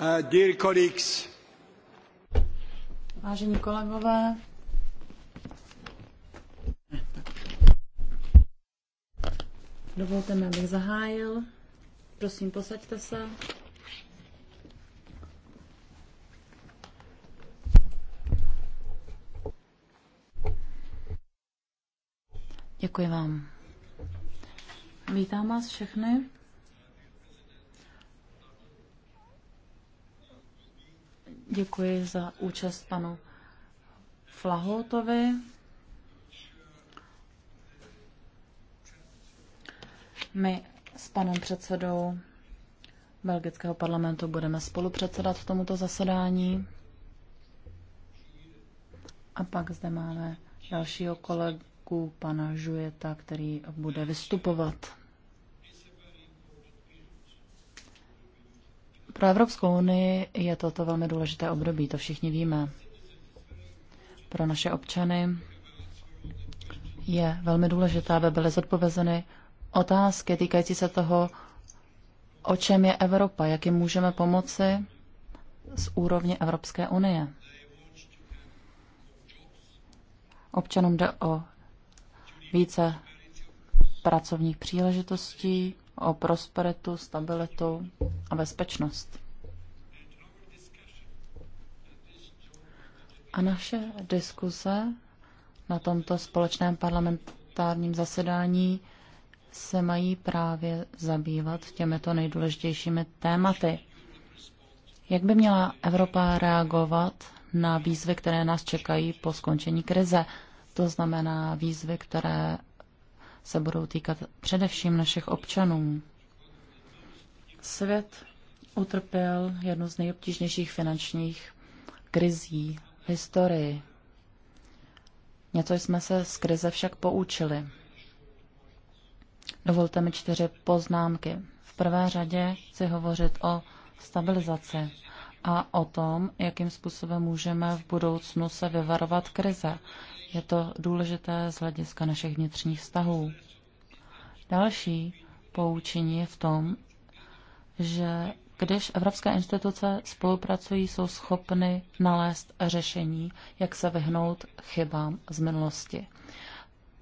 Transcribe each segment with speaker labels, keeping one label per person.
Speaker 1: Uh,
Speaker 2: Vážení kolegové, dovolte mi, abych zahájil. Prosím, posaďte se. Děkuji vám. Vítám vás všechny. Děkuji za účast panu Flahotovi. My s panem předsedou belgického parlamentu budeme spolupředsedat tomuto zasedání. A pak zde máme dalšího kolegu, pana Žujeta, který bude vystupovat. Pro Evropskou unii je toto velmi důležité období, to všichni víme. Pro naše občany je velmi důležité, aby byly zodpovězeny otázky týkající se toho, o čem je Evropa, jak jim můžeme pomoci z úrovně Evropské unie. Občanům jde o více pracovních příležitostí, o prosperitu, stabilitu a bezpečnost. A naše diskuze na tomto společném parlamentárním zasedání se mají právě zabývat těmito nejdůležitějšími tématy. Jak by měla Evropa reagovat na výzvy, které nás čekají po skončení krize? To znamená výzvy, které se budou týkat především našich občanů. Svět utrpěl jednu z nejobtížnějších finančních krizí v historii. Něco jsme se z krize však poučili. Dovolte mi čtyři poznámky. V prvé řadě chci hovořit o stabilizaci a o tom, jakým způsobem můžeme v budoucnu se vyvarovat krize. Je to důležité z hlediska našich vnitřních vztahů. Další poučení je v tom, že když evropské instituce spolupracují, jsou schopny nalézt řešení, jak se vyhnout chybám z minulosti.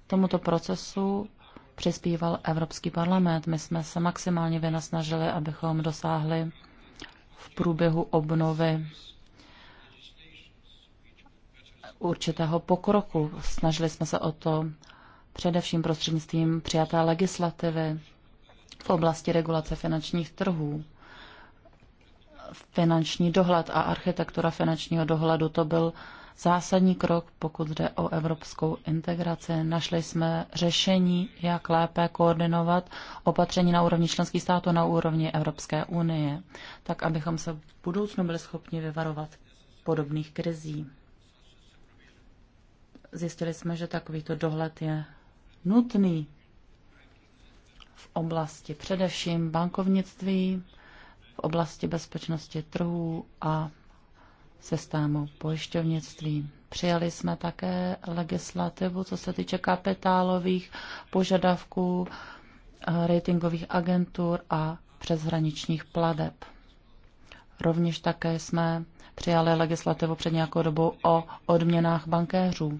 Speaker 2: Tomuto procesu přispíval Evropský parlament. My jsme se maximálně vynasnažili, abychom dosáhli v průběhu obnovy určitého pokroku. Snažili jsme se o to především prostřednictvím přijaté legislativy v oblasti regulace finančních trhů. Finanční dohled a architektura finančního dohledu to byl zásadní krok, pokud jde o evropskou integraci. Našli jsme řešení, jak lépe koordinovat opatření na úrovni členských států, na úrovni Evropské unie, tak abychom se v budoucnu byli schopni vyvarovat podobných krizí. Zjistili jsme, že takovýto dohled je nutný v oblasti především bankovnictví, v oblasti bezpečnosti trhů a systému pojišťovnictví. Přijali jsme také legislativu, co se týče kapitálových požadavků eh, ratingových agentur a přeshraničních pladeb. Rovněž také jsme přijali legislativu před nějakou dobou o odměnách bankéřů.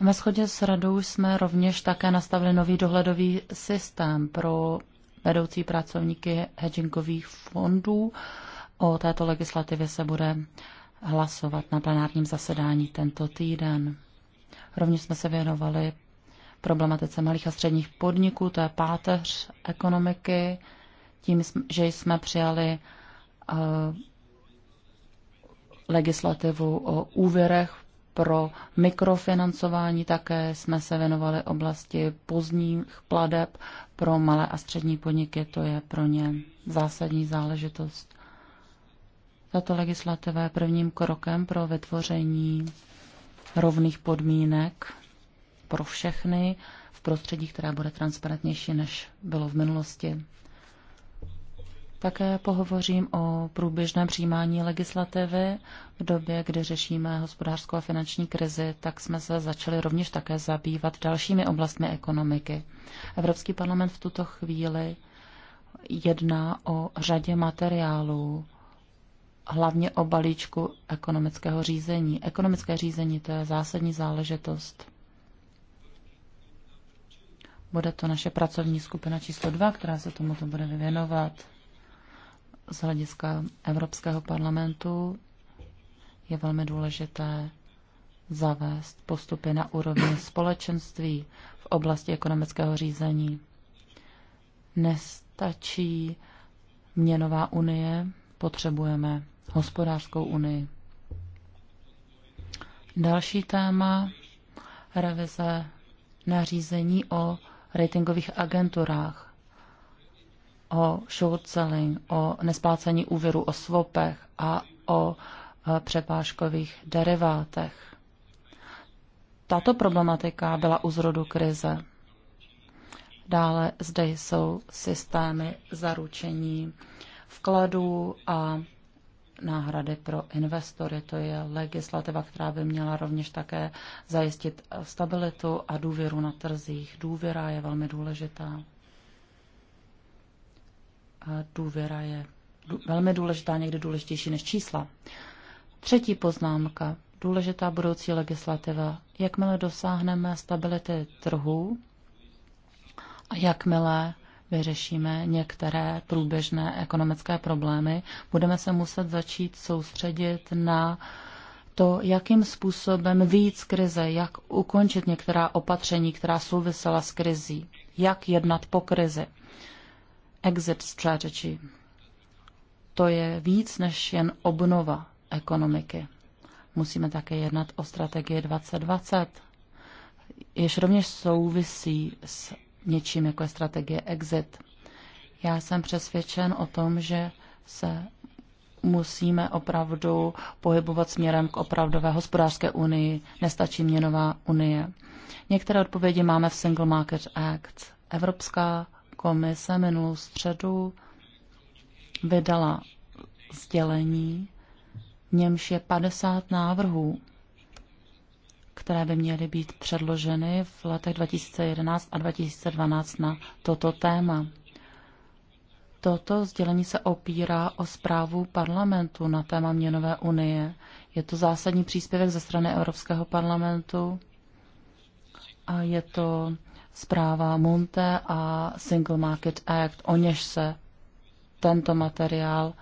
Speaker 2: Ve shodě s radou jsme rovněž také nastavili nový dohledový systém pro vedoucí pracovníky hedgingových fondů, O této legislativě se bude hlasovat na plenárním zasedání tento týden. Rovněž jsme se věnovali problematice malých a středních podniků, to je páteř ekonomiky, tím, že jsme přijali uh, legislativu o úvěrech pro mikrofinancování, také jsme se věnovali oblasti pozdních pladeb pro malé a střední podniky, to je pro ně zásadní záležitost. Tato legislativa je prvním krokem pro vytvoření rovných podmínek pro všechny v prostředí, která bude transparentnější, než bylo v minulosti. Také pohovořím o průběžném přijímání legislativy. V době, kdy řešíme hospodářskou a finanční krizi, tak jsme se začali rovněž také zabývat dalšími oblastmi ekonomiky. Evropský parlament v tuto chvíli jedná o řadě materiálů, hlavně o balíčku ekonomického řízení. Ekonomické řízení to je zásadní záležitost. Bude to naše pracovní skupina číslo 2, která se tomuto bude věnovat. Z hlediska Evropského parlamentu je velmi důležité zavést postupy na úrovni společenství v oblasti ekonomického řízení. Nestačí měnová unie, potřebujeme hospodářskou unii. Další téma revize nařízení o ratingových agenturách, o short selling, o nesplácení úvěru, o swapech a o e, přepážkových derivátech. Tato problematika byla u zrodu krize. Dále zde jsou systémy zaručení vkladů a náhrady pro investory. To je legislativa, která by měla rovněž také zajistit stabilitu a důvěru na trzích. Důvěra je velmi důležitá. A důvěra je velmi důležitá, někdy důležitější než čísla. Třetí poznámka. Důležitá budoucí legislativa. Jakmile dosáhneme stability trhu a jakmile vyřešíme některé průběžné ekonomické problémy, budeme se muset začít soustředit na to, jakým způsobem víc krize, jak ukončit některá opatření, která souvisela s krizí, jak jednat po krizi. Exit strategy. To je víc než jen obnova ekonomiky. Musíme také jednat o strategii 2020, jež rovněž souvisí s něčím, jako je strategie exit. Já jsem přesvědčen o tom, že se musíme opravdu pohybovat směrem k opravdové hospodářské unii, nestačí měnová unie. Některé odpovědi máme v Single Market Act. Evropská komise minulou středu vydala sdělení, v němž je 50 návrhů které by měly být předloženy v letech 2011 a 2012 na toto téma. Toto sdělení se opírá o zprávu parlamentu na téma měnové unie. Je to zásadní příspěvek ze strany Evropského parlamentu a je to zpráva Monte a Single Market Act, o něž se tento materiál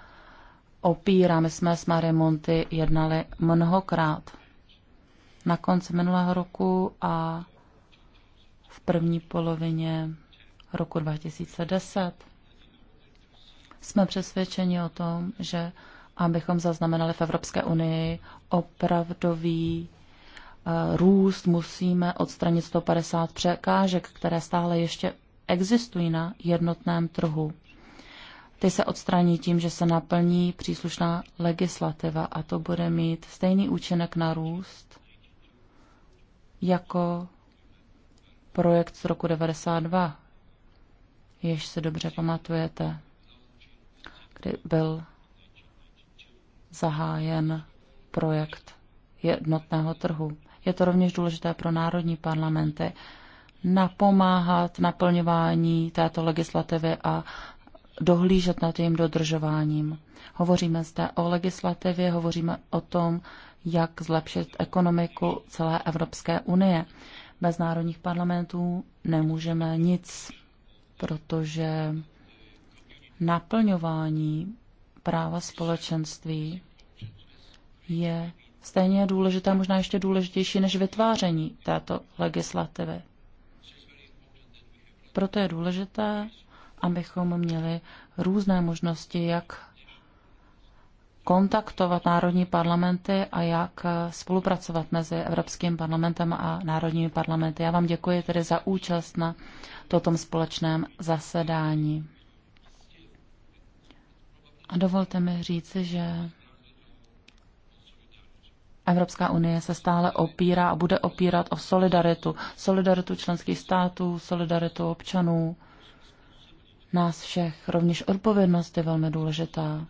Speaker 2: opírá. My jsme s Marie Monty jednali mnohokrát na konci minulého roku a v první polovině roku 2010. Jsme přesvědčeni o tom, že abychom zaznamenali v Evropské unii opravdový eh, růst, musíme odstranit 150 překážek, které stále ještě existují na jednotném trhu. Ty se odstraní tím, že se naplní příslušná legislativa a to bude mít stejný účinek na růst jako projekt z roku 92, jež se dobře pamatujete, kdy byl zahájen projekt jednotného trhu. Je to rovněž důležité pro národní parlamenty napomáhat naplňování této legislativy a dohlížet nad jejím dodržováním. Hovoříme zde o legislativě, hovoříme o tom, jak zlepšit ekonomiku celé Evropské unie. Bez národních parlamentů nemůžeme nic, protože naplňování práva společenství je stejně důležité, možná ještě důležitější než vytváření této legislativy. Proto je důležité, abychom měli různé možnosti, jak kontaktovat národní parlamenty a jak spolupracovat mezi Evropským parlamentem a národními parlamenty. Já vám děkuji tedy za účast na tom společném zasedání. A dovolte mi říci, že Evropská unie se stále opírá a bude opírat o solidaritu. Solidaritu členských států, solidaritu občanů, nás všech. Rovněž odpovědnost je velmi důležitá.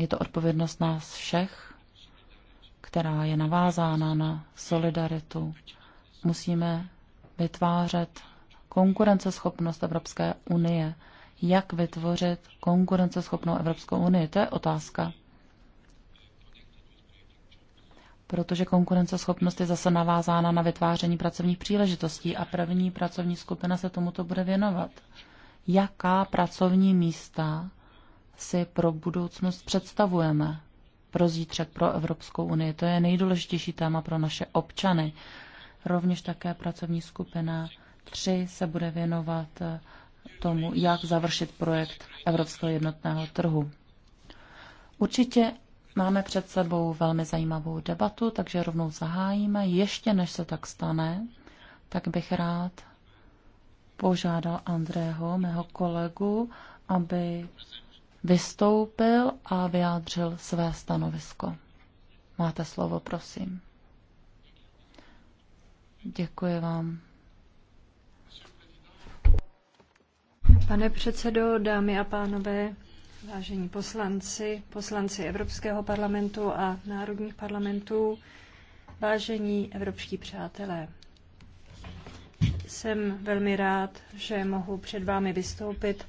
Speaker 2: Je to odpovědnost nás všech, která je navázána na solidaritu. Musíme vytvářet konkurenceschopnost Evropské unie. Jak vytvořit konkurenceschopnou Evropskou unii? To je otázka. Protože konkurenceschopnost je zase navázána na vytváření pracovních příležitostí a první pracovní skupina se tomuto bude věnovat. Jaká pracovní místa si pro budoucnost představujeme, pro zítřek, pro Evropskou unii. To je nejdůležitější téma pro naše občany. Rovněž také pracovní skupina 3 se bude věnovat eh, tomu, jak završit projekt Evropského jednotného trhu. Určitě máme před sebou velmi zajímavou debatu, takže rovnou zahájíme. Ještě než se tak stane, tak bych rád požádal Andrého, mého kolegu, aby vystoupil a vyjádřil své stanovisko. Máte slovo, prosím. Děkuji vám.
Speaker 3: Pane předsedo, dámy a pánové, vážení poslanci, poslanci Evropského parlamentu a národních parlamentů, vážení evropští přátelé. Jsem velmi rád, že mohu před vámi vystoupit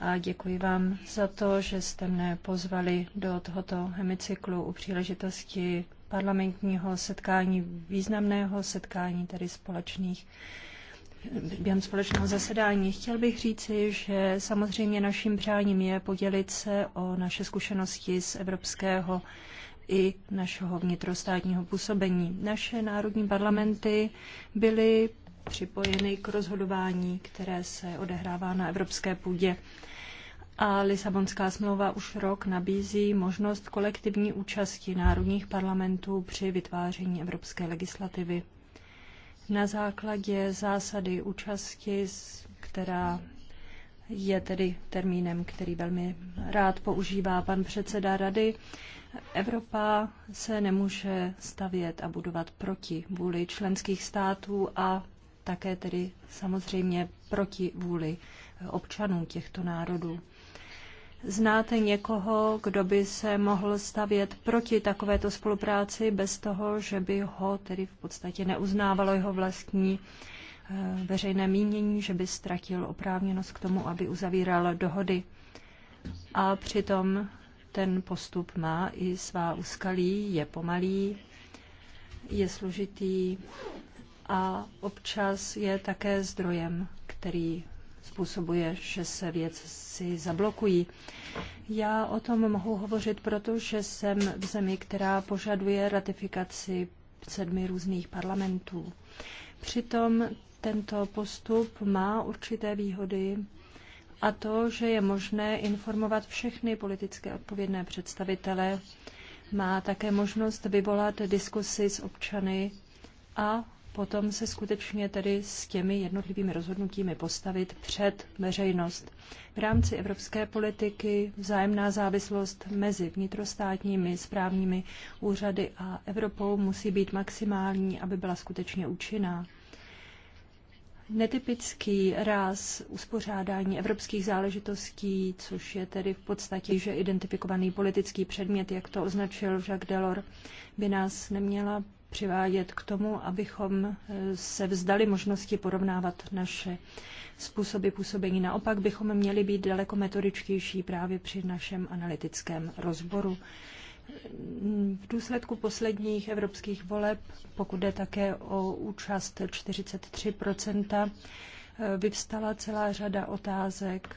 Speaker 3: a děkuji vám za to, že jste mne pozvali do tohoto hemicyklu u příležitosti parlamentního setkání, významného setkání tedy společných během společného zasedání. Chtěl bych říci, že samozřejmě naším přáním je podělit se o naše zkušenosti z evropského i našeho vnitrostátního působení. Naše národní parlamenty byly připojeny k rozhodování, které se odehrává na evropské půdě. A Lisabonská smlouva už rok nabízí možnost kolektivní účasti národních parlamentů při vytváření evropské legislativy. Na základě zásady účasti, která je tedy termínem, který velmi rád používá pan předseda rady, Evropa se nemůže stavět a budovat proti vůli členských států a také tedy samozřejmě proti vůli občanů těchto národů. Znáte někoho, kdo by se mohl stavět proti takovéto spolupráci bez toho, že by ho tedy v podstatě neuznávalo jeho vlastní eh, veřejné mínění, že by ztratil oprávněnost k tomu, aby uzavíral dohody. A přitom ten postup má i svá úskalí, je pomalý, je složitý a občas je také zdrojem, který způsobuje, že se věci zablokují. Já o tom mohu hovořit, protože jsem v zemi, která požaduje ratifikaci sedmi různých parlamentů. Přitom tento postup má určité výhody a to, že je možné informovat všechny politické odpovědné představitele, má také možnost vyvolat diskusy s občany a potom se skutečně tedy s těmi jednotlivými rozhodnutími postavit před veřejnost. V rámci evropské politiky vzájemná závislost mezi vnitrostátními správními úřady a Evropou musí být maximální, aby byla skutečně účinná. Netypický ráz uspořádání evropských záležitostí, což je tedy v podstatě že identifikovaný politický předmět, jak to označil Jacques Delors, by nás neměla přivádět k tomu, abychom eh, se vzdali možnosti porovnávat naše způsoby působení. Naopak bychom měli být daleko metodičtější právě při našem analytickém rozboru. V důsledku posledních evropských voleb, pokud jde také o účast 43 eh, vyvstala celá řada otázek,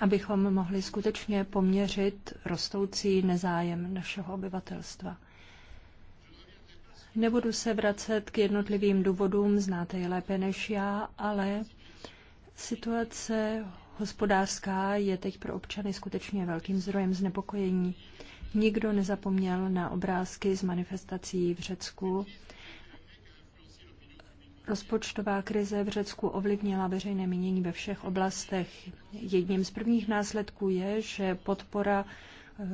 Speaker 3: abychom mohli skutečně poměřit rostoucí nezájem našeho obyvatelstva. Nebudu se vracet k jednotlivým důvodům, znáte je lépe než já, ale situace hospodářská je teď pro občany skutečně velkým zdrojem znepokojení. Nikdo nezapomněl na obrázky z manifestací v Řecku. Rozpočtová krize v Řecku ovlivnila veřejné mínění ve všech oblastech. Jedním z prvních následků je, že podpora eh,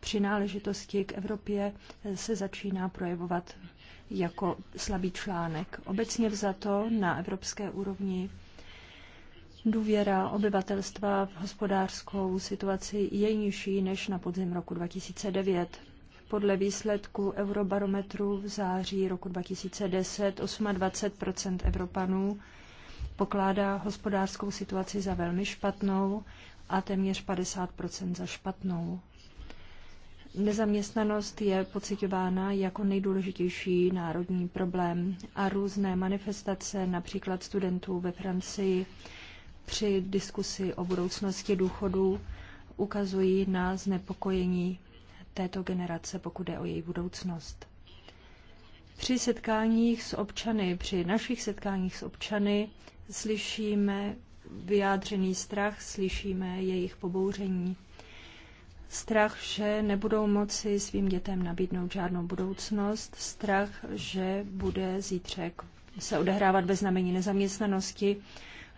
Speaker 3: přináležitosti k Evropě eh, se začíná projevovat jako slabý článek. Obecně vzato na evropské úrovni důvěra obyvatelstva v hospodářskou situaci je nižší než na podzim roku 2009. Podle výsledku Eurobarometru v září roku 2010 28 Evropanů pokládá hospodářskou situaci za velmi špatnou a téměř 50 za špatnou. Nezaměstnanost je pocitována jako nejdůležitější národní problém a různé manifestace, například studentů ve Francii, při diskusi o budoucnosti důchodů ukazují na znepokojení této generace, pokud je o její budoucnost. Při setkáních s občany, při našich setkáních s občany, slyšíme vyjádřený strach, slyšíme jejich pobouření strach, že nebudou moci svým dětem nabídnout žádnou budoucnost, strach, že bude zítřek se odehrávat bez znamení nezaměstnanosti,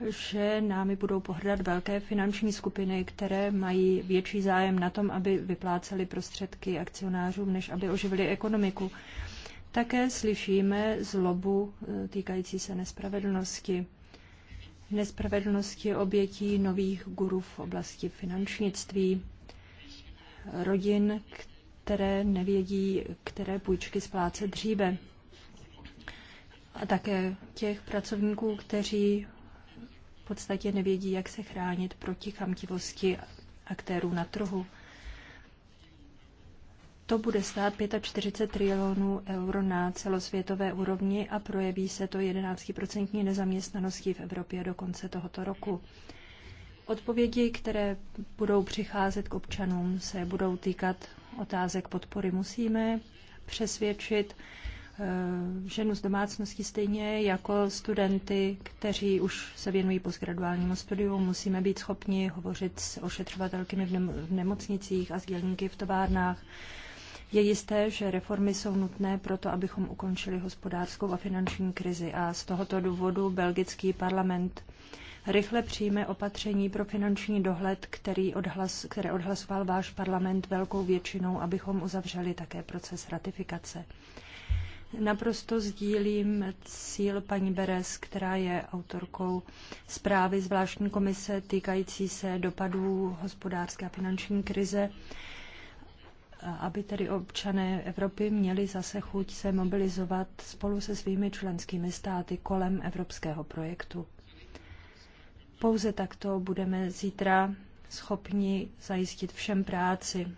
Speaker 3: že námi budou pohrdat velké finanční skupiny, které mají větší zájem na tom, aby vypláceli prostředky akcionářům, než aby oživili ekonomiku. Také slyšíme zlobu eh, týkající se nespravedlnosti. Nespravedlnosti obětí nových gurů v oblasti finančnictví, rodin, které nevědí, které půjčky splácet dříve. A také těch pracovníků, kteří v podstatě nevědí, jak se chránit proti chamtivosti aktérů na trhu. To bude stát 45 trilionů euro na celosvětové úrovni a projeví se to 11% nezaměstnaností v Evropě do konce tohoto roku. Odpovědi, které budou přicházet k občanům, se budou týkat otázek podpory. Musíme přesvědčit eh, ženu z domácnosti stejně jako studenty, kteří už se věnují postgraduálnímu studiu. Musíme být schopni hovořit s ošetřovatelkami v nemocnicích a s dělníky v továrnách. Je jisté, že reformy jsou nutné proto, abychom ukončili hospodářskou a finanční krizi a z tohoto důvodu belgický parlament rychle přijme opatření pro finanční dohled, který odhlas, které odhlasoval váš parlament velkou většinou, abychom uzavřeli také proces ratifikace. Naprosto sdílím cíl paní Beres, která je autorkou zprávy zvláštní komise týkající se dopadů hospodářské a finanční krize, aby tedy občané Evropy měli zase chuť se mobilizovat spolu se svými členskými státy kolem evropského projektu. Pouze takto budeme zítra schopni zajistit všem práci,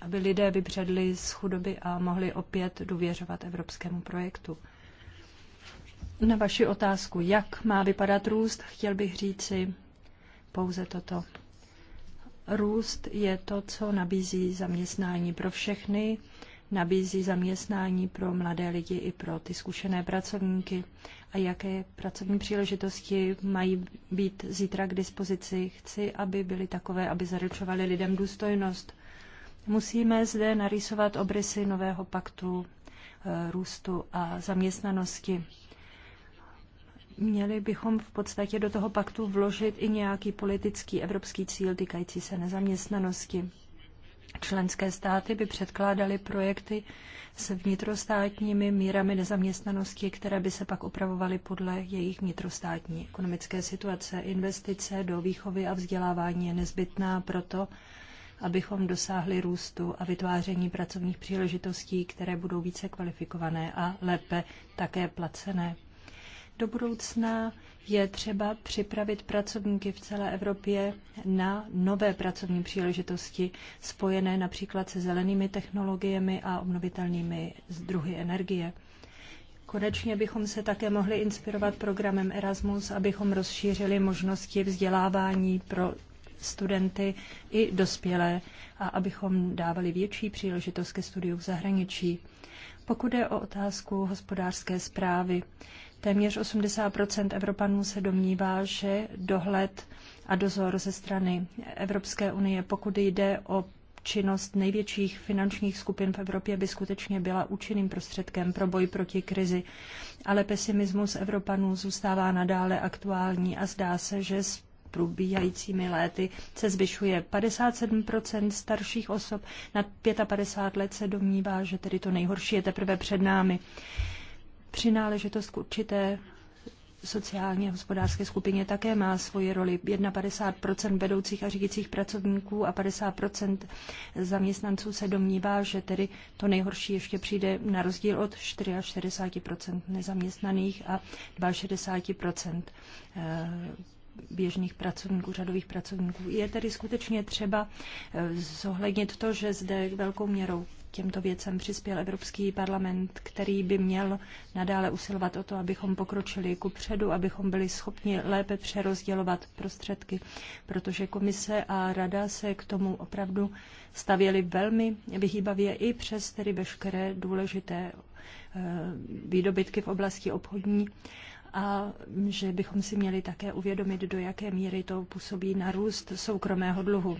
Speaker 3: aby lidé vybředli z chudoby a mohli opět důvěřovat evropskému projektu. Na vaši otázku, jak má vypadat růst, chtěl bych říci pouze toto. Růst je to, co nabízí zaměstnání pro všechny, nabízí zaměstnání pro mladé lidi i pro ty zkušené pracovníky a jaké pracovní příležitosti mají být zítra k dispozici. Chci, aby byly takové, aby zaručovaly lidem důstojnost. Musíme zde narýsovat obrysy nového paktu e, růstu a zaměstnanosti. Měli bychom v podstatě do toho paktu vložit i nějaký politický evropský cíl týkající se nezaměstnanosti. Členské státy by předkládaly projekty s vnitrostátními mírami nezaměstnanosti, které by se pak upravovaly podle jejich vnitrostátní ekonomické situace. Investice do výchovy a vzdělávání je nezbytná proto, abychom dosáhli růstu a vytváření pracovních příležitostí, které budou více kvalifikované a lépe také placené. Do budoucna je třeba připravit pracovníky v celé Evropě na nové pracovní příležitosti spojené například se zelenými technologiemi a obnovitelnými druhy energie. Konečně bychom se také mohli inspirovat programem Erasmus, abychom rozšířili možnosti vzdělávání pro studenty i dospělé a abychom dávali větší příležitost ke studiu v zahraničí. Pokud je o otázku hospodářské zprávy, Téměř 80 Evropanů se domnívá, že dohled a dozor ze strany Evropské unie, pokud jde o činnost největších finančních skupin v Evropě by skutečně byla účinným prostředkem pro boj proti krizi. Ale pesimismus Evropanů zůstává nadále aktuální a zdá se, že s probíhajícími léty se zvyšuje. 57% starších osob nad 55 let se domnívá, že tedy to nejhorší je teprve před námi přináležitost k určité sociálně a hospodářské skupině také má svoji roli. 51% vedoucích a řídících pracovníků a 50% zaměstnanců se domnívá, že tedy to nejhorší ještě přijde na rozdíl od 64% nezaměstnaných a 62% eh, běžných pracovníků, řadových pracovníků. Je tedy skutečně třeba eh, zohlednit to, že zde velkou měrou těmto věcem přispěl Evropský parlament, který by měl nadále usilovat o to, abychom pokročili ku předu, abychom byli schopni lépe přerozdělovat prostředky, protože komise a rada se k tomu opravdu stavěly velmi vyhýbavě i přes tedy veškeré důležité eh, výdobytky v oblasti obchodní a že bychom si měli také uvědomit, do jaké míry to působí na růst soukromého dluhu.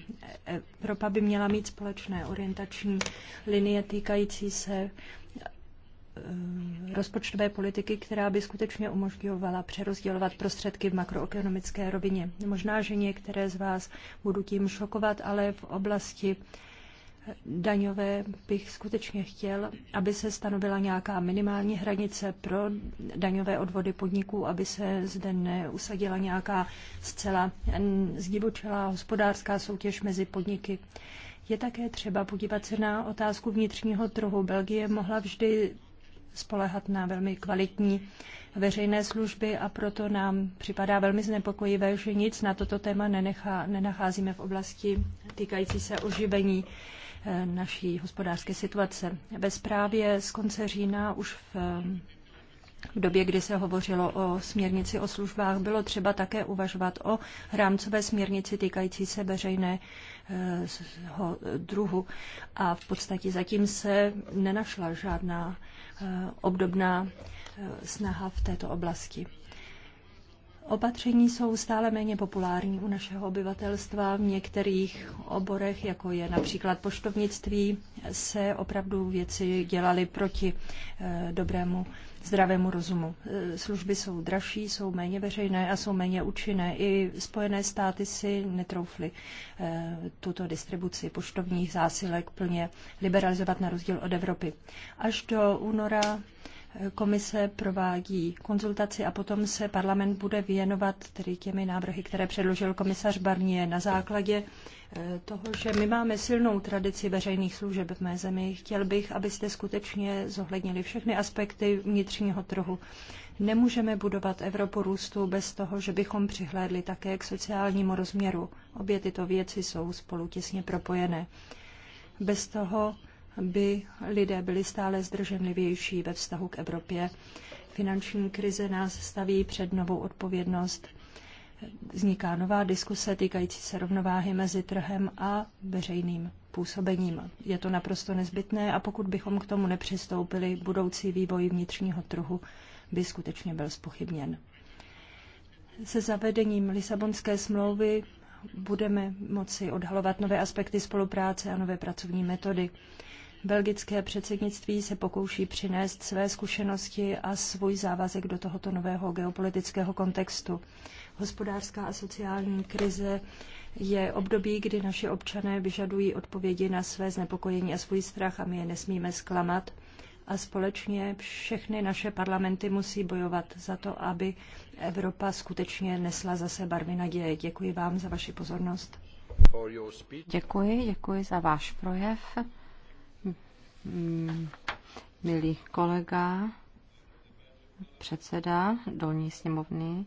Speaker 3: Evropa by měla mít společné orientační linie týkající se eh, rozpočtové politiky, která by skutečně umožňovala přerozdělovat prostředky v makroekonomické rovině. Možná, že některé z vás budu tím šokovat, ale v oblasti daňové bych skutečně chtěl, aby se stanovila nějaká minimální hranice pro daňové odvody podniků, aby se zde neusadila nějaká zcela zdivočelá hospodářská soutěž mezi podniky. Je také třeba podívat se na otázku vnitřního trhu. Belgie mohla vždy spolehat na velmi kvalitní veřejné služby a proto nám připadá velmi znepokojivé, že nic na toto téma nenechá, nenacházíme v oblasti týkající se oživení Eh, naší hospodářské situace. Ve zprávě z konce října už v eh, v době, kdy se hovořilo o směrnici o službách, bylo třeba také uvažovat o rámcové směrnici týkající se veřejného eh, druhu. A v podstatě zatím se nenašla žádná obdobná snaha v této oblasti. Opatření jsou stále méně populární u našeho obyvatelstva. V některých oborech, jako je například poštovnictví, se opravdu věci dělaly proti eh, dobrému zdravému rozumu. Eh, služby jsou dražší, jsou méně veřejné a jsou méně účinné. I Spojené státy si netroufly eh, tuto distribuci poštovních zásilek plně liberalizovat na rozdíl od Evropy. Až do února Komise provádí konzultaci a potom se parlament bude věnovat tedy těmi návrhy, které předložil komisař Barnier na základě eh, toho, že my máme silnou tradici veřejných služeb v mé zemi. Chtěl bych, abyste skutečně zohlednili všechny aspekty vnitřního trhu. Nemůžeme budovat Evropu růstu bez toho, že bychom přihlédli také k sociálnímu rozměru. Obě tyto věci jsou spolu těsně propojené. Bez toho by lidé byli stále zdrženlivější ve vztahu k Evropě. Finanční krize nás staví před novou odpovědnost. Vzniká nová diskuse týkající se rovnováhy mezi trhem a veřejným působením. Je to naprosto nezbytné a pokud bychom k tomu nepřistoupili, budoucí vývoj vnitřního trhu by skutečně byl spochybněn. Se zavedením Lisabonské smlouvy budeme moci odhalovat nové aspekty spolupráce a nové pracovní metody belgické předsednictví se pokouší přinést své zkušenosti a svůj závazek do tohoto nového geopolitického kontextu. Hospodářská a sociální krize je období, kdy naši občané vyžadují odpovědi na své znepokojení a svůj strach a my je nesmíme zklamat. A společně všechny naše parlamenty musí bojovat za to, aby Evropa skutečně nesla zase barvy naděje. Děkuji vám za vaši pozornost. Děkuji, děkuji za váš projev. Mm, milý
Speaker 4: kolega, předseda dolní sněmovny,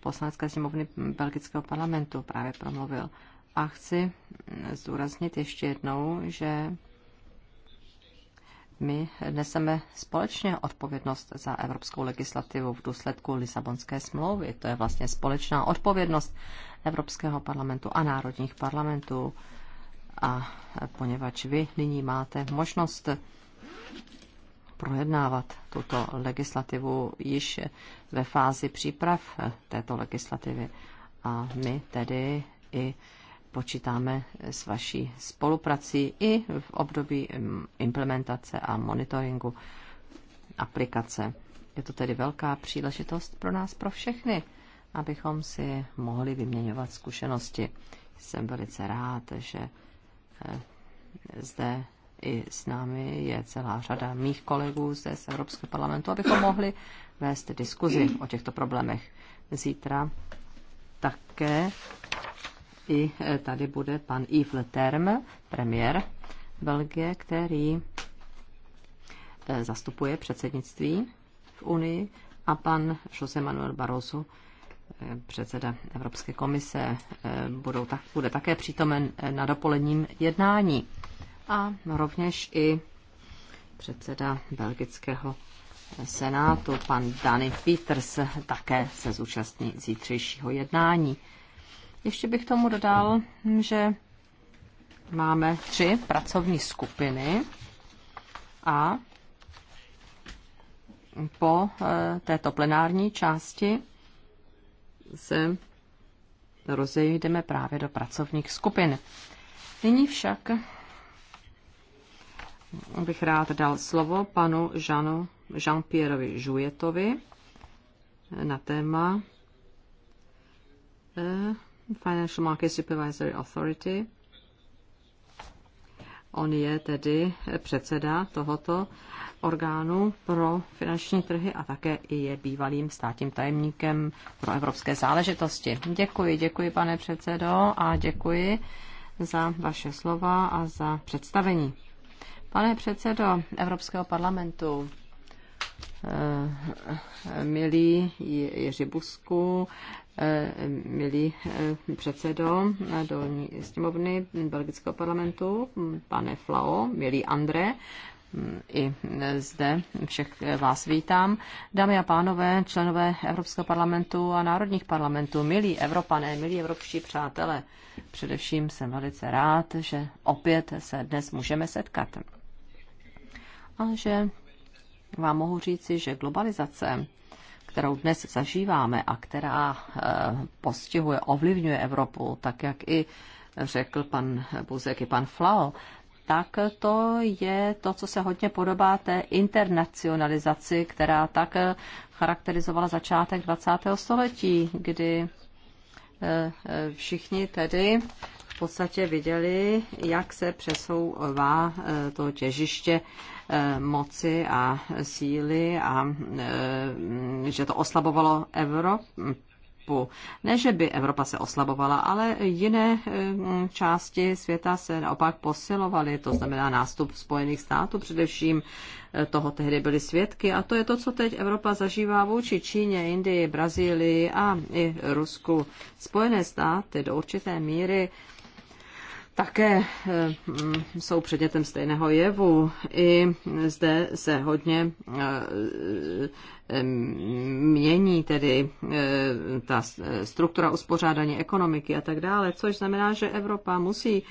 Speaker 4: poslanecké sněmovny Belgického parlamentu právě promluvil. A chci zdůraznit ještě jednou, že my neseme společně odpovědnost za evropskou legislativu v důsledku Lisabonské smlouvy. To je vlastně společná odpovědnost Evropského parlamentu a národních parlamentů a poněvadž vy nyní máte možnost projednávat tuto legislativu již ve fázi příprav této legislativy. A my tedy i počítáme s vaší spoluprací i v období mm, implementace a monitoringu aplikace. Je to tedy velká příležitost pro nás, pro všechny, abychom si mohli vyměňovat zkušenosti. Jsem velice rád, že Eh, zde i s námi je celá řada mých kolegů zde z Evropského parlamentu, abychom mohli vést diskuzi o těchto problémech. Zítra také i eh, tady bude pan Yves Leterm, premiér Belgie, který eh, zastupuje předsednictví v Unii a pan José Manuel Barroso, předseda Evropské komise, eh, budou tak, bude také přítomen eh, na dopoledním jednání. A rovněž i předseda belgického eh, senátu, pan Danny Peters, také se zúčastní zítřejšího jednání. Ještě bych tomu dodal, že máme tři pracovní skupiny a po této plenární části se rozejdeme právě do pracovních skupin. Nyní však bych rád dal slovo panu žanu jean pierrovi Žujetovi na téma eh, Financial Market Supervisory Authority. On je tedy předseda tohoto orgánu pro finanční trhy a také i je bývalým státním tajemníkem pro evropské záležitosti. Děkuji, děkuji pane předsedo a děkuji za vaše slova a za představení. Pane předsedo Evropského parlamentu, eh, milý Jiří Busku, eh, milý eh, předsedo dolní sněmovny Belgického parlamentu, pane Flao, milý Andre, i zde všech vás vítám. Dámy a pánové, členové Evropského parlamentu a národních parlamentů, milí Evropané, milí evropští přátelé, především jsem velice rád, že opět se dnes můžeme setkat. A že vám mohu říci, že globalizace, kterou dnes zažíváme a která eh, postihuje, ovlivňuje Evropu, tak jak i řekl pan Buzek i pan Flau, tak to je to, co se hodně podobá té internacionalizaci, která tak eh, charakterizovala začátek 20. století, kdy eh, eh, všichni tedy v podstatě viděli, jak se přesouvá to těžiště moci a síly a že to oslabovalo Evropu, Evropu. Ne, že by Evropa se oslabovala, ale jiné eh, části světa se naopak posilovaly, to znamená nástup Spojených států především eh, toho tehdy byli svědky a to je to, co teď Evropa zažívá vůči Číně, Indii, Brazílii a i Rusku. Spojené státy do určité míry také eh, mm, jsou předmětem stejného jevu. I zde se hodně eh, mm, mění tedy eh, ta struktura uspořádání ekonomiky a tak dále, což znamená, že Evropa musí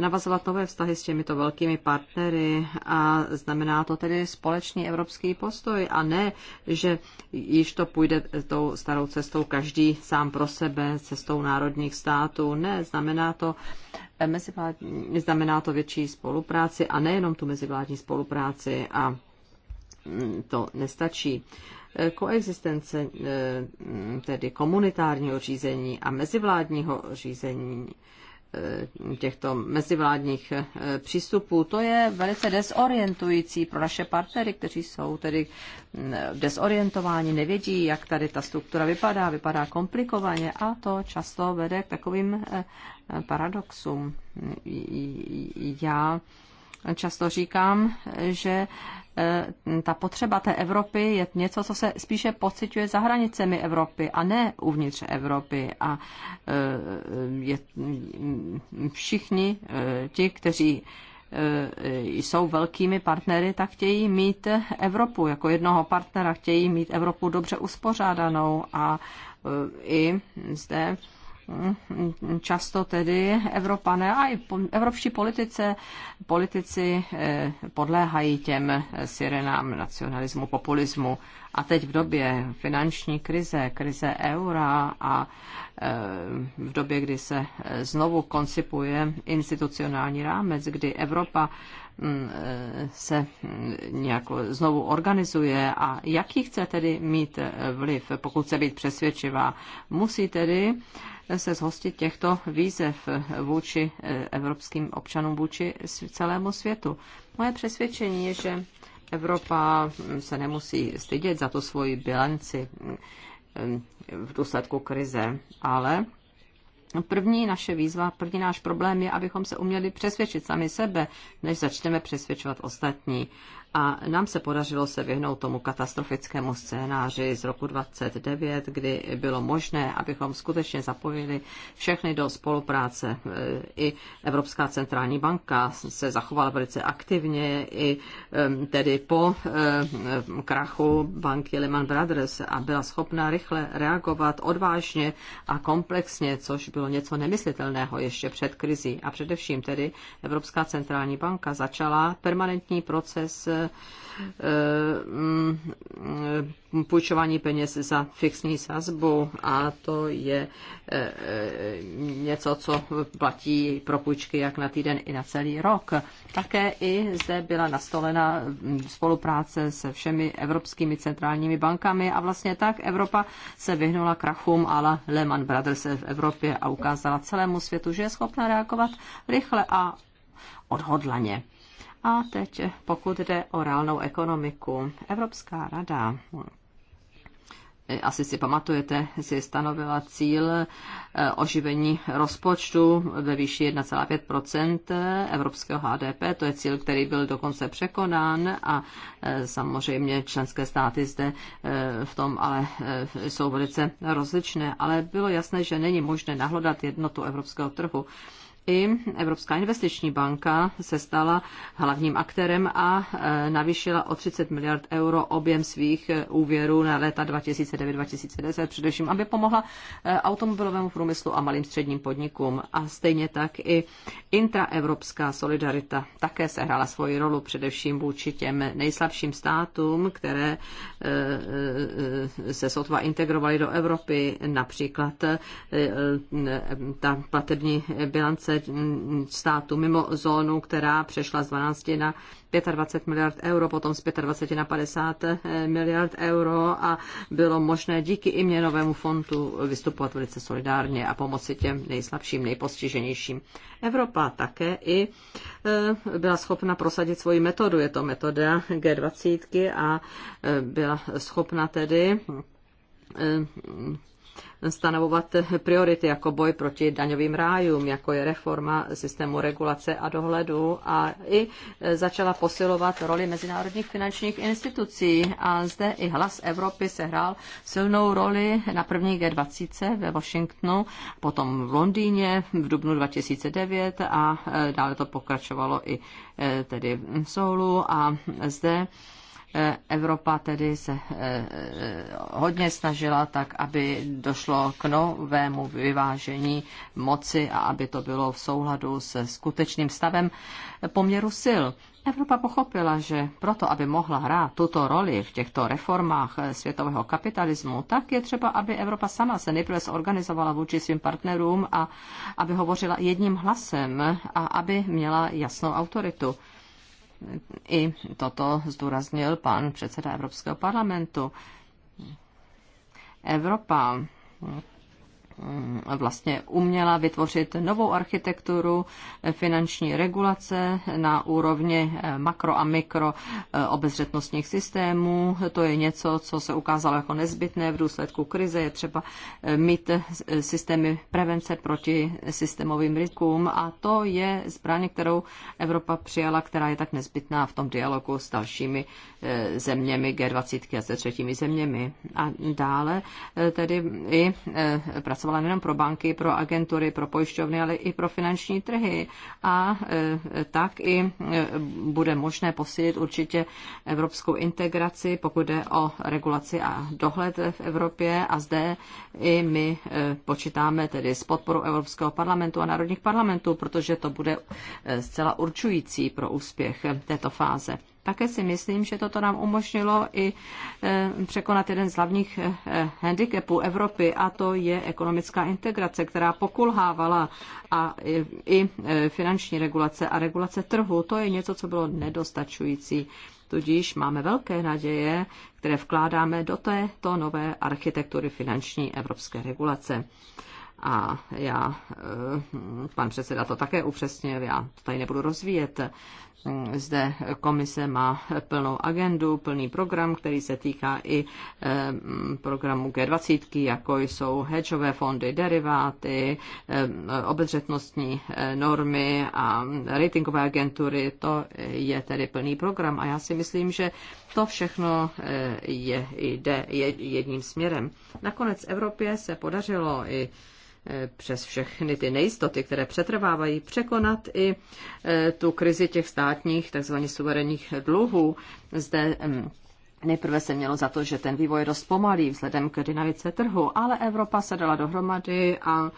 Speaker 4: navazovat nové vztahy s těmito velkými partnery a znamená to tedy společný evropský postoj a ne, že již to půjde tou starou cestou každý sám pro sebe, cestou národních států. Ne, znamená to mezivládní, znamená to větší spolupráci a nejenom tu mezivládní spolupráci a mm, to nestačí. E, koexistence e, mm, tedy komunitárního řízení a mezivládního řízení Eh, těchto mezivládních eh, přístupů. To je velice desorientující pro naše partnery, kteří jsou tedy mm, desorientováni, nevědí, jak tady ta struktura vypadá, vypadá komplikovaně a to často vede k takovým eh, paradoxům. Mm, já často říkám, že e, ta potřeba té Evropy je něco, co se spíše pociťuje za hranicemi Evropy a ne uvnitř Evropy. A e, je, všichni e, ti, kteří jsou velkými partnery, tak chtějí mít Evropu jako jednoho partnera, chtějí mít Evropu dobře uspořádanou a i zde často tedy Evropané a i evropští politice, politici eh, podléhají těm sirenám nacionalismu, populismu. A teď v době finanční krize, krize eura a eh, v době, kdy se eh, znovu koncipuje institucionální rámec, kdy Evropa Mm, eh, se nějak znovu organizuje a jaký chce tedy mít eh, vliv, pokud chce být přesvědčivá. Musí tedy se zhostit těchto výzev eh, vůči evropským občanům, vůči celému světu. Moje přesvědčení je, že Evropa mm, se nemusí stydět za tu svoji bilanci mm, v důsledku krize, ale První naše výzva, první náš problém je, abychom se uměli přesvědčit sami sebe, než začneme přesvědčovat ostatní a nám se podařilo se vyhnout tomu katastrofickému scénáři z roku 29, kdy bylo možné, abychom skutečně zapojili všechny do spolupráce. E, I Evropská centrální banka se zachovala velice aktivně, i tedy po krachu banky Lehman Brothers a byla schopna rychle reagovat odvážně a komplexně, což bylo něco nemyslitelného ještě před krizí. A především tedy Evropská centrální banka začala permanentní proces Eh, mm, půjčování peněz za fixní sazbu a to je eh, něco, co platí pro půjčky jak na týden i na celý rok. Také i zde byla nastolena spolupráce se všemi evropskými centrálními bankami a vlastně tak Evropa se vyhnula krachům la Lehman Brothers v Evropě a ukázala celému světu, že je schopna reagovat rychle a odhodlaně. A teď, pokud jde o reálnou ekonomiku, Evropská rada asi si pamatujete, si stanovila cíl eh, oživení rozpočtu ve výši 1,5 evropského HDP. To je cíl, který byl dokonce překonán a eh, samozřejmě členské státy zde eh, v tom ale jsou velice rozličné, ale bylo jasné, že není možné nahlodat jednotu evropského trhu i Evropská investiční banka se stala hlavním aktérem a e, navýšila o 30 miliard euro objem svých e, úvěrů na léta 2009-2010, především aby pomohla e, automobilovému průmyslu a malým středním podnikům. A stejně tak i intraevropská solidarita také sehrála svoji rolu především vůči těm nejslabším státům, které se sotva integrovaly do Evropy, například ta platební bilance států mimo zónu, která přešla z 12 na 25 miliard euro, potom z 25 na 50 eh, miliard euro a bylo možné díky i měnovému fondu vystupovat velice solidárně a pomoci těm nejslabším, nejpostiženějším. Evropa také i eh, byla schopna prosadit svoji metodu, je to metoda G20 a eh, byla schopna tedy Eh, stanovovat priority jako boj proti daňovým rájům, jako je reforma systému regulace a dohledu a i eh, začala posilovat roli mezinárodních finančních institucí a zde i hlas Evropy sehrál silnou roli na první G20 ve Washingtonu, potom v Londýně v dubnu 2009 a eh, dále to pokračovalo i tedy v Soulu a zde Eh, Evropa tedy se eh, eh, hodně snažila tak, aby došlo k novému vyvážení moci a aby to bylo v souladu se skutečným stavem poměru sil. Evropa pochopila, že proto, aby mohla hrát tuto roli v těchto reformách světového kapitalismu, tak je třeba, aby Evropa sama se nejprve zorganizovala vůči svým partnerům a aby hovořila jedním hlasem a aby měla jasnou autoritu. I toto zdůraznil pan předseda Evropského parlamentu. Evropa Mm, vlastně uměla vytvořit novou architekturu eh, finanční regulace na úrovni eh, makro a mikro eh, obezřetnostních systémů. To je něco, co se ukázalo jako nezbytné v důsledku krize. Je třeba mít systémy prevence proti systémovým rizikům a to je zbraně kterou Evropa přijala, která je tak nezbytná v tom dialogu s dalšími zeměmi G20 a se třetími zeměmi. A dále tedy i pracovat zpracovala nejen pro banky, pro agentury, pro pojišťovny, ale i pro finanční trhy. A e, tak i e, bude možné posílit určitě evropskou integraci, pokud jde o regulaci a dohled v Evropě. A zde i my e, počítáme tedy s podporou Evropského parlamentu a národních parlamentů, protože to bude zcela určující pro úspěch této fáze. Také si myslím, že toto nám umožnilo i eh, překonat jeden z hlavních eh, handicapů Evropy, a to je ekonomická integrace, která pokulhávala a eh, i finanční regulace a regulace trhu. To je něco, co bylo nedostačující. Tudíž máme velké naděje, které vkládáme do této nové architektury finanční evropské regulace. A já, pan předseda to také upřesnil, já to tady nebudu rozvíjet. Zde komise má plnou agendu, plný program, který se týká i eh, programu G20, jako jsou hedžové fondy, deriváty, eh, obezřetnostní eh, normy a ratingové agentury. To je tedy plný program a já si myslím, že to všechno je, jde jedním směrem. Nakonec Evropě se podařilo i přes všechny ty nejistoty, které přetrvávají, překonat i e, tu krizi těch státních, takzvaně suverénních dluhů. Zde Nejprve se mělo za to, že ten vývoj dost pomalý vzhledem k dynamice trhu, ale Evropa se dala dohromady a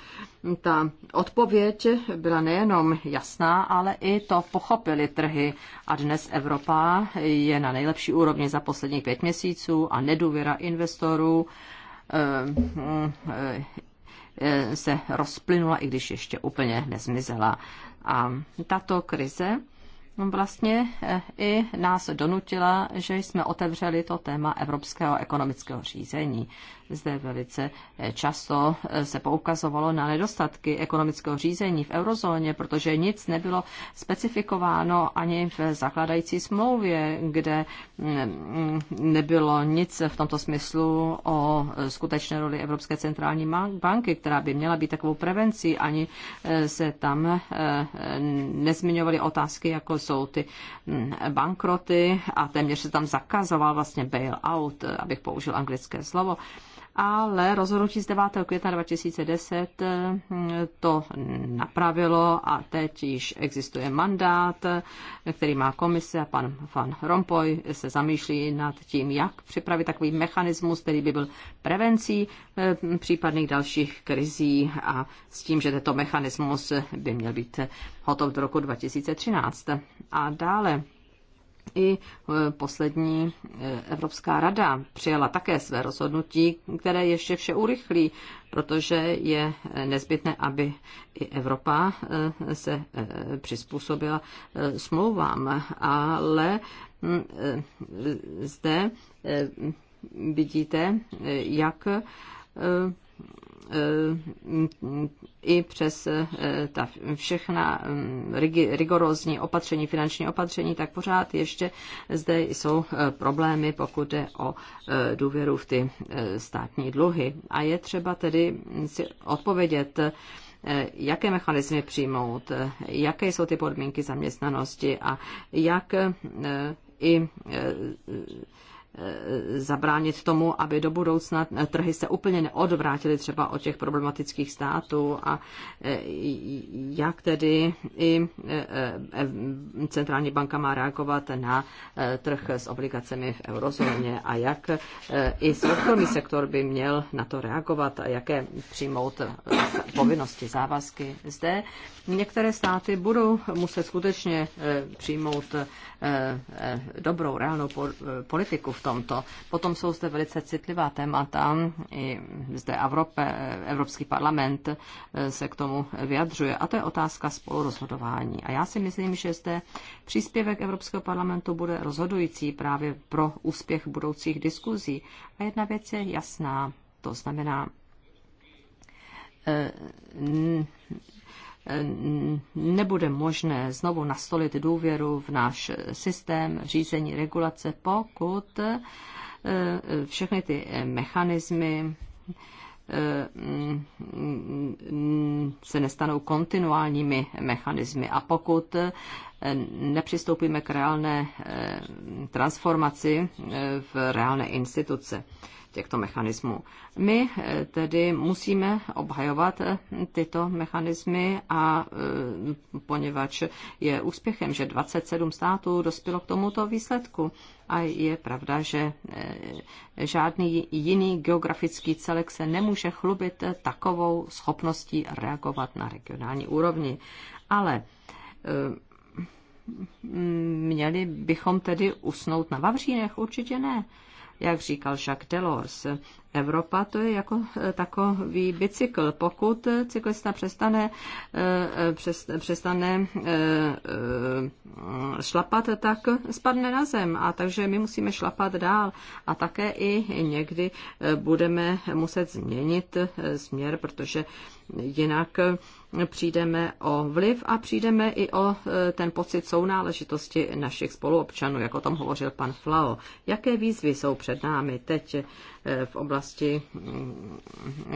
Speaker 4: ta odpověď byla nejenom jasná, ale i to pochopili trhy. A dnes Evropa je na nejlepší úrovni za posledních pět měsíců a nedůvěra investorů Eh, se rozplynula, i když ještě úplně nezmizela. A tato krize vlastně eh, i nás donutila, že jsme otevřeli to téma evropského ekonomického řízení. Zde velice eh, často eh, se poukazovalo na nedostatky ekonomického řízení v eurozóně, protože nic nebylo specifikováno ani v zakladající smlouvě, kde mm, nebylo nic v tomto smyslu o eh, skutečné roli Evropské centrální banky, která by měla být takovou prevencí, ani se tam nezmiňovaly otázky, jako jsou ty mm, bankroty a téměř se tam zakazoval vlastně bailout, abych použil anglické slovo ale rozhodnutí z 9. května 2010 eh, to napravilo a teď již existuje mandát, eh, který má komise a pan Van Rompuy se zamýšlí nad tím, jak připravit takový mechanismus, který by byl prevencí eh, případných dalších krizí a s tím, že tento mechanismus by měl být hotov do roku 2013. A dále i e, poslední e, Evropská rada přijala také své rozhodnutí, které ještě vše urychlí, protože je nezbytné, aby i Evropa e, se přizpůsobila smlouvám. Ale mm, zde vidíte, jak i přes eh, ta všechna mm, rigorózní opatření, finanční opatření, tak pořád ještě zde jsou eh, problémy, pokud jde o eh, důvěru v ty státní dluhy. A je třeba tedy si odpovědět, jaké mechanismy přijmout, jaké jsou ty podmínky zaměstnanosti a jak i Eh, zabránit tomu, aby do budoucna trhy se úplně neodvrátily třeba od těch problematických států a eh, jak tedy i eh, centrální banka má reagovat na trh s obligacemi v eurozóně a jak i soukromý sektor by měl na to reagovat a jaké přijmout povinnosti, závazky. Zde Některé státy budou muset skutečně eh, přijmout eh, eh, dobrou, reálnou politiku v tomto. Potom jsou zde velice citlivá témata. I zde Evropa, Evropský parlament se k tomu vyjadřuje. A to je otázka spolurozhodování. A já si myslím, že zde příspěvek Evropského parlamentu bude rozhodující právě pro úspěch budoucích diskuzí. A jedna věc je jasná. To znamená, nebude možné znovu nastolit důvěru v náš systém řízení regulace, pokud e, všechny ty mechanismy e, se nestanou kontinuálními mechanismy. A pokud e, nepřistoupíme k reálné transformaci v reálné instituce těchto mechanismů. My eh, tedy musíme obhajovat eh, tyto mechanismy a eh, poněvadž je úspěchem, že 27 států dospělo k tomuto výsledku a je pravda, že žádný jiný geografický celek se nemůže chlubit takovou schopností reagovat na regionální úrovni. Ale měli bychom tedy usnout na Vavřínech? Určitě ne jak říkal Jacques Delors. Evropa to je jako eh, takový bicykl. Pokud cyklista přestane, eh, eh, přestane šlapat, tak spadne na zem. A takže my musíme šlapat dál. A také i někdy budeme muset změnit směr, protože jinak přijdeme o vliv a přijdeme i o ten pocit sounáležitosti našich spoluobčanů, jak o tom hovořil pan Flao. Jaké výzvy jsou před námi teď? Eh, v oblasti, mm,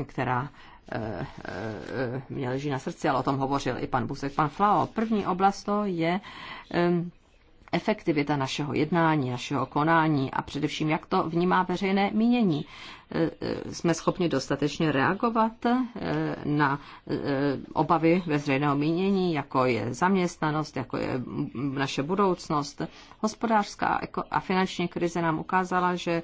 Speaker 4: která eh, eh, mě leží na srdci, ale o tom hovořil i pan Busek, pan Flao. První oblast to je efektivita našeho jednání, našeho konání a především, jak to vnímá veřejné mínění. Eh, jsme schopni dostatečně reagovat eh, na eh, obavy veřejného mínění, jako je zaměstnanost, jako je naše budoucnost. Hospodářská a finanční krize nám ukázala, že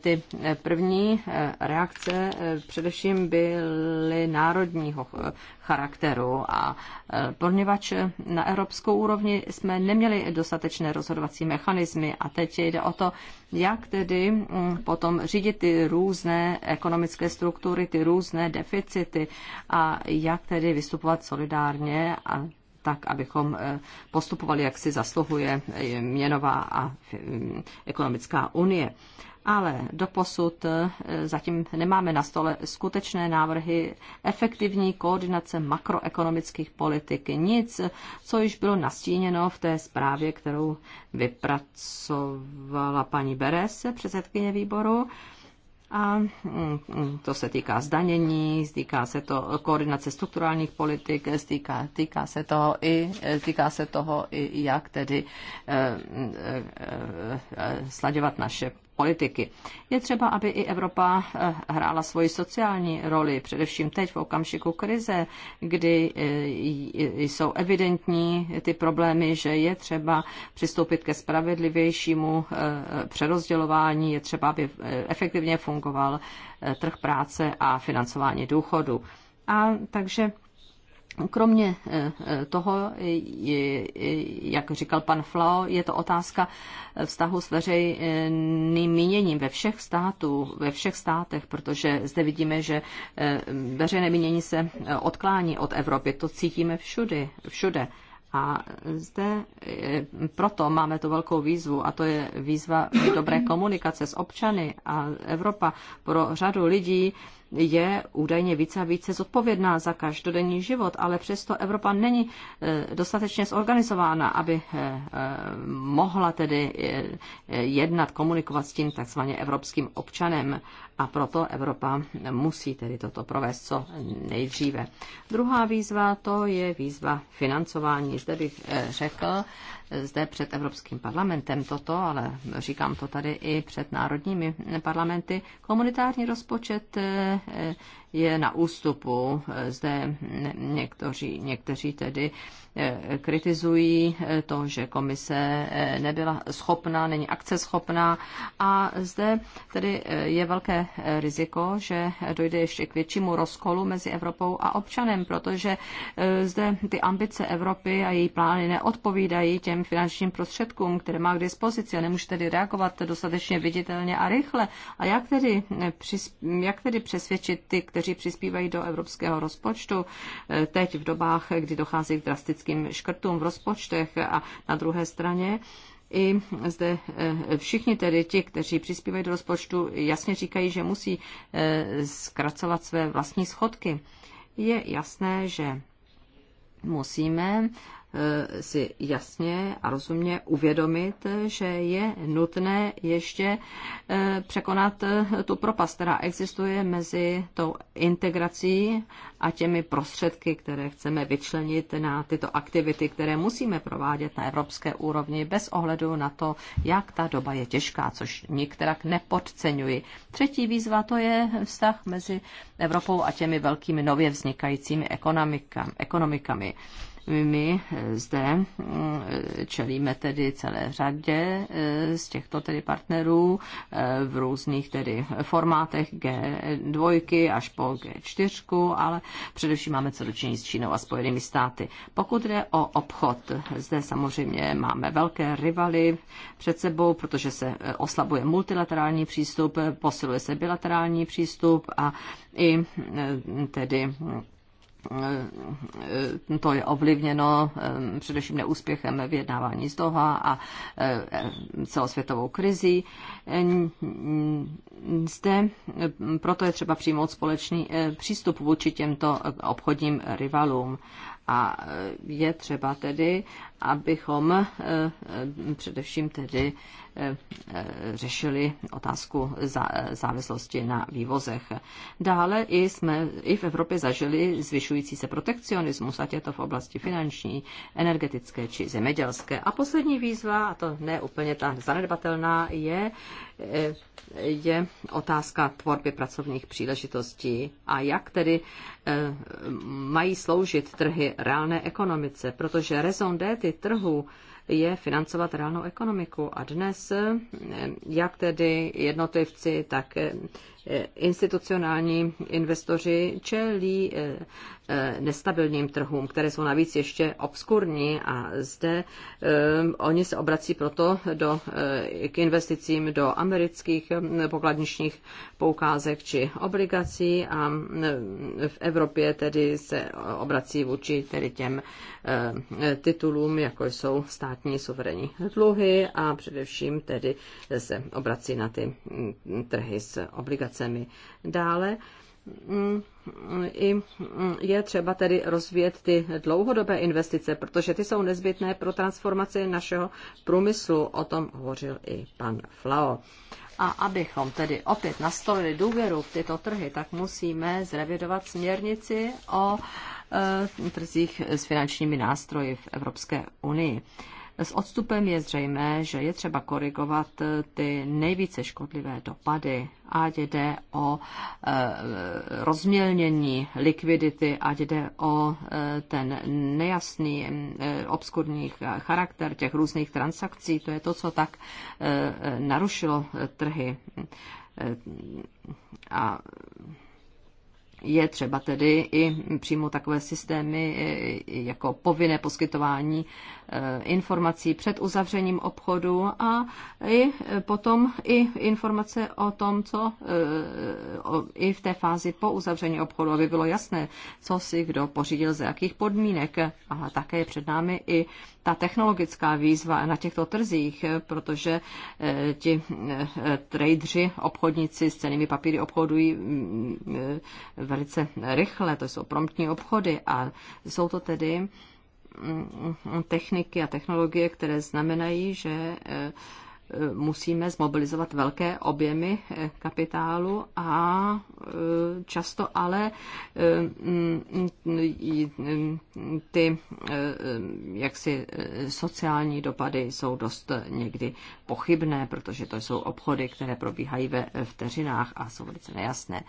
Speaker 4: ty první reakce především byly národního charakteru a poněvadž na evropskou úrovni jsme neměli dostatečné rozhodovací mechanismy a teď jde o to, jak tedy mm, potom řídit ty různé ekonomické struktury, ty různé deficity a jak tedy vystupovat solidárně a tak, abychom eh, postupovali, jak si zasluhuje eh, měnová a eh, ekonomická unie ale doposud eh, zatím nemáme na stole skutečné návrhy efektivní koordinace makroekonomických politik. Nic, co již bylo nastíněno v té zprávě, kterou vypracovala paní Beres, předsedkyně výboru. A mm, mm, to se týká zdanění, týká se to koordinace strukturálních politik, týká, týká se toho i, týká se toho i jak tedy e, e, e, sladěvat naše politiky. Je třeba, aby i Evropa eh, hrála svoji sociální roli, především teď v okamžiku krize, kdy eh, jsou evidentní ty problémy, že je třeba přistoupit ke spravedlivějšímu eh, přerozdělování, je třeba, aby efektivně fungoval trh práce a financování důchodu. A takže Kromě eh, eh, toho, eh, jak říkal pan Flao, je to otázka vztahu s veřejným míněním ve všech států, ve všech státech, protože zde vidíme, že veřejné mínění se odklání od Evropy. To cítíme všude. všude. A zde proto máme tu velkou výzvu a to je výzva dobré komunikace s občany a Evropa pro řadu lidí je údajně více a více zodpovědná za každodenní život, ale přesto Evropa není eh, dostatečně zorganizována, aby eh, eh, mohla tedy jednat, komunikovat s tím takzvaně evropským občanem a proto Evropa musí tedy toto provést co nejdříve. Druhá výzva to je výzva financování. Zde bych řekl, zde před Evropským parlamentem toto, ale říkám to tady i před národními parlamenty, komunitární rozpočet eh, je na ústupu. Zde někteří, někteří tedy eh, kritizují eh, to, že komise eh, nebyla schopná, není akceschopná a zde tedy je velké riziko, že dojde ještě k většímu rozkolu mezi Evropou a občanem, protože zde ty ambice Evropy a její plány neodpovídají těm finančním prostředkům, které má k dispozici a nemůže tedy reagovat dostatečně viditelně a rychle. A jak tedy, jak tedy přesvědčit ty, kteří kteří přispívají do evropského rozpočtu eh, teď v dobách, kdy dochází k drastickým škrtům v rozpočtech a na druhé straně i zde eh, všichni tedy ti, kteří přispívají do rozpočtu, jasně říkají, že musí eh, zkracovat své vlastní schodky. Je jasné, že musíme Eh, si jasně a rozumně uvědomit, že je nutné ještě eh, překonat eh, tu propast, která existuje mezi tou integrací a těmi prostředky, které chceme vyčlenit na tyto aktivity, které musíme provádět na evropské úrovni bez ohledu na to, jak ta doba je těžká, což nikterak nepodceňuji. Třetí výzva to je vztah mezi Evropou a těmi velkými nově vznikajícími ekonomikami my eh, zde eh, čelíme tedy celé řadě eh, z těchto tedy partnerů v různých tedy formátech G2 až po G4, ale především máme co dočinit s Čínou a Spojenými státy. Pokud jde o obchod, zde samozřejmě máme velké rivaly před sebou, protože se oslabuje multilaterální přístup, posiluje se bilaterální přístup a i tedy hm, Eh, eh, to je ovlivněno eh, především neúspěchem vyjednávání z Doha a celosvětovou krizí. Zde proto je třeba přijmout společný přístup vůči těmto obchodním rivalům. A eh, je třeba tedy, abychom eh, eh, především tedy řešili otázku závislosti na vývozech. Dále i jsme i v Evropě zažili zvyšující se protekcionismus, ať je to v oblasti finanční, energetické či zemědělské. A poslední výzva, a to ne úplně ta zanedbatelná, je je otázka tvorby pracovních příležitostí a jak tedy eh, mají sloužit trhy reálné ekonomice, protože raison d'être trhu je financovat reálnou ekonomiku. A dnes, eh, jak tedy jednotlivci, tak eh, institucionální investoři čelí eh, nestabilním trhům, které jsou navíc ještě obskurní a zde oni se obrací proto do, k investicím do amerických pokladničních poukázek či obligací a v Evropě tedy se obrací vůči tedy těm titulům, jako jsou státní státní suverénní dluhy a především tedy se obrací na ty mm, trhy s obligacemi. Dále mm, i mm, je třeba tedy rozvíjet ty dlouhodobé investice, protože ty jsou nezbytné pro transformaci našeho průmyslu. O tom hovořil i pan Flao. A abychom tedy opět nastolili důvěru v tyto trhy, tak musíme zrevidovat směrnici o e, trzích s finančními nástroji v Evropské unii. S odstupem je zřejmé, že je třeba korigovat eh, ty nejvíce škodlivé dopady, ať jde o eh, rozmělnění likvidity, ať jde o eh, ten nejasný, mm, obskurní charakter těch různých transakcí. To je to, co tak narušilo trhy. A je třeba tedy i přímo takové systémy jako povinné poskytování Eh, informací před uzavřením obchodu a i eh, potom i informace o tom, co eh, i v té fázi po uzavření obchodu, aby bylo jasné, co si kdo pořídil, za jakých podmínek. A také je před námi i ta technologická výzva na těchto trzích, protože ti tradeři, obchodníci s cenými papíry obchodují mm, velice rychle, to jsou promptní obchody a jsou to tedy Mm, mm, techniky a technologie, které znamenají, že eh, eh, musíme zmobilizovat velké objemy eh, kapitálu a často ale mm, ty jaksi sociální dopady jsou dost někdy pochybné, protože to jsou obchody, které probíhají ve vteřinách a jsou velice nejasné.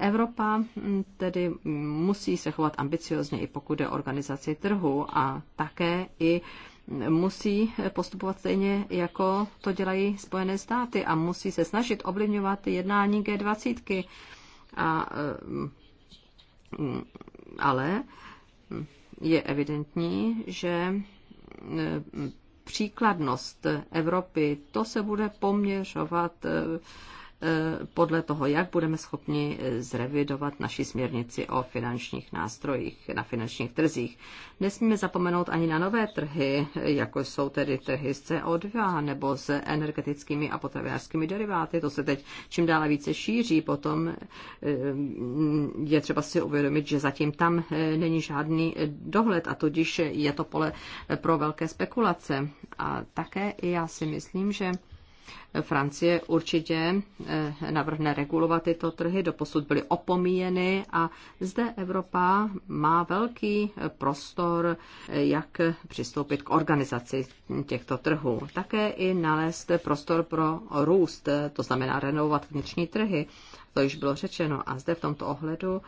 Speaker 4: Evropa mm, tedy mm, musí se chovat ambiciozně i pokud je organizaci trhu a také i mm, musí postupovat stejně, jako to dělají Spojené státy a musí se snažit ovlivňovat jednání G20. A, ale je evidentní, že příkladnost Evropy, to se bude poměřovat eh, Eh, podle toho, jak budeme schopni eh, zrevidovat naši směrnici o finančních nástrojích na finančních trzích. Nesmíme zapomenout ani na nové trhy, eh, jako jsou tedy trhy z CO2 nebo s energetickými a potravinářskými deriváty. To se teď čím dále více šíří. Potom mm, je třeba si uvědomit, že zatím tam není žádný dohled a tudíž je to pole pro velké spekulace. A také já si myslím, že Francie určitě eh, navrhne regulovat tyto trhy, doposud byly opomíjeny a zde Evropa má velký eh, prostor, eh, jak přistoupit k organizaci těchto trhů. Také i nalézt prostor pro růst, to znamená renovovat vnitřní trhy. To již bylo řečeno a zde v tomto ohledu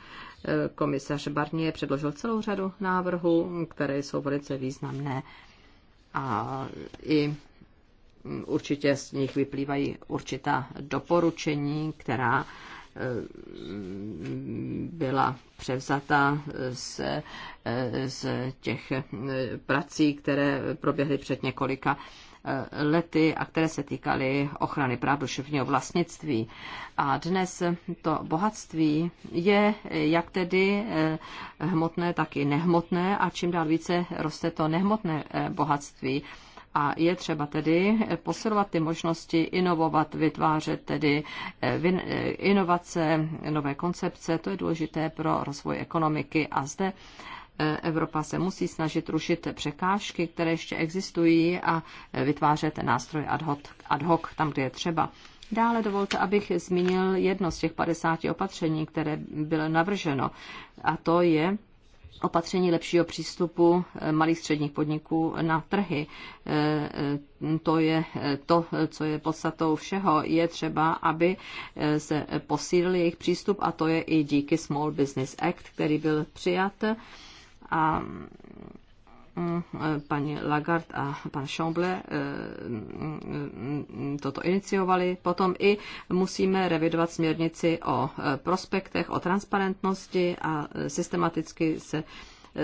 Speaker 4: komisař Barnier předložil celou řadu návrhů, které jsou velice významné a i určitě z nich vyplývají určitá doporučení, která eh, byla převzata z, eh, z těch eh, prací, které proběhly před několika lety a které se týkaly ochrany práv duševního vlastnictví. A dnes to bohatství je jak tedy hmotné, tak i nehmotné a čím dál více roste to nehmotné bohatství. A je třeba tedy posilovat ty možnosti, inovovat, vytvářet tedy eh, eh, inovace, nové koncepce. To je důležité pro rozvoj ekonomiky. A zde eh, Evropa se musí snažit rušit překážky, které ještě existují a vytvářet nástroje ad hoc, ad hoc tam, kde je třeba. Dále dovolte, abych zmínil jedno z těch 50 opatření, které bylo navrženo, a to je opatření lepšího přístupu eh, malých středních podniků na trhy. Eh, eh, to je to, co je podstatou všeho. Je třeba, aby se posílil jejich přístup a to je i díky Small Business Act, který byl přijat. A paní Lagarde a pan Chamble eh, toto iniciovali. Potom i musíme revidovat směrnici o eh, prospektech, o transparentnosti a eh, systematicky se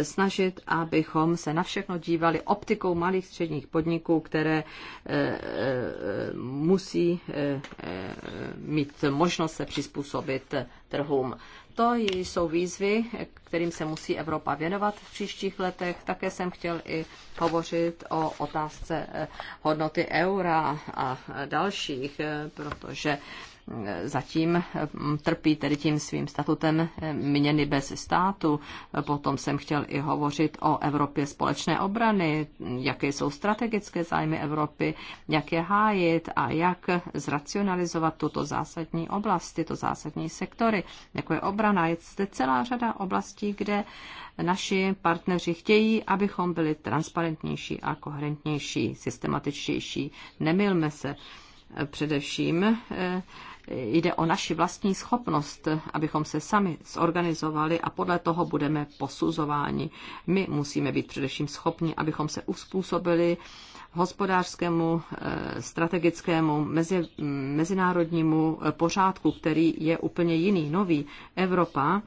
Speaker 4: snažit, abychom se na všechno dívali optikou malých středních podniků, které musí mít možnost se přizpůsobit trhům. To jsou výzvy, kterým se musí Evropa věnovat v příštích letech. Také jsem chtěl i hovořit o otázce eh, hodnoty eura a dalších, eh, protože zatím mm, trpí tedy tím svým statutem eh, měny bez státu. Potom jsem chtěl i hovořit o Evropě společné obrany, jaké jsou strategické zájmy Evropy, jak je hájit a jak zracionalizovat tuto zásadní oblast, tyto zásadní sektory, jako je obrana. Je zde celá řada oblastí, kde naši partneři chtějí, abychom byli transparentnější a koherentnější, systematičtější. Nemilme se především. Eh, jde o naši vlastní schopnost, abychom se sami zorganizovali a podle toho budeme posuzováni. My musíme být především schopni, abychom se uspůsobili hospodářskému, eh, strategickému, mezi, mm, mezinárodnímu eh, pořádku, který je úplně jiný, nový. Evropa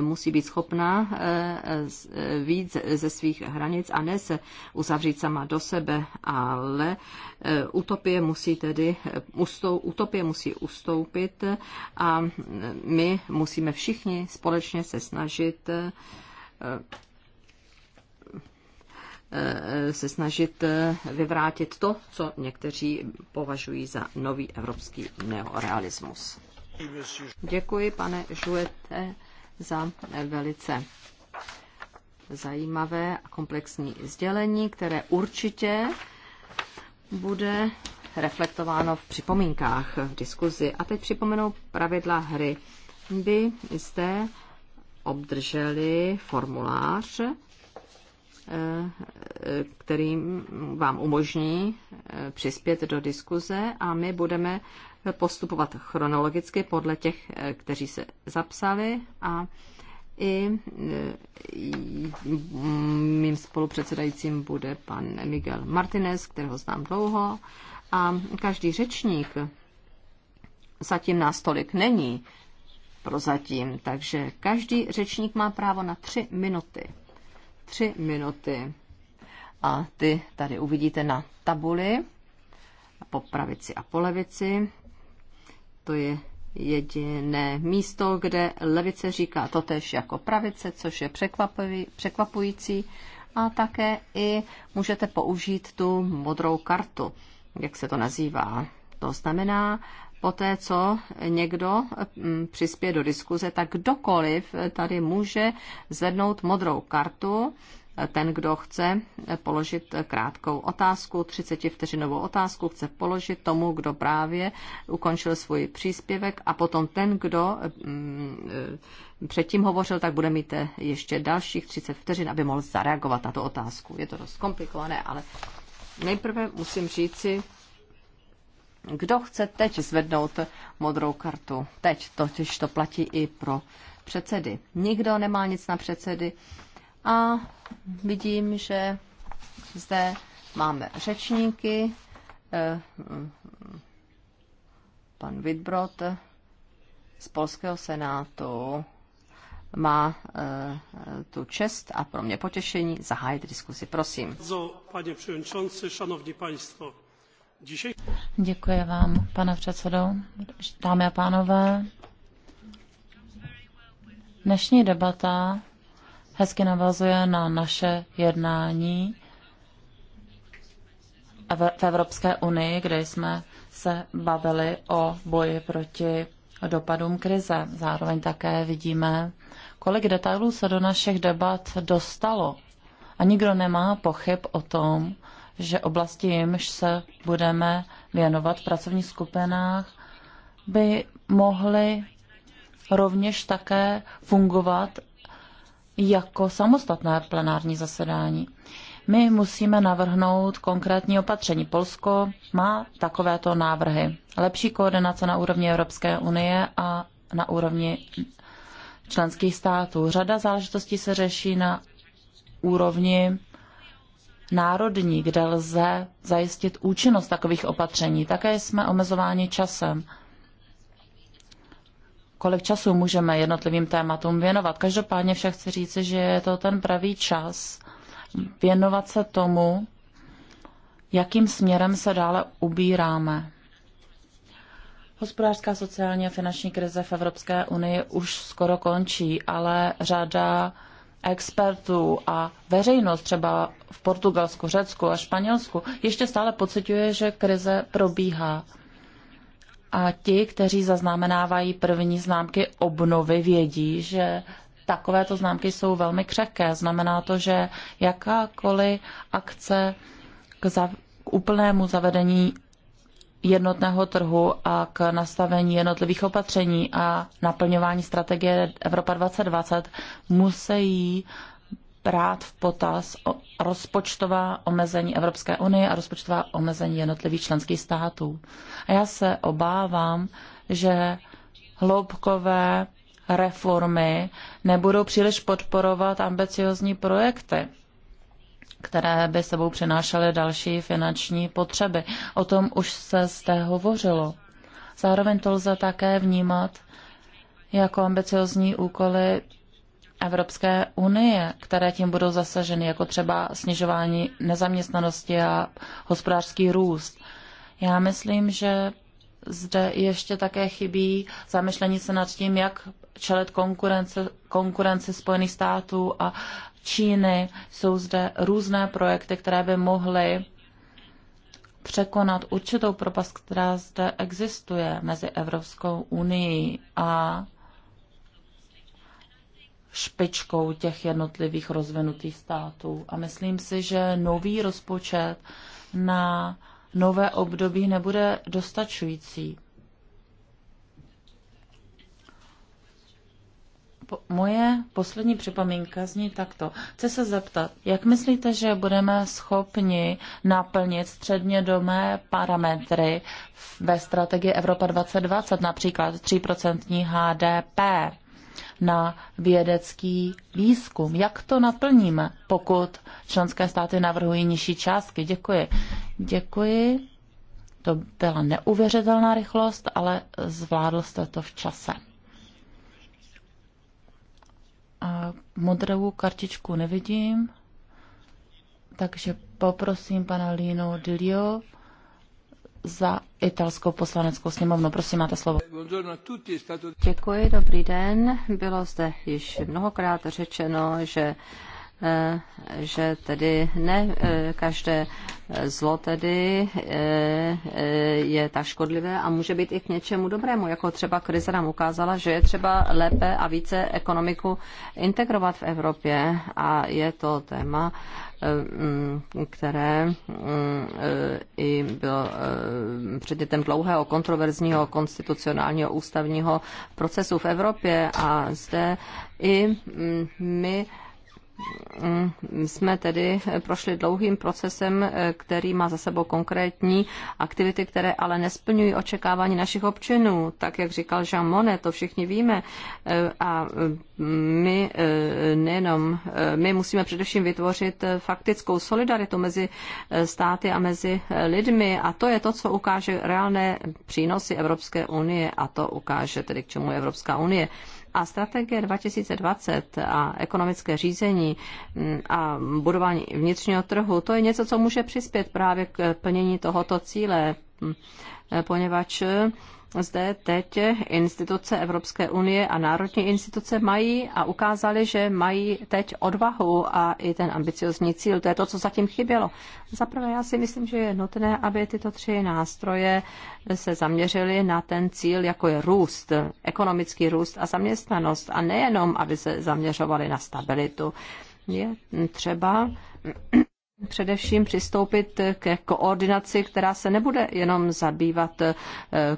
Speaker 4: musí být schopná eh, eh, víc ze svých hranic a ne se uzavřít sama do sebe, ale eh, utopie musí tedy utopie musí ustoupit a my musíme všichni společně se snažit se snažit vyvrátit to, co někteří považují za nový evropský neorealismus. Děkuji, pane Žuete za velice zajímavé a komplexní sdělení, které určitě bude reflektováno v připomínkách v diskuzi. A teď připomenu pravidla hry. Vy jste obdrželi formulář, eh, který vám umožní eh, přispět do diskuze a my budeme postupovat chronologicky podle těch, eh, kteří se zapsali a i eh, mým spolupředsedajícím bude pan Miguel Martinez, kterého znám dlouho. A každý řečník, zatím nás tolik není, prozatím, takže každý řečník má právo na tři minuty. Tři minuty. A ty tady uvidíte na tabuli po pravici a po levici to je jediné místo, kde levice říká totež jako pravice, což je překvapující. A také i můžete použít tu modrou kartu, jak se to nazývá. To znamená, poté, co někdo mm, přispěje do diskuze, tak kdokoliv tady může zvednout modrou kartu ten, kdo chce položit krátkou otázku, 30 vteřinovou otázku, chce položit tomu, kdo právě ukončil svůj příspěvek a potom ten, kdo mm, předtím hovořil, tak bude mít ještě dalších 30 vteřin, aby mohl zareagovat na tu otázku. Je to dost komplikované, ale nejprve musím říci, kdo chce teď zvednout modrou kartu? Teď, totiž to platí i pro předsedy. Nikdo nemá nic na předsedy, a vidím, že zde máme řečníky. Eh, pan Vidbrot z Polského senátu má eh, tu čest a pro mě potěšení zahájit diskusi. Prosím.
Speaker 1: Pane předsedající, šanovní państwo.
Speaker 2: Děkuji vám, pane předsedo. Dámy a pánové, dnešní debata hezky navazuje na naše jednání v Evropské unii, kde jsme se bavili o boji proti dopadům krize. Zároveň také vidíme, kolik detailů se do našich debat dostalo. A nikdo nemá pochyb o tom, že oblasti, jimž se budeme věnovat v pracovních skupinách, by mohly rovněž také fungovat jako samostatné plenární zasedání. My musíme navrhnout konkrétní opatření. Polsko má takovéto návrhy. Lepší koordinace na úrovni Evropské unie a na úrovni členských států. Řada záležitostí se řeší na úrovni národní, kde lze zajistit účinnost takových opatření. Také jsme omezováni časem kolik času můžeme jednotlivým tématům věnovat. Každopádně však chci říci, že je to ten pravý čas věnovat se tomu, jakým směrem se dále ubíráme. Hospodářská, sociální a finanční krize v Evropské unii už skoro končí, ale řada expertů a veřejnost třeba v Portugalsku, Řecku a Španělsku ještě stále pociťuje, že krize probíhá. A ti, kteří zaznamenávají první známky obnovy, vědí, že takovéto známky jsou velmi křehké. Znamená to, že jakákoliv akce k, za, k úplnému zavedení jednotného trhu a k nastavení jednotlivých opatření a naplňování strategie Evropa 2020 musí brát v potaz rozpočtová omezení Evropské unie a rozpočtová omezení jednotlivých členských států. A já se obávám, že hloubkové reformy nebudou příliš podporovat ambiciozní projekty které by sebou přinášely další finanční potřeby. O tom už se zde hovořilo. Zároveň to lze také vnímat jako ambiciozní úkoly Evropské unie, které tím budou zasaženy, jako třeba snižování nezaměstnanosti a hospodářský růst. Já myslím, že zde ještě také chybí zamyšlení se nad tím, jak čelit konkurence, konkurence Spojených států a Číny. Jsou zde různé projekty, které by mohly překonat určitou propast, která zde existuje mezi Evropskou unii a špičkou těch jednotlivých rozvinutých států. A myslím si, že nový rozpočet na nové období nebude dostačující. Po, moje poslední připomínka zní takto. Chci se zeptat, jak myslíte, že budeme schopni naplnit střednědomé parametry ve strategii Evropa 2020, například 3% HDP? na vědecký výzkum. Jak to naplníme, pokud členské státy navrhují nižší částky? Děkuji. Děkuji. To byla neuvěřitelná rychlost, ale zvládl jste to v čase. A modrou kartičku nevidím, takže poprosím pana Lino Dilio za italskou poslaneckou sněmovnu. Prosím, máte slovo. Děkuji, dobrý den. Bylo zde již
Speaker 4: mnohokrát řečeno, že Eh, že tedy ne eh, každé zlo tedy eh, je tak škodlivé a může být i k něčemu dobrému, jako třeba krize nám ukázala, že je třeba lépe a více ekonomiku integrovat v Evropě a je to téma, mm, které mm, i bylo předmětem dlouhého kontroverzního konstitucionálního ústavního procesu v Evropě a zde i mm, my Mm, jsme tedy eh, prošli dlouhým procesem, eh, který má za sebou konkrétní aktivity, které ale nesplňují očekávání našich občanů. Tak, jak říkal Jean Monnet, to všichni víme. Eh, a mm, my nejenom, my musíme především vytvořit faktickou solidaritu mezi státy a mezi lidmi. A to je to, co ukáže reálné přínosy Evropské unie a to ukáže tedy, k čemu je Evropská unie. A strategie 2020 a ekonomické řízení mm, a budování vnitřního trhu, to je něco, co může přispět právě k plnění tohoto cíle, mm, poněvadž zde teď instituce Evropské unie a národní instituce mají a ukázali, že mají teď odvahu a i ten ambiciozní cíl. To je to, co zatím chybělo. Zaprvé já si myslím, že je nutné, aby tyto tři nástroje se zaměřily na ten cíl, jako je růst, ekonomický růst a zaměstnanost. A nejenom, aby se zaměřovali na stabilitu. Je třeba Především přistoupit ke koordinaci, která se nebude jenom zabývat eh,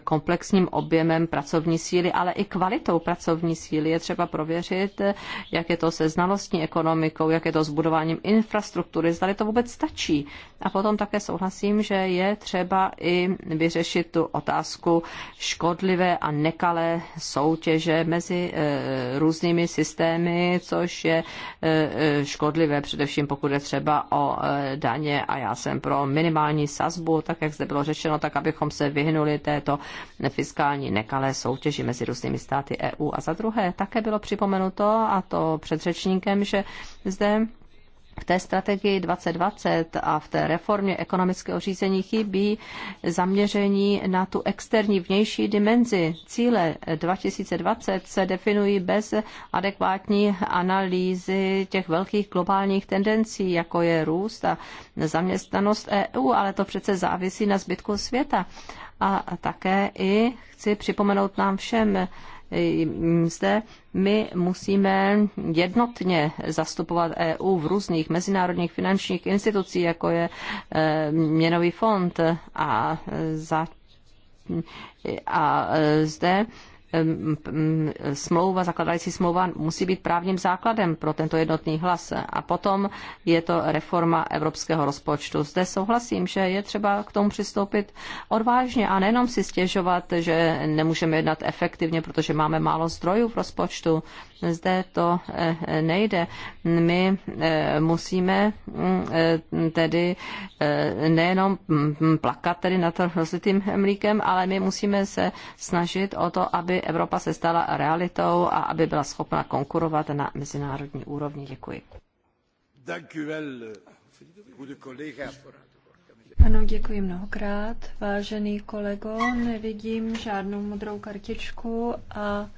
Speaker 4: komplexním objemem pracovní síly, ale i kvalitou pracovní síly. Je třeba prověřit, eh, jak je to se znalostní ekonomikou, jak je to s budováním infrastruktury, zda to vůbec stačí. A potom také souhlasím, že je třeba i vyřešit tu otázku škodlivé a nekalé soutěže mezi eh, různými systémy, což je škodlivé především pokud je třeba o Eh, daně a já jsem pro minimální sazbu, tak jak zde bylo řečeno, tak abychom se vyhnuli této fiskální nekalé soutěži mezi různými státy EU. A za druhé, také bylo připomenuto, a to předřečníkem, že zde v té strategii 2020 a v té reformě ekonomického řízení chybí zaměření na tu externí vnější dimenzi. Cíle 2020 se definují bez adekvátní analýzy těch velkých globálních tendencí, jako je růst a zaměstnanost EU, ale to přece závisí na zbytku světa. A také i chci připomenout nám všem, zde my musíme jednotně zastupovat EU v různých mezinárodních finančních institucích, jako je eh, Měnový fond a, eh, za, a eh, zde smlouva, zakladající smlouva musí být právním základem pro tento jednotný hlas. A potom je to reforma evropského rozpočtu. Zde souhlasím, že je třeba k tomu přistoupit odvážně a nejenom si stěžovat, že nemůžeme jednat efektivně, protože máme málo zdrojů v rozpočtu zde to eh, nejde. My eh, musíme mm, eh, tedy nejenom mm, plakat tedy nad rozlitým mlíkem, ale my musíme se snažit o to, aby Evropa se stala realitou a aby byla schopna konkurovat na mezinárodní úrovni. Děkuji.
Speaker 3: Ano, děkuji mnohokrát. Vážený kolego, nevidím žádnou modrou kartičku a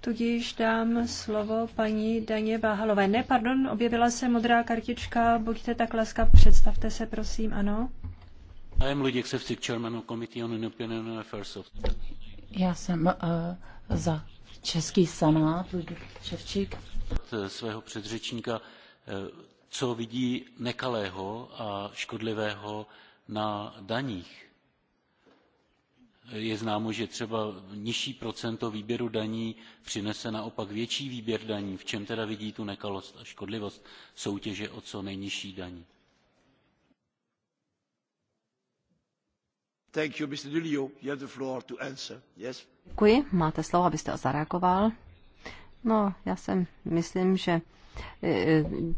Speaker 3: Tudíž dám slovo paní Daně Váhalové. Ne, pardon, objevila se modrá kartička. Buďte tak laska, představte se,
Speaker 2: prosím, ano.
Speaker 1: Luděk Sevcik, Chairman of Committee on Affairs of...
Speaker 2: Já jsem uh, za Český senát, Luděk Ševčík.
Speaker 1: Eh, svého předřečníka, eh, co vidí nekalého a škodlivého na daních je známo že třeba nižší procento výběru daní přinese naopak větší výběr daní v čem tedy vidí tu nekalost a škodlivost soutěže o co nejnižší daň? Yes?
Speaker 4: Děkuji, máte slovo, abyste zareagoval. No, já si myslím, že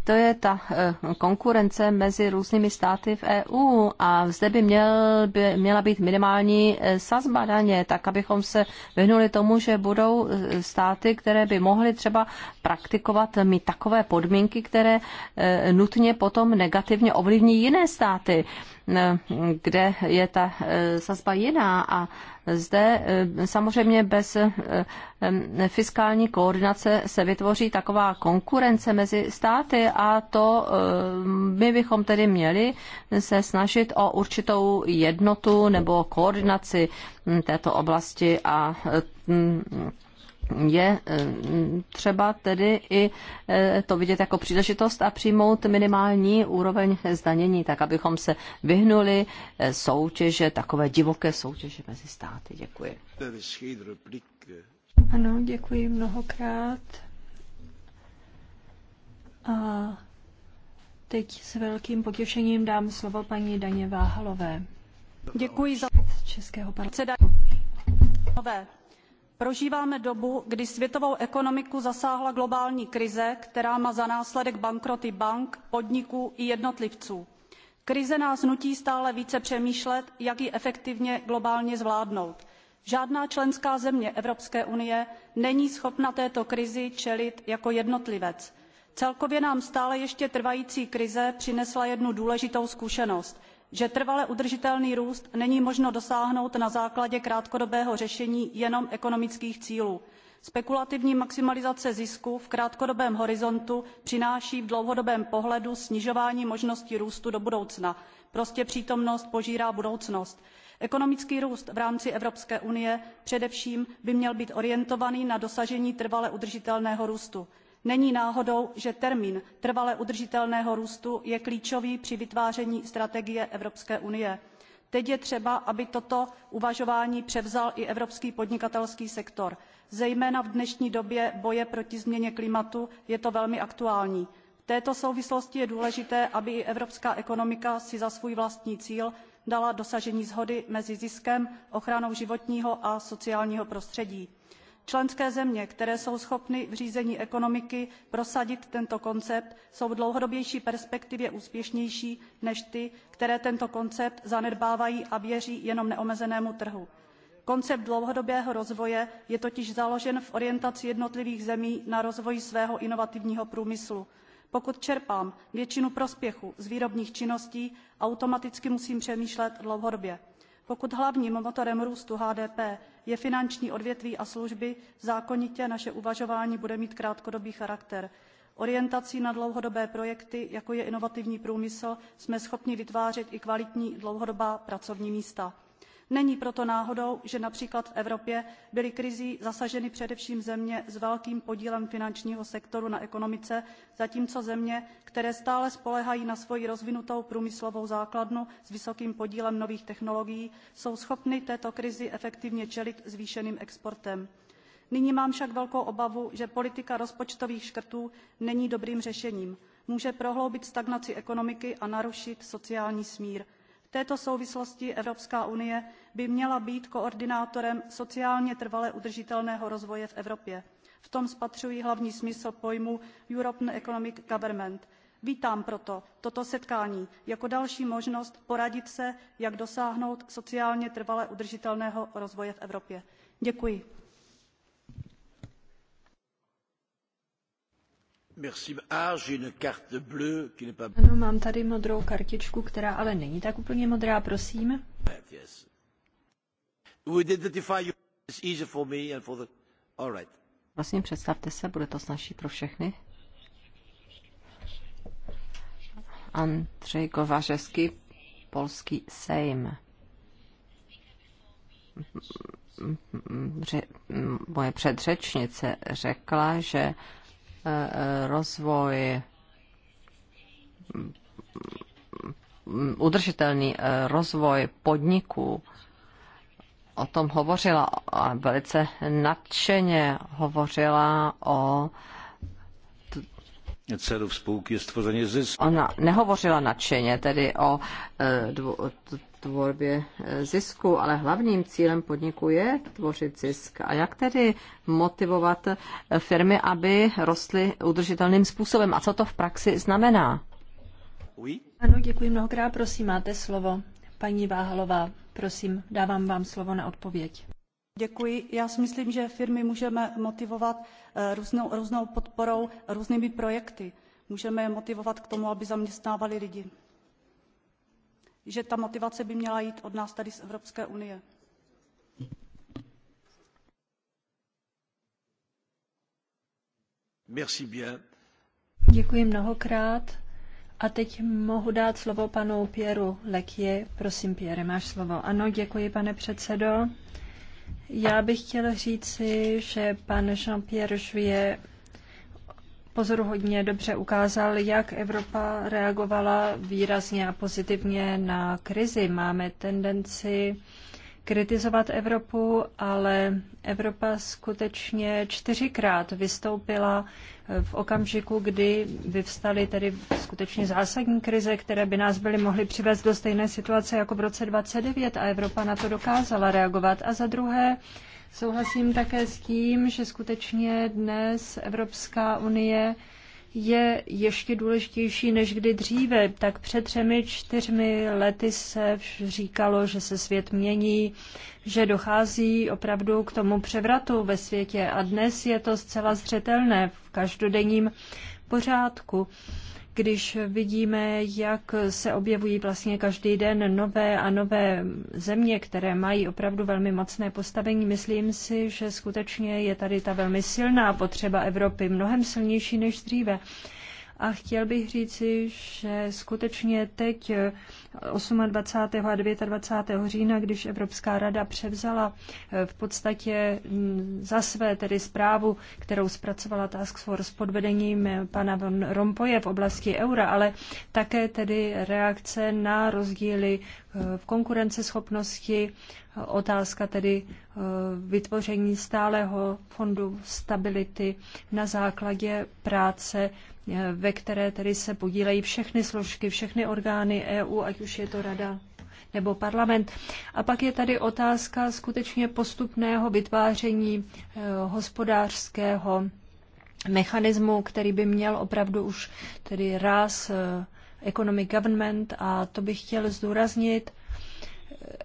Speaker 4: to je ta e, konkurence mezi různými státy v EU a zde by, měl, by měla být minimální e, sazba daně, tak abychom se vyhnuli tomu, že budou e, státy, které by mohly třeba praktikovat mít takové podmínky, které nutně potom negativně ovlivní jiné státy kde je ta eh, sazba jiná a zde eh, samozřejmě bez eh, fiskální koordinace se vytvoří taková konkurence mezi státy a to my bychom tedy měli se snažit o určitou jednotu nebo koordinaci mm, této oblasti a mm, je eh, třeba tedy i eh, to vidět jako příležitost a přijmout minimální úroveň zdanění, tak abychom se vyhnuli eh, soutěže, takové divoké soutěže mezi státy. Děkuji.
Speaker 3: Ano, děkuji mnohokrát. A teď s velkým potěšením dám slovo paní Daně Váhalové. Děkuji za z Českého parlamentu
Speaker 5: Prožíváme dobu, kdy světovou ekonomiku zasáhla globální krize, která má za následek bankroty bank, podniků i jednotlivců. Krize nás nutí stále více přemýšlet, jak ji efektivně globálně zvládnout. Žádná členská země Evropské unie není schopna této krizi čelit jako jednotlivec. Celkově nám stále ještě trvající krize přinesla jednu důležitou zkušenost že trvale udržitelný růst není možno dosáhnout na základě krátkodobého řešení jenom ekonomických cílů. spekulativní maximalizace zisku v krátkodobém horizontu přináší v dlouhodobém pohledu snižování možností růstu do budoucna prostě přítomnost požírá budoucnost. ekonomický růst v rámci evropské unie především by měl být orientovaný na dosažení trvale udržitelného růstu není náhodou že termín trvale udržitelného růstu je klíčový při vytváření strategie evropské unie. teď je třeba aby toto uvažování převzal i evropský podnikatelský sektor. zejména v dnešní době boje proti změně klimatu je to velmi aktuální. v této souvislosti je důležité aby i evropská ekonomika si za svůj vlastní cíl dala dosažení shody mezi ziskem ochranou životního a sociálního prostředí členské země které jsou schopny v řízení ekonomiky prosadit tento koncept jsou v dlouhodobější perspektivě úspěšnější než ty které tento koncept zanedbávají a věří jenom neomezenému trhu. koncept dlouhodobého rozvoje je totiž založen v orientaci jednotlivých zemí na rozvoji svého inovativního průmyslu. pokud čerpám většinu prospěchu z výrobních činností automaticky musím přemýšlet dlouhodobě. pokud hlavním motorem růstu hdp je finanční odvětví a služby, zákonitě naše uvažování bude mít krátkodobý charakter. Orientací na dlouhodobé projekty, jako je inovativní průmysl, jsme schopni vytvářet i kvalitní dlouhodobá pracovní místa není proto náhodou že například v evropě byly krizí zasaženy především země s velkým podílem finančního sektoru na ekonomice zatímco země které stále spoléhají na svoji rozvinutou průmyslovou základnu s vysokým podílem nových technologií jsou schopny této krizi efektivně čelit zvýšeným exportem. nyní mám však velkou obavu že politika rozpočtových škrtů není dobrým řešením může prohloubit stagnaci ekonomiky a narušit sociální smír. V této souvislosti Evropská unie by měla být koordinátorem sociálně trvale udržitelného rozvoje v Evropě. V tom spatřuji hlavní smysl pojmu European Economic Government. Vítám proto toto setkání jako další možnost poradit se, jak dosáhnout sociálně trvale udržitelného rozvoje v Evropě.
Speaker 3: Děkuji. Ano, mám tady modrou kartičku, která ale není tak úplně modrá, prosím.
Speaker 4: Prosím, představte se, bude to snažší pro všechny. Andřej Kovařevský, polský sejm. Moje předřečnice řekla, že rozvoj, udržitelný eh, rozvoj podniků. O tom hovořila a velice nadšeně hovořila o
Speaker 1: celu spółki jest tworzenie Ona
Speaker 4: nehovořila nadšeně tedy o eh, tvorbě eh, zisku, ale hlavním cílem podniku je tvořit zisk. A jak tedy motivovat eh, firmy, aby rostly udržitelným způsobem? A co to v praxi znamená?
Speaker 3: Ano, děkuji mnohokrát. Prosím, máte slovo. Paní Váhalová, prosím, dávám vám slovo na odpověď. Děkuji.
Speaker 5: Já si myslím, že firmy můžeme motivovat eh, různou, různou podporou, různými projekty. Můžeme je motivovat k tomu, aby zaměstnávali lidi že ta motivace by měla jít od nás tady z Evropské unie.
Speaker 1: Merci bien.
Speaker 3: Děkuji mnohokrát. A teď mohu dát slovo panu Pěru Lekie. Prosím, Pierre, máš slovo. Ano, děkuji, pane předsedo. Já bych chtěl říci, že pan Jean-Pierre Jouye pozoruhodně dobře ukázal, jak Evropa reagovala výrazně a pozitivně na krizi. Máme tendenci kritizovat Evropu, ale Evropa skutečně čtyřikrát vystoupila v okamžiku, kdy vyvstaly tedy skutečně zásadní krize, které by nás byly mohly přivést do stejné situace jako v roce 29 a Evropa na to dokázala reagovat. A za druhé, Souhlasím také s tím, že skutečně dnes Evropská unie je ještě důležitější než kdy dříve. Tak před třemi, čtyřmi lety se říkalo, že se svět mění, že dochází opravdu k tomu převratu ve světě a dnes je to zcela zřetelné v každodenním pořádku když vidíme, jak se objevují vlastně každý den nové a nové země, které mají opravdu velmi mocné postavení, myslím si, že skutečně je tady ta velmi silná potřeba Evropy, mnohem silnější než dříve. A chtěl bych říci, že skutečně teď 28. Eh, a 29. října, když Evropská rada převzala eh, v podstatě mm, za své tedy zprávu, kterou zpracovala Task Force pod vedením eh, pana Von Rompoje v oblasti eura, ale také tedy reakce na rozdíly v konkurenceschopnosti, otázka tedy vytvoření stálého fondu stability na základě práce ve které tedy se podílejí všechny složky, všechny orgány EU, ať už je to rada nebo parlament. A pak je tady otázka skutečně postupného vytváření eh, hospodářského mechanismu, který by měl opravdu už tedy ráz eh, economic government a to bych chtěl zdůraznit.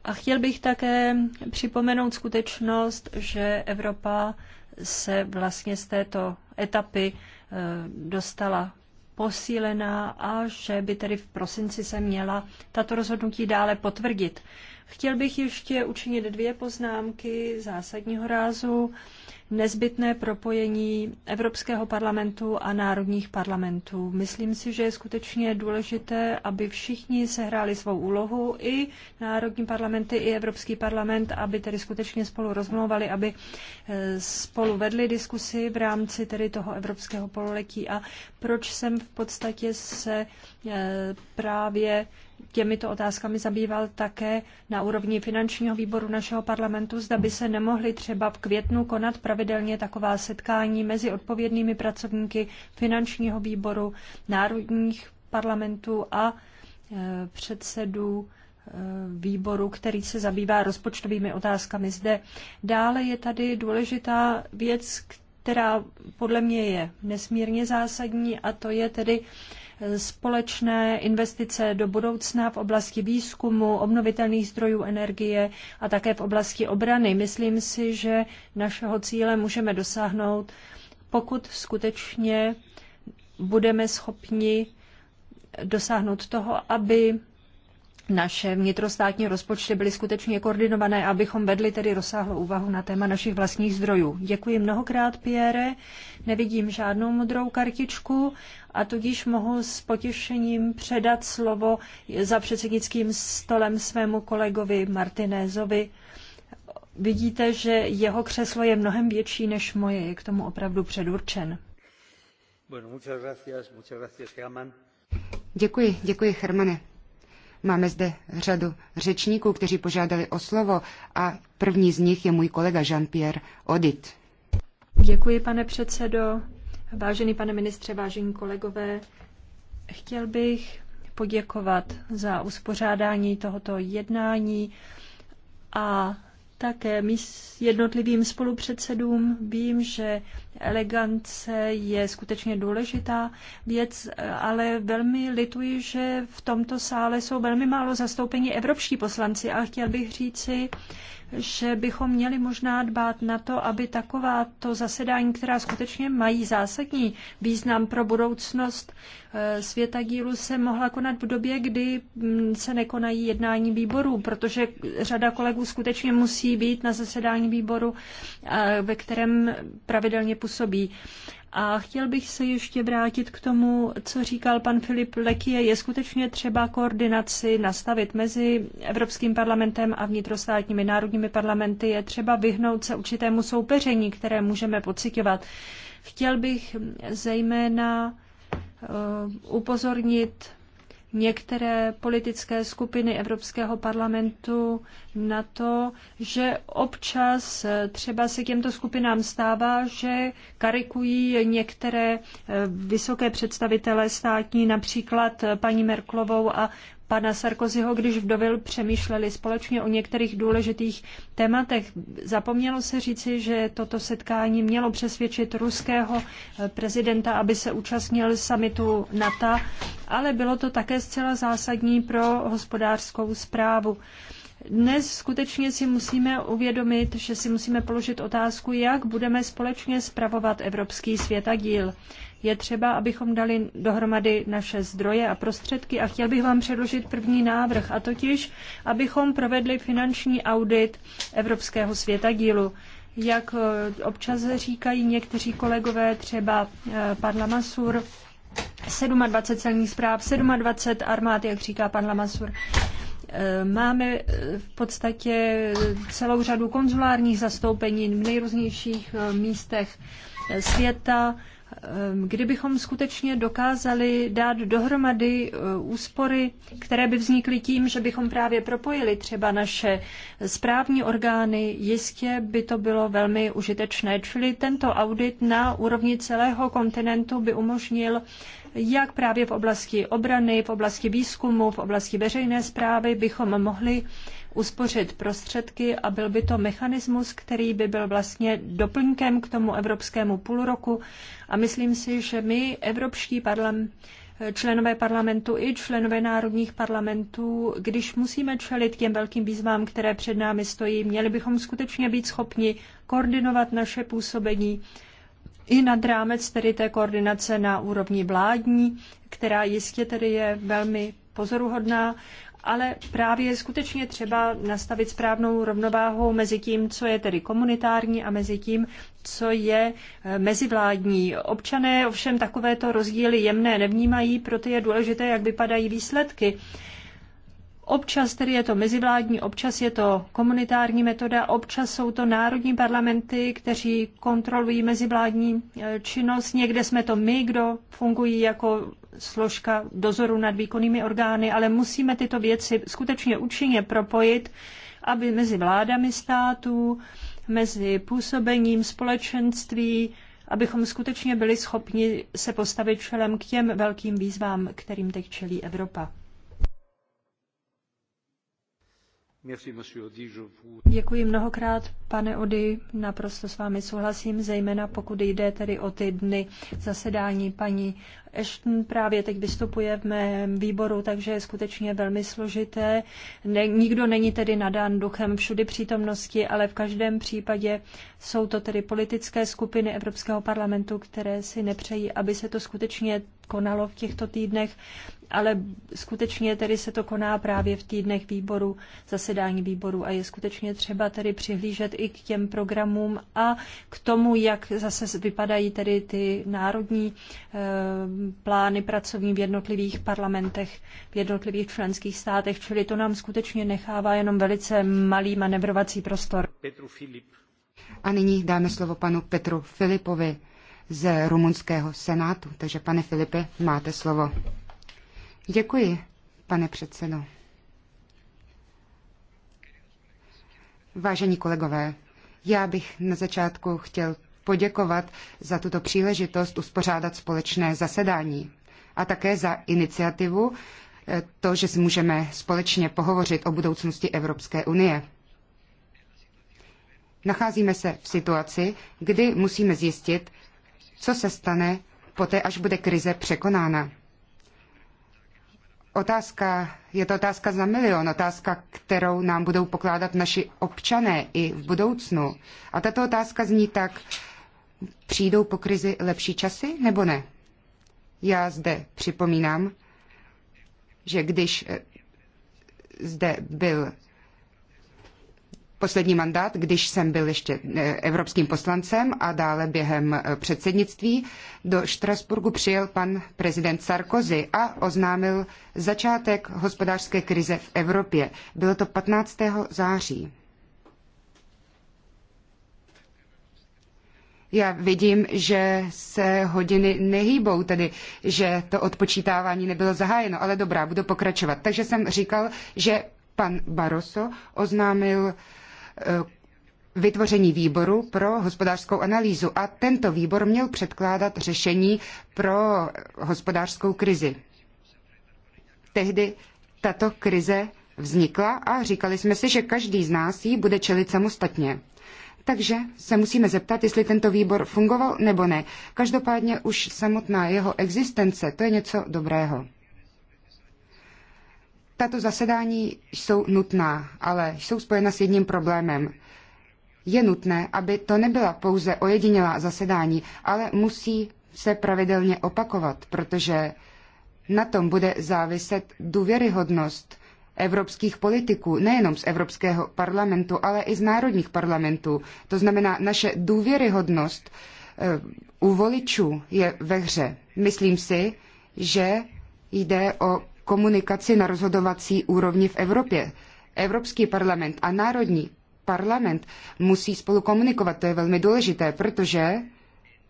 Speaker 3: A chtěl bych také připomenout skutečnost, že Evropa se vlastně z této etapy Eh, dostala posílená a že by tedy v prosinci se měla tato rozhodnutí dále potvrdit. Chtěl bych ještě učinit dvě poznámky zásadního rázu nezbytné propojení Evropského parlamentu a národních parlamentů. Myslím si, že je skutečně důležité, aby všichni sehráli svou úlohu, i národní parlamenty, i Evropský parlament, aby tedy skutečně spolu rozmlouvali, aby eh, spolu vedli diskusy v rámci tedy toho Evropského pololetí. A proč jsem v podstatě se eh, právě těmito otázkami zabýval také na úrovni finančního výboru našeho parlamentu, zda by se nemohly třeba v květnu konat pravidelně taková setkání mezi odpovědnými pracovníky finančního výboru, národních parlamentů a e, předsedů e, výboru, který se zabývá rozpočtovými otázkami zde. Dále je tady důležitá věc, která podle mě je nesmírně zásadní a to je tedy uh, společné investice do budoucna v oblasti výzkumu, obnovitelných zdrojů energie a také v oblasti obrany. Myslím si, že našeho cíle můžeme dosáhnout, pokud skutečně budeme schopni dosáhnout toho, aby naše vnitrostátní rozpočty byly skutečně koordinované, abychom vedli tedy rozsáhlou úvahu na téma našich vlastních zdrojů. Děkuji mnohokrát, Pierre. Nevidím žádnou modrou kartičku a tudíž mohu s potěšením předat slovo za předsednickým stolem svému kolegovi Martinézovi. Vidíte, že jeho křeslo je mnohem větší než moje, je k tomu opravdu předurčen.
Speaker 6: Děkuji, děkuji, Hermane. Máme zde řadu řečníků, kteří požádali o slovo a první z nich je můj kolega Jean-Pierre Odit.
Speaker 3: Děkuji, pane předsedo. Vážený pane ministře, vážení kolegové, chtěl bych poděkovat za uspořádání tohoto jednání a také jednotlivým spolupředsedům. Vím, že Elegance je skutečně důležitá věc, ale velmi lituji, že v tomto sále jsou velmi málo zastoupení evropští poslanci a chtěl bych říci, že bychom měli možná dbát na to, aby takováto zasedání, která skutečně mají zásadní význam pro budoucnost eh, světa dílu, se mohla konat v době, kdy mm, se nekonají jednání výborů, protože řada kolegů skutečně musí být na zasedání výboru, eh, ve kterém pravidelně působí působí. A chtěl bych se ještě vrátit k tomu, co říkal pan Filip Lekie. Je skutečně třeba koordinaci nastavit mezi Evropským parlamentem a vnitrostátními národními parlamenty. Je třeba vyhnout se určitému soupeření, které můžeme pocitovat. Chtěl bych zejména eh, upozornit některé politické skupiny Evropského parlamentu na to, že občas třeba se těmto skupinám stává, že karikují některé eh, vysoké představitele státní, například paní Merklovou a pana Sarkozyho, když vdovil přemýšleli společně o některých důležitých tématech. Zapomnělo se říci, že toto setkání mělo přesvědčit ruského eh, prezidenta, aby se účastnil samitu NATO, ale bylo to také zcela zásadní pro hospodářskou zprávu. Dnes skutečně si musíme uvědomit, že si musíme položit otázku, jak budeme společně spravovat evropský světadíl. Je třeba, abychom dali dohromady naše zdroje a prostředky a chtěl bych vám předložit první návrh, a totiž, abychom provedli finanční audit Evropského světa dílu. Jak eh, občas říkají někteří kolegové, třeba eh, pan Lamasur, 27 celních zpráv, 27 armád, jak říká pan Lamasur. Eh, máme v podstatě celou řadu konzulárních zastoupení v nejrůznějších místech světa. Ehm, kdybychom skutečně dokázali dát dohromady e, úspory, které by vznikly tím, že bychom právě propojili třeba naše správní orgány, jistě by to bylo velmi užitečné. Čili tento audit na úrovni celého kontinentu by umožnil jak právě v oblasti obrany, v oblasti výzkumu, v oblasti veřejné zprávy bychom mohli uspořit prostředky a byl by to mechanismus, který by byl vlastně doplňkem k tomu evropskému půlroku. A myslím si, že my, evropští parlam, členové parlamentu i členové národních parlamentů, když musíme čelit těm velkým výzvám, které před námi stojí, měli bychom skutečně být schopni koordinovat naše působení i nad rámec tedy té koordinace na úrovni vládní, která jistě tedy je velmi pozoruhodná, ale právě je skutečně třeba nastavit správnou rovnováhu mezi tím, co je tedy komunitární a mezi tím, co je eh, mezivládní. Občané ovšem takovéto rozdíly jemné nevnímají, proto je důležité, jak vypadají výsledky Občas tedy je to mezivládní, občas je to komunitární metoda, občas jsou to národní parlamenty, kteří kontrolují mezivládní e, činnost. Někde jsme to my, kdo fungují jako složka dozoru nad výkonnými orgány, ale musíme tyto věci skutečně účinně propojit, aby mezi vládami států, mezi působením společenství, abychom skutečně byli schopni se postavit čelem k těm velkým výzvám, kterým teď čelí Evropa. Děkuji mnohokrát, pane Ody. Naprosto s vámi souhlasím, zejména pokud jde tedy o ty dny zasedání. Paní Ashton právě teď vystupuje v mém výboru, takže je skutečně velmi složité. Ne, nikdo není tedy nadán duchem všudy přítomnosti, ale v každém případě jsou to tedy politické skupiny Evropského parlamentu, které si nepřejí, aby se to skutečně konalo v těchto týdnech ale skutečně tedy se to koná právě v týdnech výboru, zasedání výboru a je skutečně třeba tedy přihlížet i k těm programům a k tomu, jak zase vypadají tedy ty národní e, plány pracovní v jednotlivých parlamentech, v jednotlivých členských státech, čili to nám
Speaker 6: skutečně nechává jenom velice malý manevrovací prostor.
Speaker 1: Petru Filip.
Speaker 6: A nyní dáme slovo panu Petru Filipovi z rumunského senátu. Takže pane Filipe, máte slovo. Děkuji, pane předsedo. Vážení kolegové, já bych na začátku chtěl poděkovat za tuto příležitost uspořádat společné zasedání a také za iniciativu eh, to, že si můžeme společně pohovořit o budoucnosti Evropské unie. Nacházíme se v situaci, kdy musíme zjistit, co se stane poté, až bude krize překonána otázka, je to otázka za milion, otázka, kterou nám budou pokládat naši občané i v budoucnu. A tato otázka zní tak, přijdou po krizi lepší časy nebo ne? Já zde připomínám, že když eh, zde byl poslední mandát, když jsem byl ještě eh, evropským poslancem a dále během eh, předsednictví, do Štrasburgu přijel pan prezident Sarkozy a oznámil začátek hospodářské krize v Evropě. Bylo to 15. září. Já vidím, že se hodiny nehýbou, tedy že to odpočítávání nebylo zahájeno, ale dobrá, budu pokračovat. Takže jsem říkal, že pan Barroso oznámil Eh, vytvoření výboru pro hospodářskou analýzu a tento výbor měl předkládat řešení pro hospodářskou krizi. Tehdy tato krize vznikla a říkali jsme si, že každý z nás ji bude čelit samostatně. Takže se musíme zeptat, jestli tento výbor fungoval nebo ne. Každopádně už samotná jeho existence, to je něco dobrého. Tato zasedání jsou nutná, ale jsou spojena s jedním problémem. Je nutné, aby to nebyla pouze ojedinělá zasedání, ale musí se pravidelně opakovat, protože na tom bude záviset důvěryhodnost evropských politiků, nejenom z Evropského parlamentu, ale i z národních parlamentů. To znamená, naše důvěryhodnost eh, u voličů je ve hře. Myslím si, že jde o komunikaci na rozhodovací úrovni v Evropě. Evropský parlament a národní parlament musí spolu komunikovat, to je velmi důležité, protože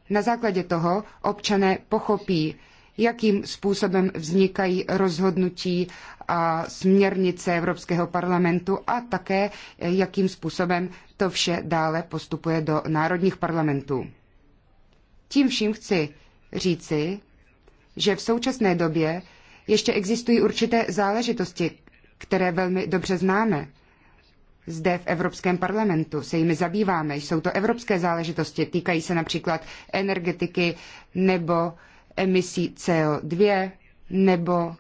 Speaker 6: na základě toho občané pochopí, jakým způsobem vznikají rozhodnutí a směrnice Evropského parlamentu a také jakým způsobem to vše dále postupuje do národních parlamentů. Tím vším chci říci, že v současné době ještě existují určité záležitosti, které velmi dobře známe. Zde v Evropském parlamentu se jimi zabýváme. Jsou to evropské záležitosti, týkají se například energetiky nebo emisí CO2, nebo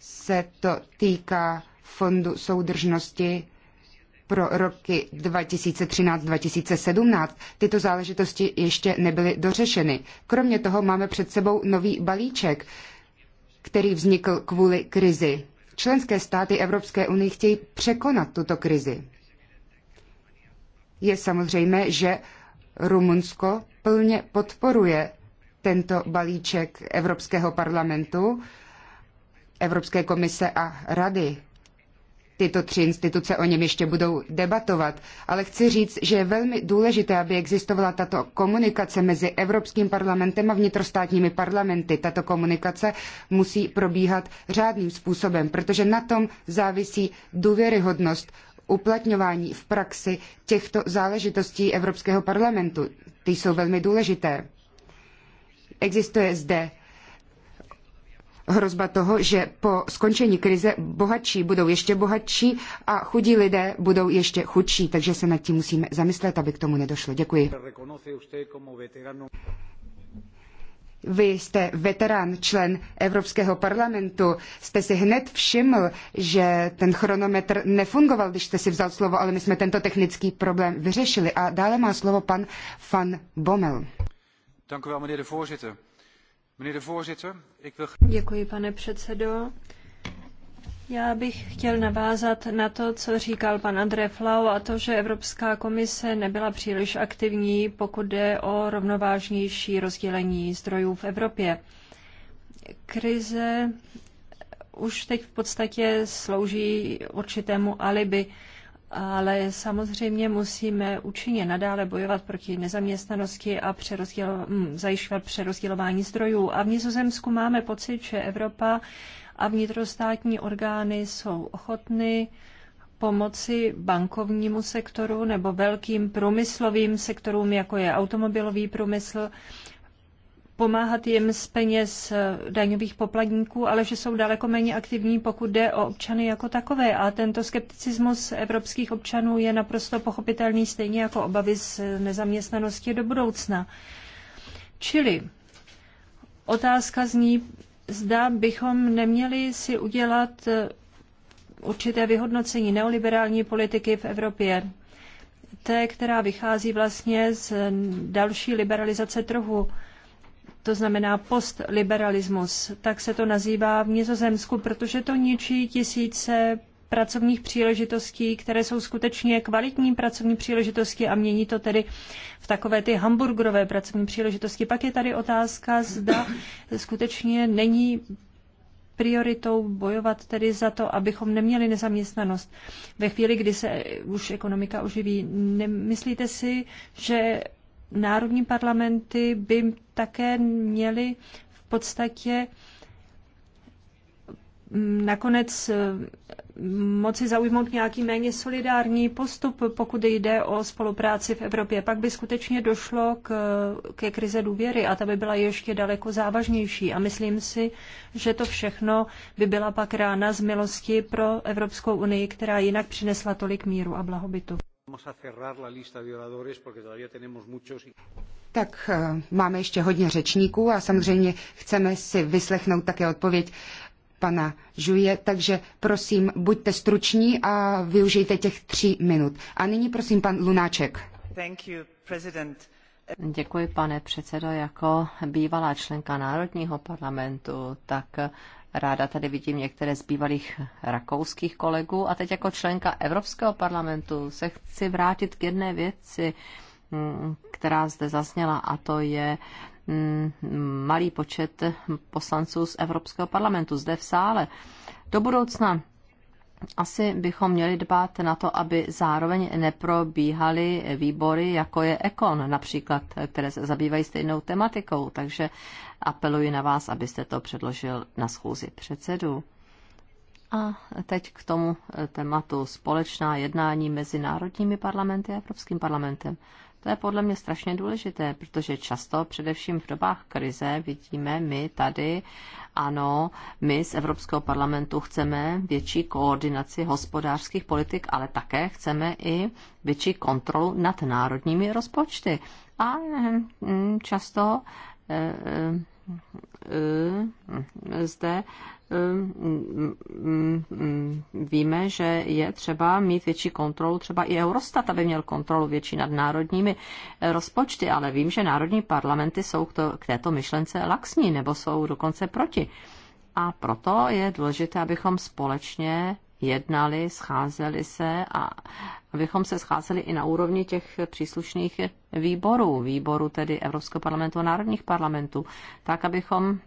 Speaker 6: se to týká fondu soudržnosti pro roky 2013-2017 tyto záležitosti ještě nebyly dořešeny. Kromě toho máme před sebou nový balíček, který vznikl kvůli krizi. Členské státy Evropské unie chtějí překonat tuto krizi. Je samozřejmé, že Rumunsko plně podporuje tento balíček Evropského parlamentu, Evropské komise a Rady tyto tři instituce o něm ještě budou debatovat, ale chci říct, že je velmi důležité, aby existovala tato komunikace mezi Evropským parlamentem a vnitrostátními parlamenty. Tato komunikace musí probíhat řádným způsobem, protože na tom závisí důvěryhodnost uplatňování v praxi těchto záležitostí Evropského parlamentu. Ty jsou velmi důležité. Existuje zde hrozba toho, že po skončení krize bohatší budou ještě bohatší a chudí lidé budou ještě chudší, takže se nad tím musíme zamyslet, aby k tomu nedošlo. Děkuji. Vy jste veterán, člen Evropského parlamentu. Jste si hned všiml, že ten chronometr nefungoval, když jste si vzal slovo, ale my jsme tento technický problém vyřešili. A dále má slovo pan Van Bommel.
Speaker 1: Dank u wel, meneer de voorzitter.
Speaker 6: Děkuji, pane předsedo. Já
Speaker 3: bych chtěl navázat na to, co říkal pan André Flau a to, že Evropská komise nebyla příliš aktivní, pokud jde o rovnovážnější rozdělení zdrojů v Evropě. Krize už teď v podstatě slouží určitému alibi ale samozřejmě musíme účinně nadále bojovat proti nezaměstnanosti a přerozdělo, hm, zajišťovat přerozdělování zdrojů. A v Nizozemsku máme pocit, že Evropa a vnitrostátní orgány jsou ochotny pomoci bankovnímu sektoru nebo velkým průmyslovým sektorům, jako je automobilový průmysl, pomáhat jim z peněz eh, daňových poplatníků, ale že jsou daleko méně aktivní, pokud jde o občany jako takové. A tento skepticismus evropských občanů je naprosto pochopitelný, stejně jako obavy z eh, nezaměstnanosti do budoucna. Čili otázka zní, zda bychom neměli si udělat eh, určité vyhodnocení neoliberální politiky v Evropě té, která vychází vlastně z další liberalizace trhu to znamená postliberalismus. Tak se to nazývá v Nizozemsku, protože to ničí tisíce pracovních příležitostí, které jsou skutečně kvalitní pracovní příležitosti a mění to tedy v takové ty hamburgerové pracovní příležitosti. Pak je tady otázka, zda skutečně není prioritou bojovat tedy za to, abychom neměli nezaměstnanost ve chvíli, kdy se už ekonomika oživí. Nemyslíte si, že národní parlamenty by také měly v podstatě mm, nakonec mm, moci zaujmout nějaký méně solidární postup, pokud jde o spolupráci v Evropě. Pak by skutečně došlo k, ke krize důvěry a ta by byla ještě daleko závažnější. A myslím si, že to všechno by byla pak rána z milosti pro
Speaker 6: Evropskou unii, která jinak přinesla tolik míru a blahobytu. Tak eh, máme ještě hodně řečníků a samozřejmě chceme si vyslechnout také odpověď pana Žuje, takže prosím, buďte struční a využijte těch tří minut. A nyní prosím pan Lunáček. You, Děkuji, pane předsedo. Jako bývalá členka
Speaker 4: Národního parlamentu, tak Ráda tady vidím některé z bývalých rakouských kolegů a teď jako členka Evropského parlamentu se chci vrátit k jedné věci, mm, která zde zazněla a to je mm, malý počet poslanců z Evropského parlamentu zde v sále. Do budoucna asi bychom měli dbát na to, aby zároveň neprobíhaly výbory, jako je Ekon například, které se zabývají stejnou tematikou. Takže apeluji na vás, abyste to předložil na schůzi předsedu. A teď k tomu tématu společná jednání mezi národními parlamenty a Evropským parlamentem. To je podle mě strašně důležité, protože často, především v dobách krize, vidíme my tady, ano, my z Evropského parlamentu chceme větší koordinaci hospodářských politik, ale také chceme i větší kontrolu nad národními rozpočty. A hm, často eh, eh, E, zde e, víme, že je třeba mít větší kontrolu, třeba i Eurostat, aby měl kontrolu větší nad národními rozpočty, ale vím, že národní parlamenty jsou k této myšlence laxní nebo jsou dokonce proti. A proto je důležité, abychom společně jednali, scházeli se a abychom se scházeli i na úrovni těch příslušných výborů, výboru tedy Evropského parlamentu a národních parlamentů, tak abychom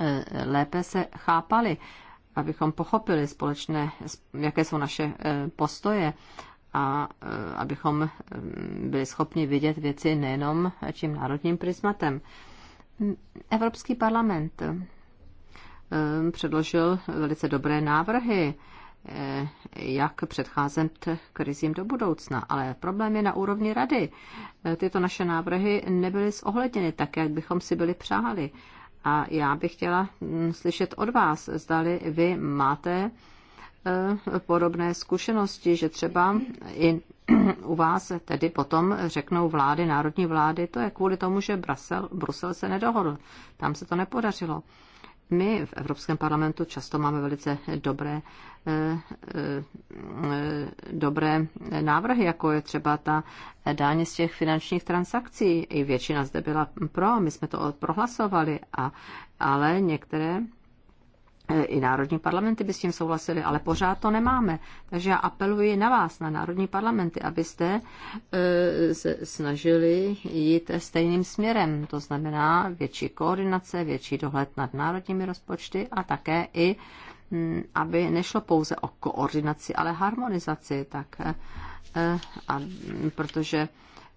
Speaker 4: eh, lépe se chápali, abychom pochopili společné, jaké jsou naše eh, postoje a eh, abychom mm, byli schopni vidět věci nejenom tím národním prismatem. Evropský parlament předložil velice dobré návrhy jak předcházet krizím do budoucna. Ale problém je na úrovni rady. Eh, tyto naše návrhy nebyly zohledněny tak, jak bychom si byli přáli. A já bych chtěla mm, slyšet od vás, zdali vy máte eh, podobné zkušenosti, že třeba i u vás tedy potom řeknou vlády, národní vlády, to je kvůli tomu, že Brusel, Brusel se nedohodl. Tam se to nepodařilo. My v Evropském parlamentu často máme velice dobré, eh, eh, dobré návrhy, jako je třeba ta dáně z těch finančních transakcí. I většina zde byla pro, my jsme to prohlasovali, a, ale některé E, i národní parlamenty by s tím souhlasily, ale pořád to nemáme. Takže já apeluji na vás, na národní parlamenty, abyste e, se snažili jít stejným směrem. To znamená větší koordinace, větší dohled nad národními rozpočty a také i aby nešlo pouze o koordinaci, ale harmonizaci, tak e, a, protože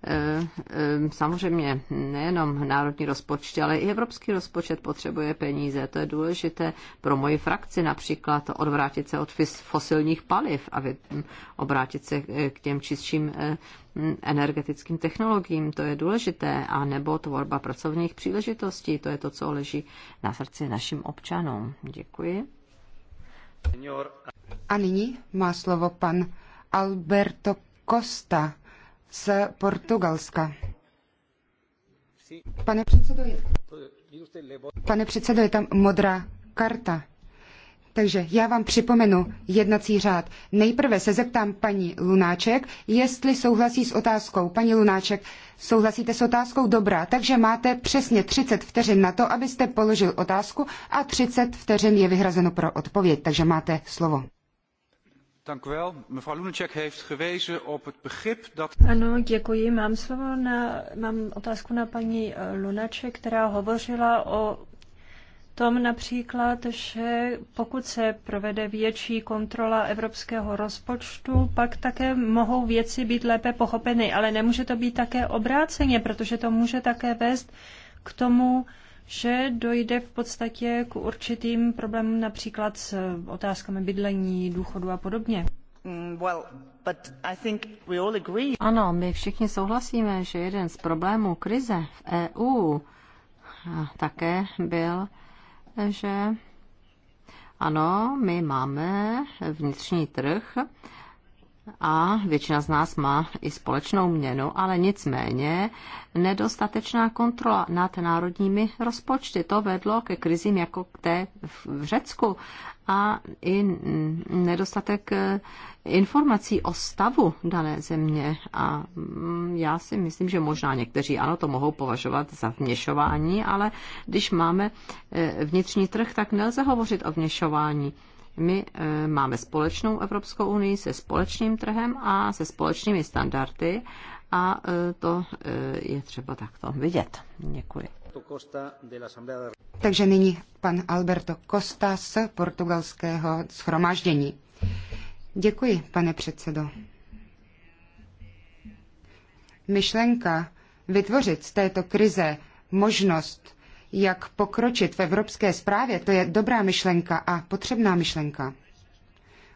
Speaker 4: Eh, eh, samozřejmě nejenom národní rozpočet, ale i evropský rozpočet potřebuje peníze. To je důležité pro moji frakci například odvrátit se od fosilních paliv a obrátit se eh, k těm čistším energetickým technologiím. To je důležité. A nebo tvorba pracovních příležitostí. To je to, co
Speaker 6: leží na srdci našim občanům. Děkuji. A nyní má slovo pan Alberto Costa z Portugalska. Pane předsedo, je, pane předsedo, je tam modrá karta. Takže já vám připomenu jednací řád. Nejprve se zeptám paní Lunáček, jestli souhlasí s otázkou. Paní Lunáček, souhlasíte s otázkou? Dobrá, takže máte přesně 30 vteřin na to, abyste položil otázku a 30 vteřin je vyhrazeno pro odpověď, takže máte slovo.
Speaker 3: Ano, děkuji. Mám, slovo na, mám otázku na paní eh, Lunaček, která hovořila o tom například, že pokud se provede větší kontrola evropského rozpočtu, pak také mohou věci být lépe pochopeny, ale nemůže to být také obráceně, protože to může také vést k tomu, že dojde v podstatě k určitým problémům, například s otázkami bydlení, důchodu a podobně.
Speaker 2: Mm, well, but I think we all agree.
Speaker 3: Ano, my všichni
Speaker 4: souhlasíme, že jeden z problémů krize v EU také byl, že ano, my máme vnitřní trh, a většina z nás má i společnou měnu, ale nicméně nedostatečná kontrola nad národními rozpočty. To vedlo ke krizím jako k té v Řecku a i nedostatek eh, informací o stavu dané země. A mm, já si myslím, že možná někteří ano, to mohou považovat za vněšování, ale když máme eh, vnitřní trh, tak nelze hovořit o vněšování my eh, máme společnou Evropskou unii se společným trhem a se společnými standardy a
Speaker 6: eh, to eh, je třeba takto vidět. Děkuji. Takže nyní pan Alberto Costa z portugalského schromáždění. Děkuji, pane předsedo. Myšlenka vytvořit z této krize možnost jak pokročit v evropské správě, to je dobrá myšlenka a potřebná myšlenka.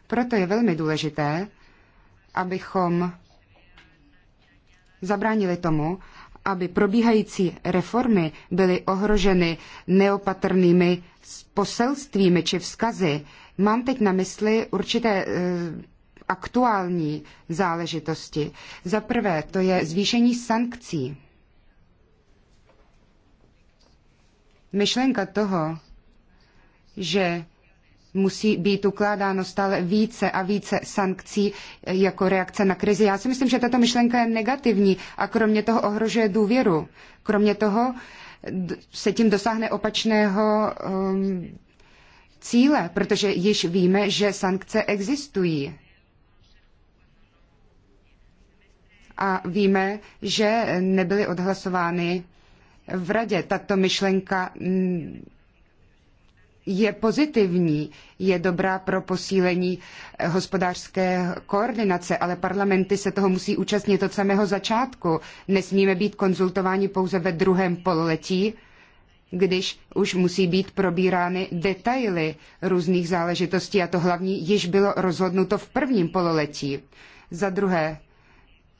Speaker 6: Proto je velmi důležité, abychom zabránili tomu, aby probíhající reformy byly ohroženy neopatrnými poselstvími či vzkazy. Mám teď na mysli určité eh, aktuální záležitosti. Za prvé, to je zvýšení sankcí. myšlenka toho, že musí být ukládáno stále více a více sankcí eh, jako reakce na krizi. Já si myslím, že tato myšlenka je negativní a kromě toho ohrožuje důvěru. Kromě toho se tím dosáhne opačného um, cíle, protože již víme, že sankce existují. A víme, že nebyly odhlasovány v radě tato myšlenka mm, je pozitivní, je dobrá pro posílení eh, hospodářské koordinace, ale parlamenty se toho musí účastnit od samého začátku. Nesmíme být konzultováni pouze ve druhém pololetí, když už musí být probírány detaily různých záležitostí a to hlavní již bylo rozhodnuto v prvním pololetí. Za druhé,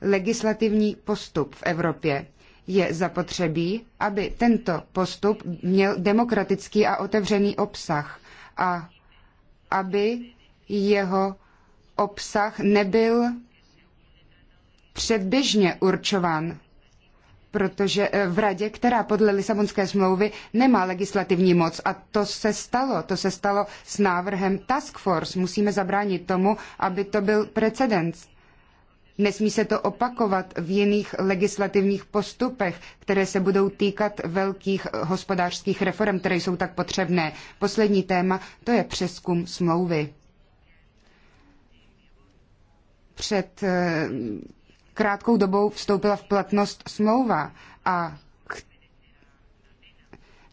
Speaker 6: legislativní postup v Evropě je zapotřebí, aby tento postup měl demokratický a otevřený obsah a aby jeho obsah nebyl předběžně určován, protože eh, v radě, která podle Lisabonské smlouvy nemá legislativní moc a to se stalo, to se stalo s návrhem Task Force. Musíme zabránit tomu, aby to byl precedens Nesmí se to opakovat v jiných legislativních postupech, které se budou týkat velkých hospodářských reform, které jsou tak potřebné. Poslední téma, to je přeskum smlouvy. Před eh, krátkou dobou vstoupila v platnost smlouva a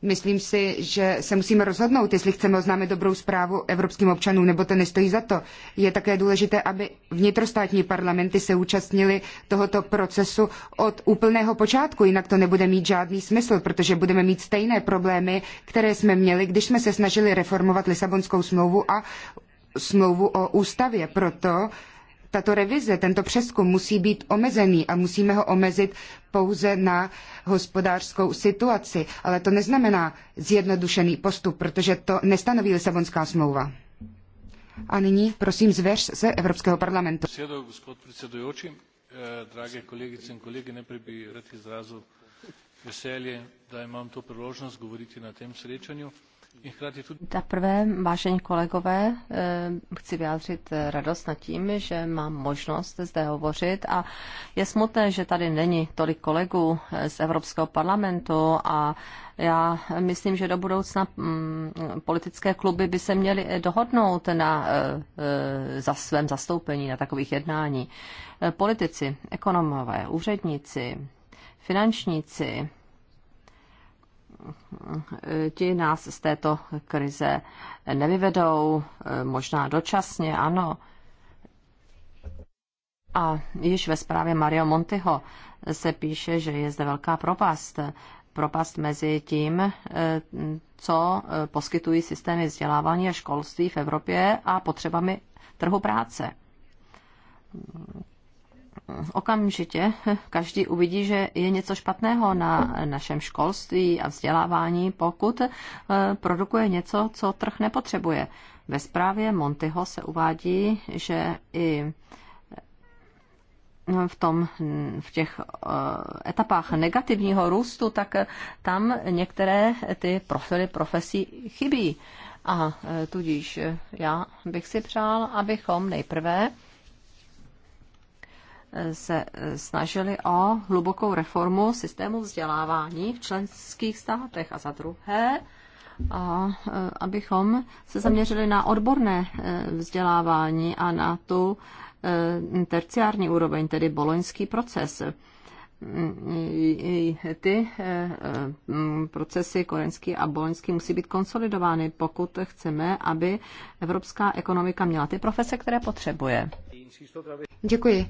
Speaker 6: Myslím si, že se musíme rozhodnout, jestli chceme oznámit dobrou zprávu evropským občanům, nebo to nestojí za to. Je také důležité, aby vnitrostátní parlamenty se účastnili tohoto procesu od úplného počátku, jinak to nebude mít žádný smysl, protože budeme mít stejné problémy, které jsme měli, když jsme se snažili reformovat Lisabonskou smlouvu a smlouvu o ústavě. Proto tato revize, tento přeskum musí být omezený a musíme ho omezit pouze na hospodářskou situaci. Ale to neznamená zjednodušený postup, protože to nestanoví Lisabonská smlouva. A nyní prosím zvěř se Evropského parlamentu.
Speaker 1: Eh, drage kolegice in kolegi, najprej bi rad izrazil veselje, da imam to priložnost govoriti na tem srečanju
Speaker 4: za prvé, vážení kolegové, eh, chci vyjádřit eh, radost nad tím, že mám možnost zde hovořit a je smutné, že tady není tolik kolegů eh, z Evropského parlamentu a já myslím, že do budoucna mm, politické kluby by se měly dohodnout na za svém zastoupení na takových jednání. Politici, ekonomové, úředníci, finančníci, ti nás z této krize nevyvedou, možná dočasně, ano. A již ve zprávě Mario Montiho se píše, že je zde velká propast. Propast mezi tím, co poskytují systémy vzdělávání a školství v Evropě a potřebami trhu práce okamžitě každý uvidí, že je něco špatného na našem školství a vzdělávání, pokud eh, produkuje něco, co trh nepotřebuje. Ve zprávě Montyho se uvádí, že i eh, v, tom, v těch eh, etapách negativního růstu, tak tam některé ty profily profesí chybí. A tudíž já bych si přál, abychom nejprve se eh, snažili o hlubokou reformu systému vzdělávání v členských státech a za druhé, a eh, abychom se zaměřili na odborné eh, vzdělávání a na tu terciární úroveň, tedy boloňský proces. Mm, ty procesy korenský a boloňský musí být konsolidovány, pokud chceme, aby evropská ekonomika měla ty profese, které
Speaker 6: potřebuje. Děkuji.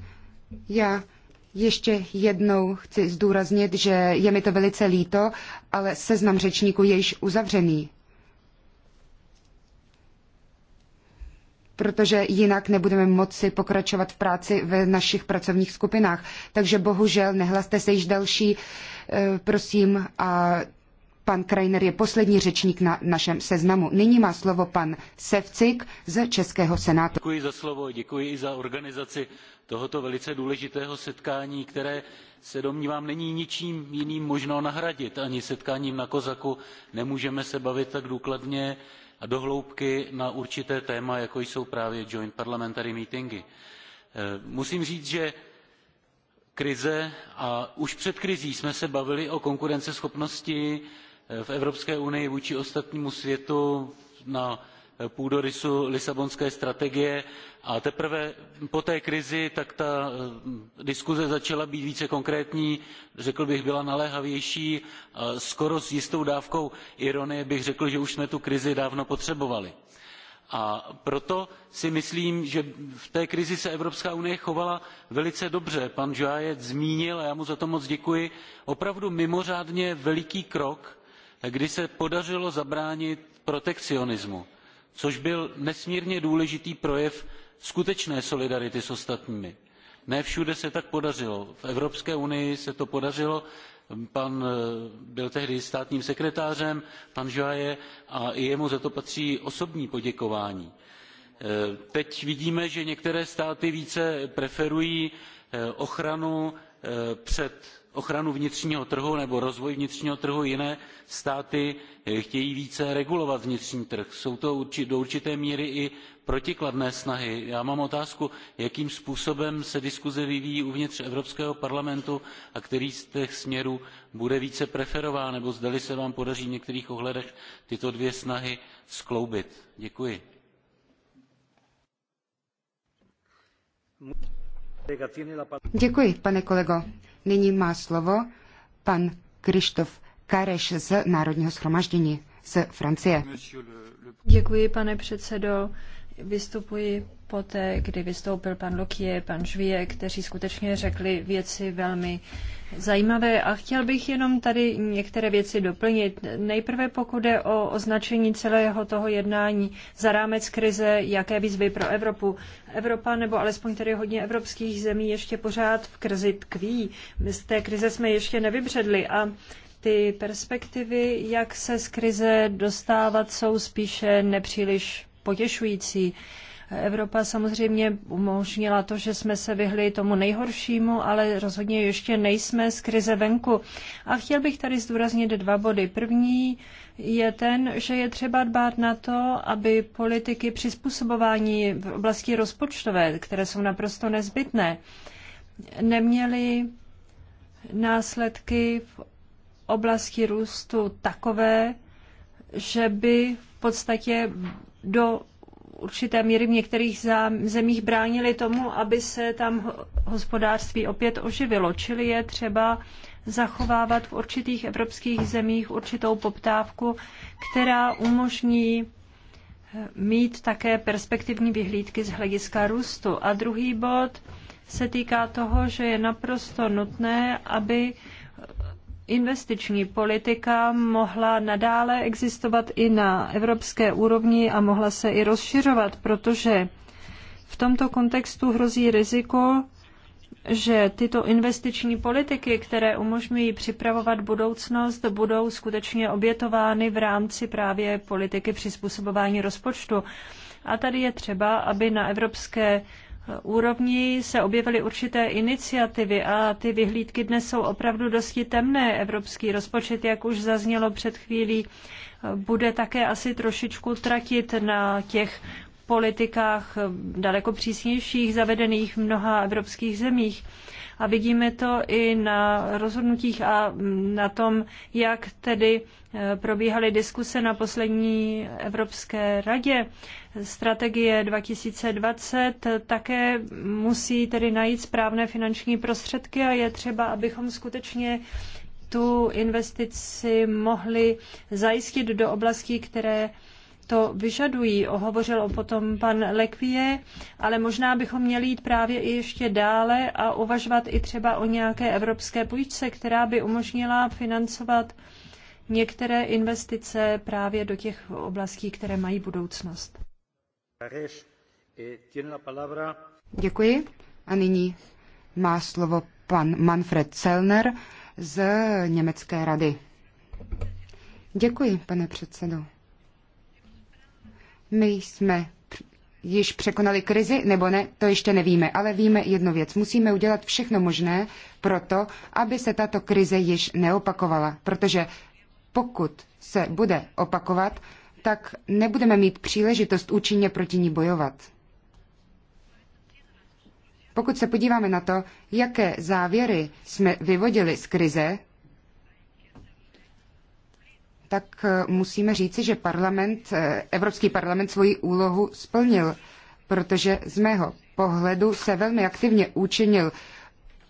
Speaker 6: Já ještě jednou chci zdůraznit, že je mi to velice líto, ale seznam řečníků je již uzavřený. protože jinak nebudeme moci pokračovat v práci ve našich pracovních skupinách. Takže bohužel nehlaste se již další, eh, prosím, a Pan Krajner je poslední řečník na našem seznamu. Nyní má slovo pan Sevcik z Českého senátu. Děkuji
Speaker 1: za slovo, děkuji i za organizaci tohoto velice důležitého setkání, které se domnívám není ničím jiným možno nahradit. Ani setkáním na Kozaku nemůžeme se bavit tak důkladně a dohloubky na určité téma, jako jsou právě joint parliamentary meetingy. E, musím říct, že krize a už před krizí jsme se bavili o konkurenceschopnosti Eh, v Evropské unii vůči ostatnímu světu na eh, půdorysu Lisabonské strategie a teprve po té krizi tak ta eh, diskuze začala být více konkrétní, řekl bych, byla naléhavější. A skoro s jistou dávkou ironie bych řekl, že už jsme tu krizi dávno potřebovali. A proto si myslím, že v té krizi se Evropská unie chovala velice dobře. Pan Joájet zmínil, a já mu za to moc děkuji, opravdu mimořádně veliký krok, kdy se podařilo zabránit protekcionismu což byl nesmírně důležitý projev skutečné solidarity s ostatními. ne všude se tak podařilo. v evropské unii se to podařilo pan eh, byl tehdy státním sekretářem pan jouyet a i jemu za to patří osobní poděkování. Eh, teď vidíme že některé státy více preferují eh, ochranu před ochranu vnitřního trhu nebo rozvoj vnitřního trhu jiné státy eh, chtějí více regulovat vnitřní trh. jsou to do určité míry i protikladné snahy. já mám otázku jakým způsobem se diskuse vyvíjí uvnitř evropského parlamentu a který z těch směrů bude více preferován nebo zdali se vám podaří v některých ohledech tyto dvě snahy skloubit. děkuji. Děkuji,
Speaker 6: pane kolego. Nyní má slovo pan Krištof Kareš z Národního schromaždění z Francie.
Speaker 3: Děkuji, pane předsedo vystupuji poté, kdy vystoupil pan Lokie, pan Žvije, kteří skutečně řekli věci velmi zajímavé a chtěl bych jenom tady některé věci doplnit. Nejprve pokud je o označení celého toho jednání za rámec krize, jaké výzvy pro Evropu. Evropa nebo alespoň tedy hodně evropských zemí ještě pořád v krizi tkví. Z té krize jsme ještě nevybředli a ty perspektivy, jak se z krize dostávat, jsou spíše nepříliš potěšující. Evropa samozřejmě umožnila to, že jsme se vyhli tomu nejhoršímu, ale rozhodně ještě nejsme z krize venku. A chtěl bych tady zdůraznit dva body. První je ten, že je třeba dbát na to, aby politiky přizpůsobování v oblasti rozpočtové, které jsou naprosto nezbytné, neměly následky v oblasti růstu takové, že by v podstatě do určité míry v některých zemích bránili tomu, aby se tam hospodářství opět oživilo. Čili je třeba zachovávat v určitých evropských zemích určitou poptávku, která umožní eh, mít také perspektivní vyhlídky z hlediska růstu. A druhý bod se týká toho, že je naprosto nutné, aby investiční politika mohla nadále existovat i na evropské úrovni a mohla se i rozšiřovat, protože v tomto kontextu hrozí riziko, že tyto investiční politiky, které umožňují připravovat budoucnost, budou skutečně obětovány v rámci právě politiky přizpůsobování rozpočtu. A tady je třeba, aby na evropské úrovni se objevily určité iniciativy a ty vyhlídky dnes jsou opravdu dosti temné. Evropský rozpočet, jak už zaznělo před chvílí, bude také asi trošičku tratit na těch politikách daleko přísnějších zavedených v mnoha evropských zemích. A vidíme to i na rozhodnutích a na tom, jak tedy probíhaly diskuse na poslední Evropské radě strategie 2020 také musí tedy najít správné finanční prostředky a je třeba, abychom skutečně tu investici mohli zajistit do oblastí, které to vyžadují. Hovořil o potom pan Lekvie, ale možná bychom měli jít právě i ještě dále a uvažovat i třeba o nějaké evropské půjčce, která by umožnila financovat některé investice právě
Speaker 6: do těch oblastí, které mají budoucnost. Eh, Děkuji. A nyní má slovo pan Manfred Zellner z Německé rady. Děkuji, pane předsedo. My jsme již překonali krizi, nebo ne, to ještě nevíme, ale víme jednu věc. Musíme udělat všechno možné pro to, aby se tato krize již neopakovala, protože pokud se bude opakovat, tak nebudeme mít příležitost účinně proti ní bojovat. Pokud se podíváme na to, jaké závěry jsme vyvodili z krize, tak eh, musíme říci, že parlament, eh, Evropský parlament svoji úlohu splnil, protože z mého pohledu se velmi aktivně účinil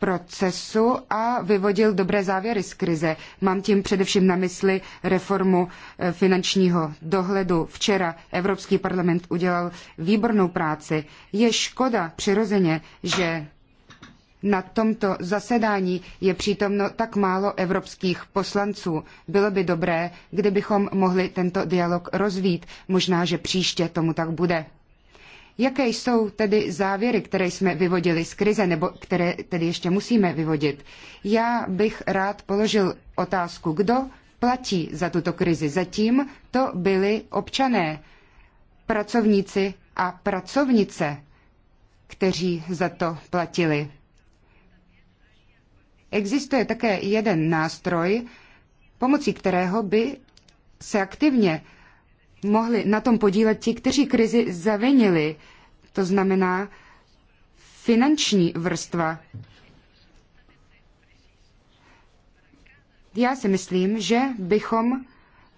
Speaker 6: procesu a vyvodil dobré závěry z krize. Mám tím především na mysli reformu eh, finančního dohledu. Včera Evropský parlament udělal výbornou práci. Je škoda přirozeně, že na tomto zasedání je přítomno tak málo evropských poslanců. Bylo by dobré, kdybychom mohli tento dialog rozvít. Možná, že příště tomu tak bude. Jaké jsou tedy závěry, které jsme vyvodili z krize, nebo které tedy ještě musíme vyvodit? Já bych rád položil otázku, kdo platí za tuto krizi. Zatím to byli občané, pracovníci a pracovnice, kteří za to platili. Existuje také jeden nástroj, pomocí kterého by se aktivně mohli na tom podílet ti, kteří krizi zavinili, to znamená finanční vrstva. Já si myslím, že bychom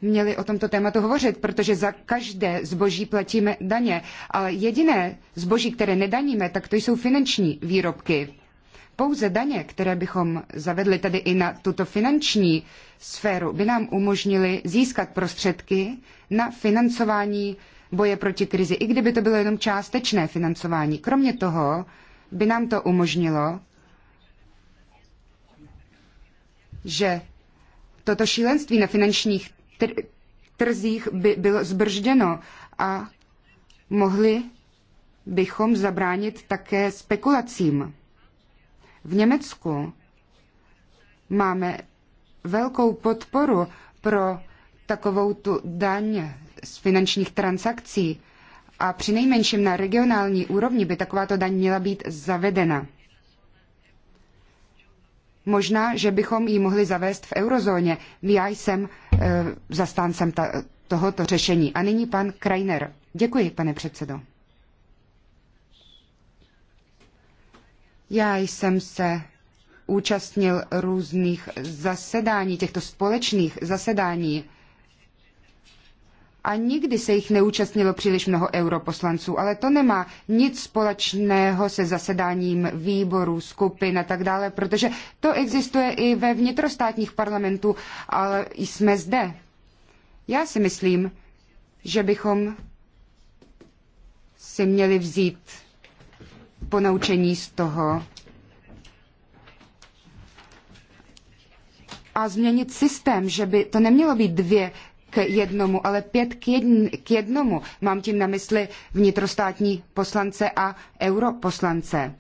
Speaker 6: měli o tomto tématu hovořit, protože za každé zboží platíme daně, ale jediné zboží, které nedaníme, tak to jsou finanční výrobky. Pouze daně, které bychom zavedli tedy i na tuto finanční sféru, by nám umožnily získat prostředky, na financování boje proti krizi, i kdyby to bylo jenom částečné financování. Kromě toho by nám to umožnilo, že toto šílenství na finančních tr- trzích by bylo zbržděno a mohli bychom zabránit také spekulacím. V Německu máme velkou podporu pro takovou tu daň z finančních transakcí a při nejmenším na regionální úrovni by takováto daň měla být zavedena. Možná, že bychom ji mohli zavést v eurozóně. Já jsem e, zastáncem ta, tohoto řešení. A nyní pan Krajner. Děkuji, pane předsedo. Já jsem se účastnil různých zasedání, těchto společných zasedání a nikdy se jich neúčastnilo příliš mnoho europoslanců, ale to nemá nic společného se zasedáním výborů, skupin a tak dále, protože to existuje i ve vnitrostátních parlamentů, ale jsme zde. Já si myslím, že bychom si měli vzít ponaučení z toho a změnit systém, že by to nemělo být dvě k jednomu, ale pět k, jedn, k jednomu. Mám tím na mysli vnitrostátní poslance a europoslance.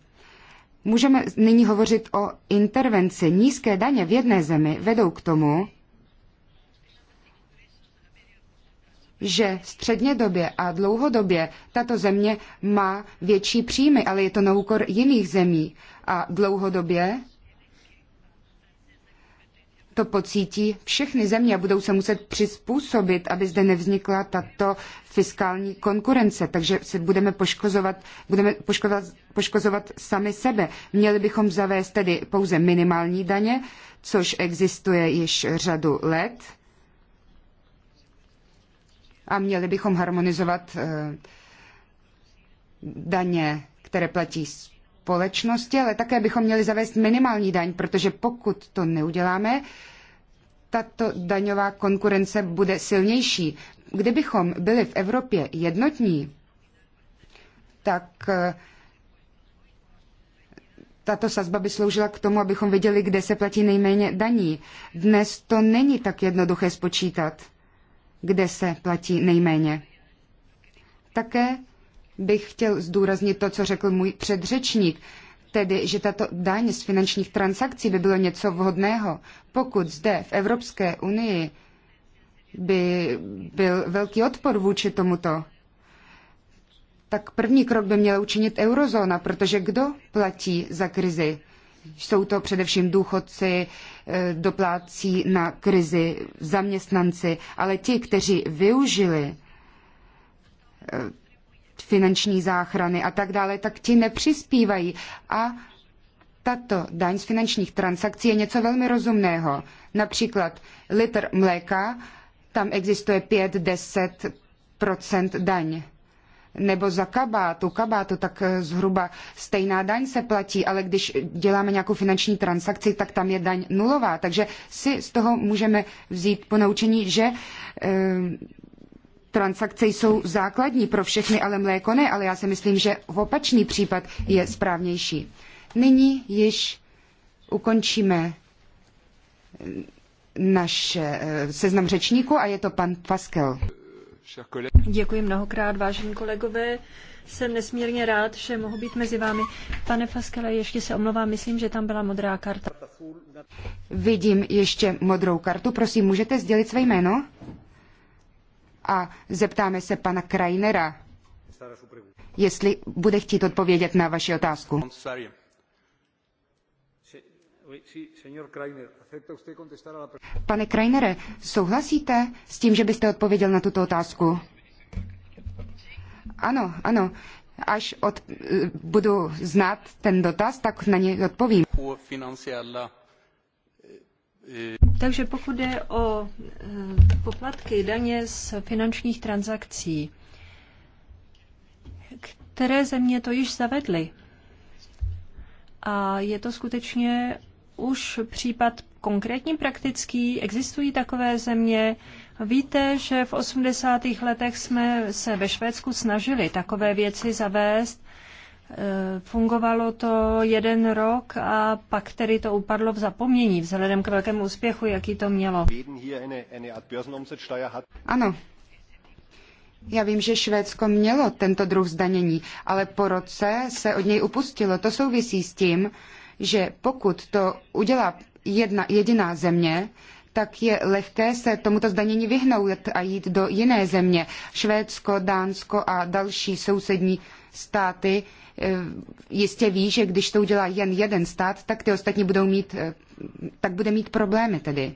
Speaker 6: Můžeme nyní hovořit o intervenci. Nízké daně v jedné zemi vedou k tomu, že střednědobě a dlouhodobě tato země má větší příjmy, ale je to na úkor jiných zemí. A dlouhodobě to pocítí všechny země a budou se muset přizpůsobit, aby zde nevznikla tato fiskální konkurence. Takže se budeme poškozovat, budeme poškozovat, poškozovat sami sebe. Měli bychom zavést tedy pouze minimální daně, což existuje již řadu let. A měli bychom harmonizovat eh, daně, které platí společnosti, ale také bychom měli zavést minimální daň, protože pokud to neuděláme, tato daňová konkurence bude silnější. Kdybychom byli v Evropě jednotní, tak eh, tato sazba by sloužila k tomu, abychom věděli, kde se platí nejméně daní. Dnes to není tak jednoduché spočítat, kde se platí nejméně. Také bych chtěl zdůraznit to, co řekl můj předřečník, tedy, že tato daň z finančních transakcí by bylo něco vhodného. Pokud zde v Evropské unii by byl velký odpor vůči tomuto, tak první krok by měla učinit eurozóna, protože kdo platí za krizi? Jsou to především důchodci, eh, doplácí na krizi, zaměstnanci, ale ti, kteří využili eh, finanční záchrany a tak dále, tak ti nepřispívají. A tato daň z finančních transakcí je něco velmi rozumného. Například litr mléka, tam existuje 5-10 daň. Nebo za kabát, u kabátu tak eh, zhruba stejná daň se platí, ale když děláme nějakou finanční transakci, tak tam je daň nulová. Takže si z toho můžeme vzít ponaučení, že eh, transakce jsou základní pro všechny, ale mléko ne, ale já si myslím, že v opačný případ je správnější. Nyní již ukončíme eh, náš eh, seznam řečníků a je to pan Paskel.
Speaker 3: Děkuji mnohokrát, vážení kolegové. Jsem nesmírně rád, že mohu být mezi vámi. Pane Faskele, ještě se omlouvám, myslím, že tam byla modrá karta.
Speaker 6: Vidím ještě modrou kartu. Prosím, můžete sdělit své jméno? a zeptáme se pana Krajnera, jestli bude chtít odpovědět na vaši otázku. Pane Krajnere, souhlasíte s tím, že byste odpověděl na tuto otázku? Ano, ano. Až od, eh, budu znát ten dotaz, tak na něj odpovím. Takže pokud je o
Speaker 3: eh, poplatky daně z finančních transakcí, které země to již zavedly? A je to skutečně už případ konkrétní praktický? Existují takové země? Víte, že v 80. letech jsme se ve Švédsku snažili takové věci zavést Eh, fungovalo to jeden rok a pak tedy to upadlo v zapomnění vzhledem
Speaker 6: k velkému úspěchu, jaký to mělo. Ano. Já vím, že Švédsko mělo tento druh zdanění, ale po roce se od něj upustilo. To souvisí s tím, že pokud to udělá jedna jediná země, tak je lehké se tomuto zdanění vyhnout a jít do jiné země. Švédsko, Dánsko a další sousední státy Eh, jistě ví, že když to udělá jen jeden stát, tak ty ostatní budou mít, eh, tak bude mít problémy tedy.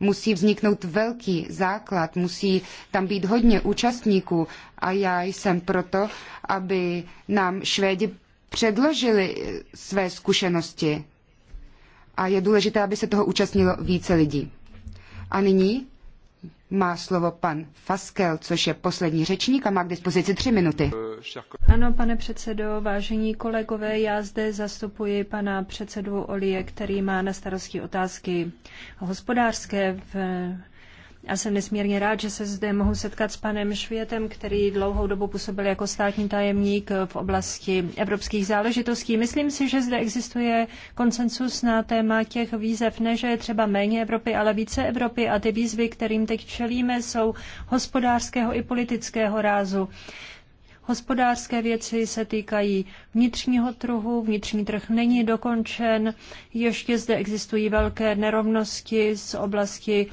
Speaker 6: Musí vzniknout velký základ, musí tam být hodně účastníků a já jsem proto, aby nám Švédi předložili eh, své zkušenosti. A je důležité, aby se toho účastnilo více lidí. A nyní má slovo pan Faskel, což je poslední řečník a má k dispozici tři minuty. Eh,
Speaker 3: ano, pane předsedo, vážení kolegové, já zde zastupuji pana předsedu Olie, který má na starosti otázky hospodářské v já jsem nesmírně rád, že se zde mohu setkat s panem Švětem, který dlouhou dobu působil jako státní tajemník v oblasti evropských záležitostí. Myslím si, že zde existuje konsensus na téma těch výzev, ne že je třeba méně Evropy, ale více Evropy a ty výzvy, kterým teď čelíme, jsou hospodářského i politického rázu. Hospodářské věci se týkají vnitřního trhu, vnitřní trh není dokončen, ještě zde existují velké nerovnosti z oblasti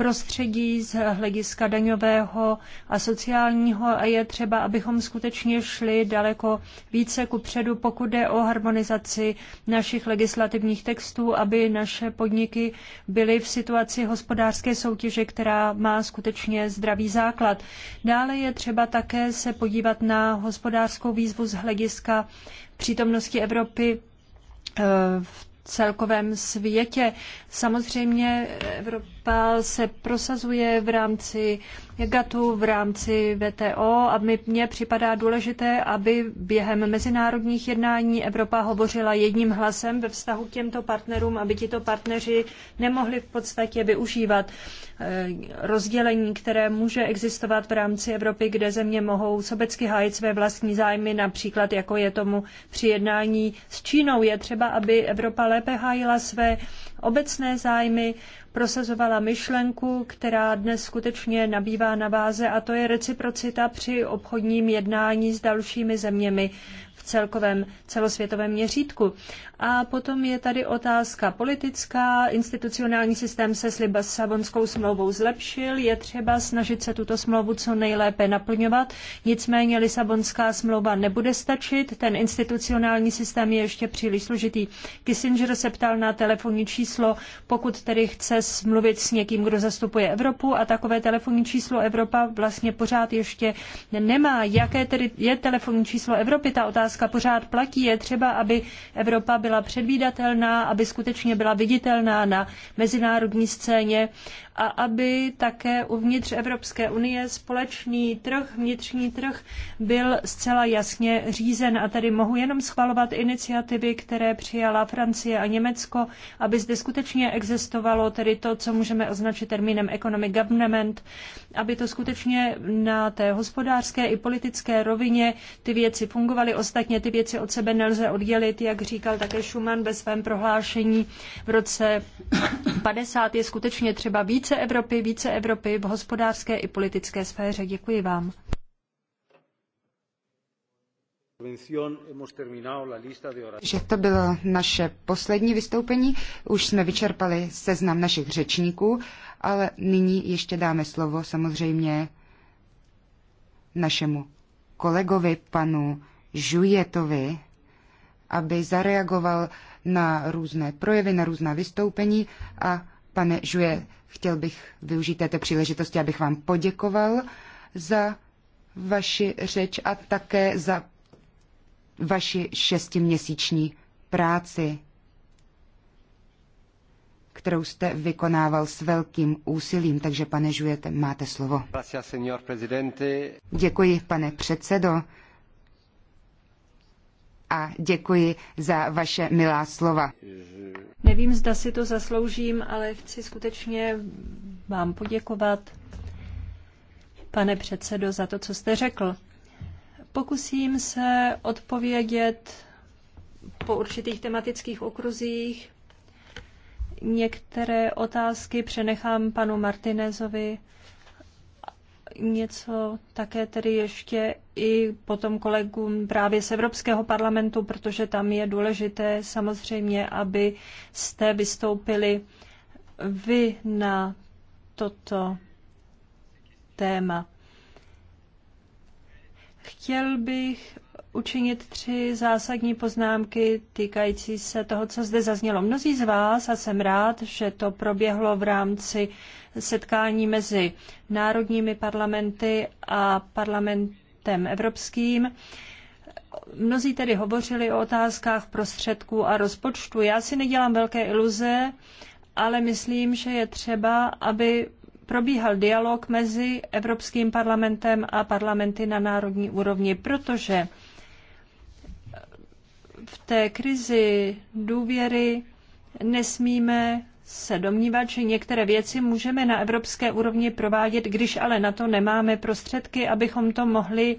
Speaker 3: prostředí z hlediska daňového a sociálního a je třeba, abychom skutečně šli daleko více kupředu, pokud jde o harmonizaci našich legislativních textů, aby naše podniky byly v situaci hospodářské soutěže, která má skutečně zdravý základ. Dále je třeba také se podívat na hospodářskou výzvu z hlediska přítomnosti Evropy eh, v celkovém světě. Samozřejmě Evropa se prosazuje v rámci GATU, v rámci VTO a mně připadá důležité, aby během mezinárodních jednání Evropa hovořila jedním hlasem ve vztahu k těmto partnerům, aby tito partneři nemohli v podstatě využívat eh, rozdělení, které může existovat v rámci Evropy, kde země mohou sobecky hájit své vlastní zájmy, například jako je tomu při jednání s Čínou. Je třeba, aby Evropa lépe lépe hájila své obecné zájmy, prosazovala myšlenku, která dnes skutečně nabývá na váze, a to je reciprocita při obchodním jednání s dalšími zeměmi v celkovém celosvětovém měřítku. A potom je tady otázka politická. Institucionální systém se s Lisabonskou smlouvou zlepšil. Je třeba snažit se tuto smlouvu co nejlépe naplňovat. Nicméně Lisabonská smlouva nebude stačit. Ten institucionální systém je ještě příliš složitý. Kissinger se ptal na telefonní číslo, pokud tedy chce smluvit s někým, kdo zastupuje Evropu a takové telefonní číslo Evropa vlastně pořád ještě nemá. Jaké tedy je telefonní číslo Evropy? Ta otázka pořád platí. Je třeba, aby Evropa byla byla předvídatelná, aby skutečně byla viditelná na mezinárodní scéně a aby také uvnitř Evropské unie společný trh, vnitřní trh byl zcela jasně řízen. A tady mohu jenom schvalovat iniciativy, které přijala Francie a Německo, aby zde skutečně existovalo tedy to, co můžeme označit termínem economic government, aby to skutečně na té hospodářské i politické rovině ty věci fungovaly. Ostatně ty věci od sebe nelze oddělit, jak říkal také Schumann ve svém prohlášení v roce 50 je skutečně třeba být více Evropy, více Evropy v hospodářské i politické sféře.
Speaker 6: Děkuji vám.
Speaker 1: Že to bylo
Speaker 6: naše poslední vystoupení. Už jsme vyčerpali seznam našich řečníků, ale nyní ještě dáme slovo samozřejmě našemu kolegovi panu Žujetovi, aby zareagoval na různé projevy, na různá vystoupení a Pane Žuje, chtěl bych využít této příležitosti, abych vám poděkoval za vaši řeč a také za vaši šestiměsíční práci, kterou jste vykonával s velkým úsilím. Takže, pane Žujete, máte slovo. Děkuji, pane předsedo a děkuji za vaše milá slova. Nevím, zda si to
Speaker 3: zasloužím, ale chci skutečně vám poděkovat, pane předsedo, za to, co jste řekl. Pokusím se odpovědět po určitých tematických okruzích. Některé otázky přenechám panu Martinezovi něco také tedy ještě i potom kolegům právě z Evropského parlamentu, protože tam je důležité samozřejmě, aby jste vystoupili vy na toto téma. Chtěl bych učinit tři zásadní poznámky týkající se toho, co zde zaznělo. Mnozí z vás, a jsem rád, že to proběhlo v rámci setkání mezi národními parlamenty a parlamentem evropským, Mnozí tedy hovořili o otázkách prostředků a rozpočtu. Já si nedělám velké iluze, ale myslím, že je třeba, aby probíhal dialog mezi Evropským parlamentem a parlamenty na národní úrovni, protože v té krizi důvěry nesmíme se domnívat, že některé věci můžeme na evropské úrovni provádět, když ale na to nemáme prostředky, abychom to mohli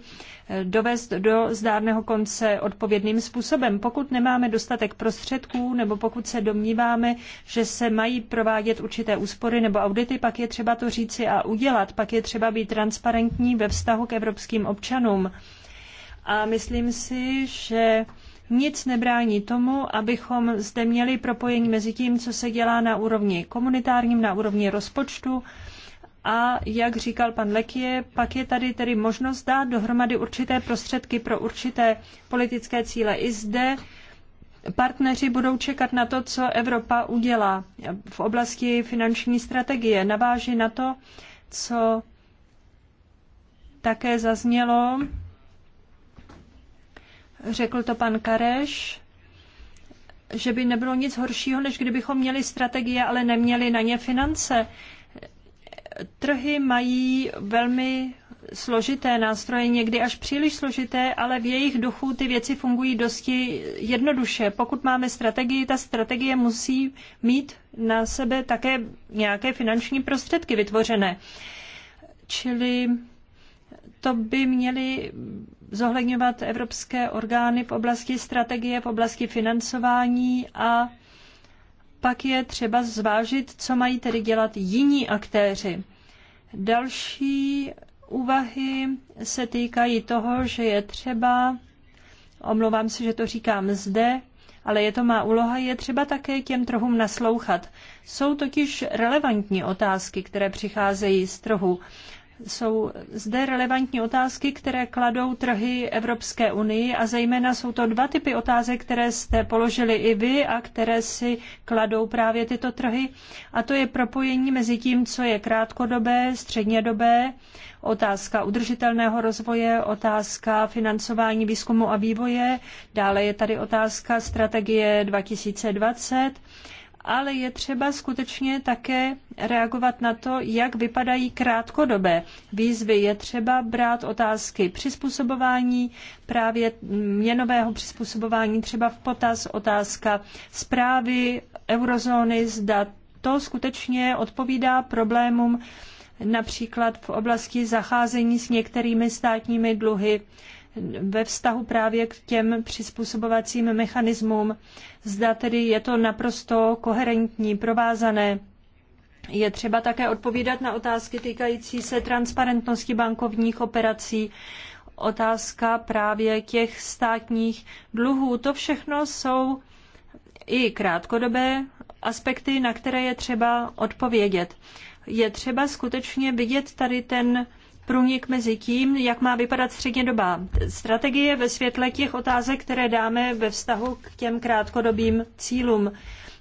Speaker 3: eh, dovést do zdárného konce odpovědným způsobem. Pokud nemáme dostatek prostředků nebo pokud se domníváme, že se mají provádět určité úspory nebo audity, pak je třeba to říci a udělat, pak je třeba být transparentní ve vztahu k evropským občanům. A myslím si, že nic nebrání tomu, abychom zde měli propojení mezi tím, co se dělá na úrovni komunitárním, na úrovni rozpočtu. A jak říkal pan Lekie, pak je tady tedy možnost dát dohromady určité prostředky pro určité politické cíle. I zde partneři budou čekat na to, co Evropa udělá v oblasti finanční strategie. Naváží na to, co také zaznělo Řekl to pan Kareš, že by nebylo nic horšího, než kdybychom měli strategie, ale neměli na ně finance. Trhy mají velmi složité nástroje, někdy až příliš složité, ale v jejich duchu ty věci fungují dosti jednoduše. Pokud máme strategii, ta strategie musí mít na sebe také nějaké finanční prostředky vytvořené. Čili to by měly zohledňovat evropské orgány v oblasti strategie, v oblasti financování a pak je třeba zvážit, co mají tedy dělat jiní aktéři. Další úvahy se týkají toho, že je třeba, omlouvám se, že to říkám zde, ale je to má úloha, je třeba také těm trhům naslouchat. Jsou totiž relevantní otázky, které přicházejí z trhu. Jsou zde relevantní otázky, které kladou trhy Evropské unii a zejména jsou to dva typy otázek, které jste položili i vy a které si kladou právě tyto trhy. A to je propojení mezi tím, co je krátkodobé, střednědobé, otázka udržitelného rozvoje, otázka financování výzkumu a vývoje, dále je tady otázka strategie 2020 ale je třeba skutečně také reagovat na to, jak vypadají krátkodobé výzvy. Je třeba brát otázky přizpůsobování, právě měnového přizpůsobování, třeba v potaz otázka zprávy eurozóny, zda to skutečně odpovídá problémům například v oblasti zacházení s některými státními dluhy ve vztahu právě k těm přizpůsobovacím mechanismům. Zda tedy je to naprosto koherentní, provázané. Je třeba také odpovídat na otázky týkající se transparentnosti bankovních operací, otázka právě těch státních dluhů. To všechno jsou i krátkodobé aspekty, na které je třeba odpovědět. Je třeba skutečně vidět tady ten průnik mezi tím, jak má vypadat střednědobá strategie ve světle těch otázek, které dáme ve vztahu k těm krátkodobým cílům.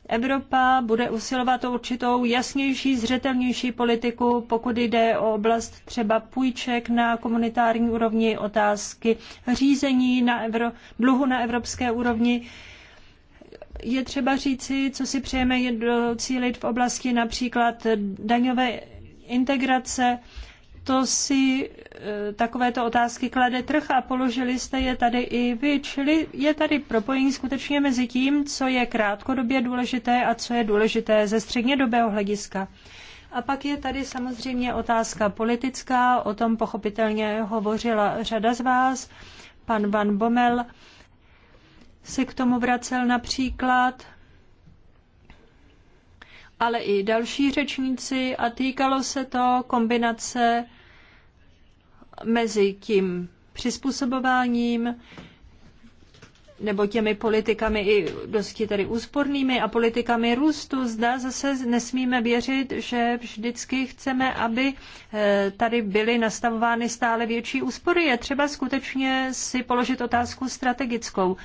Speaker 3: Evropa bude usilovat o určitou jasnější, zřetelnější politiku, pokud jde o oblast třeba půjček na komunitární úrovni, otázky řízení na evro, dluhu na evropské úrovni. Je třeba říci, co si přejeme docílit v oblasti například daňové integrace, proto si eh, takovéto otázky klade trh a položili jste je tady i vy, čili je tady propojení skutečně mezi tím, co je krátkodobě důležité a co je důležité ze střednědobého hlediska. A pak je tady samozřejmě otázka politická, o tom pochopitelně hovořila řada z vás, pan Van Bommel se k tomu vracel například, ale i další řečníci a týkalo se to kombinace mezi tím přizpůsobováním nebo těmi politikami i dosti tedy úspornými a politikami růstu, zda zase nesmíme věřit, že vždycky chceme, aby eh, tady byly nastavovány stále větší úspory. Je třeba skutečně si položit otázku strategickou.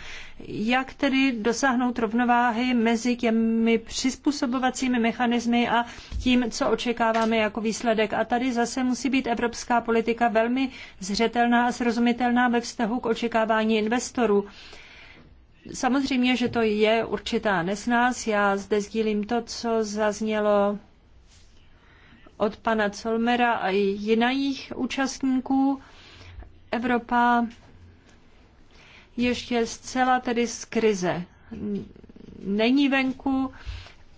Speaker 3: Jak tedy dosáhnout rovnováhy mezi těmi přizpůsobovacími mechanismy a tím, co očekáváme jako výsledek. A tady zase musí být evropská politika velmi zřetelná a srozumitelná ve vztahu k očekávání investorů. Samozřejmě, že to je určitá nesnás. Já zde sdílím to, co zaznělo od pana Colmera a i jiných účastníků. Evropa ještě zcela tedy z krize není venku.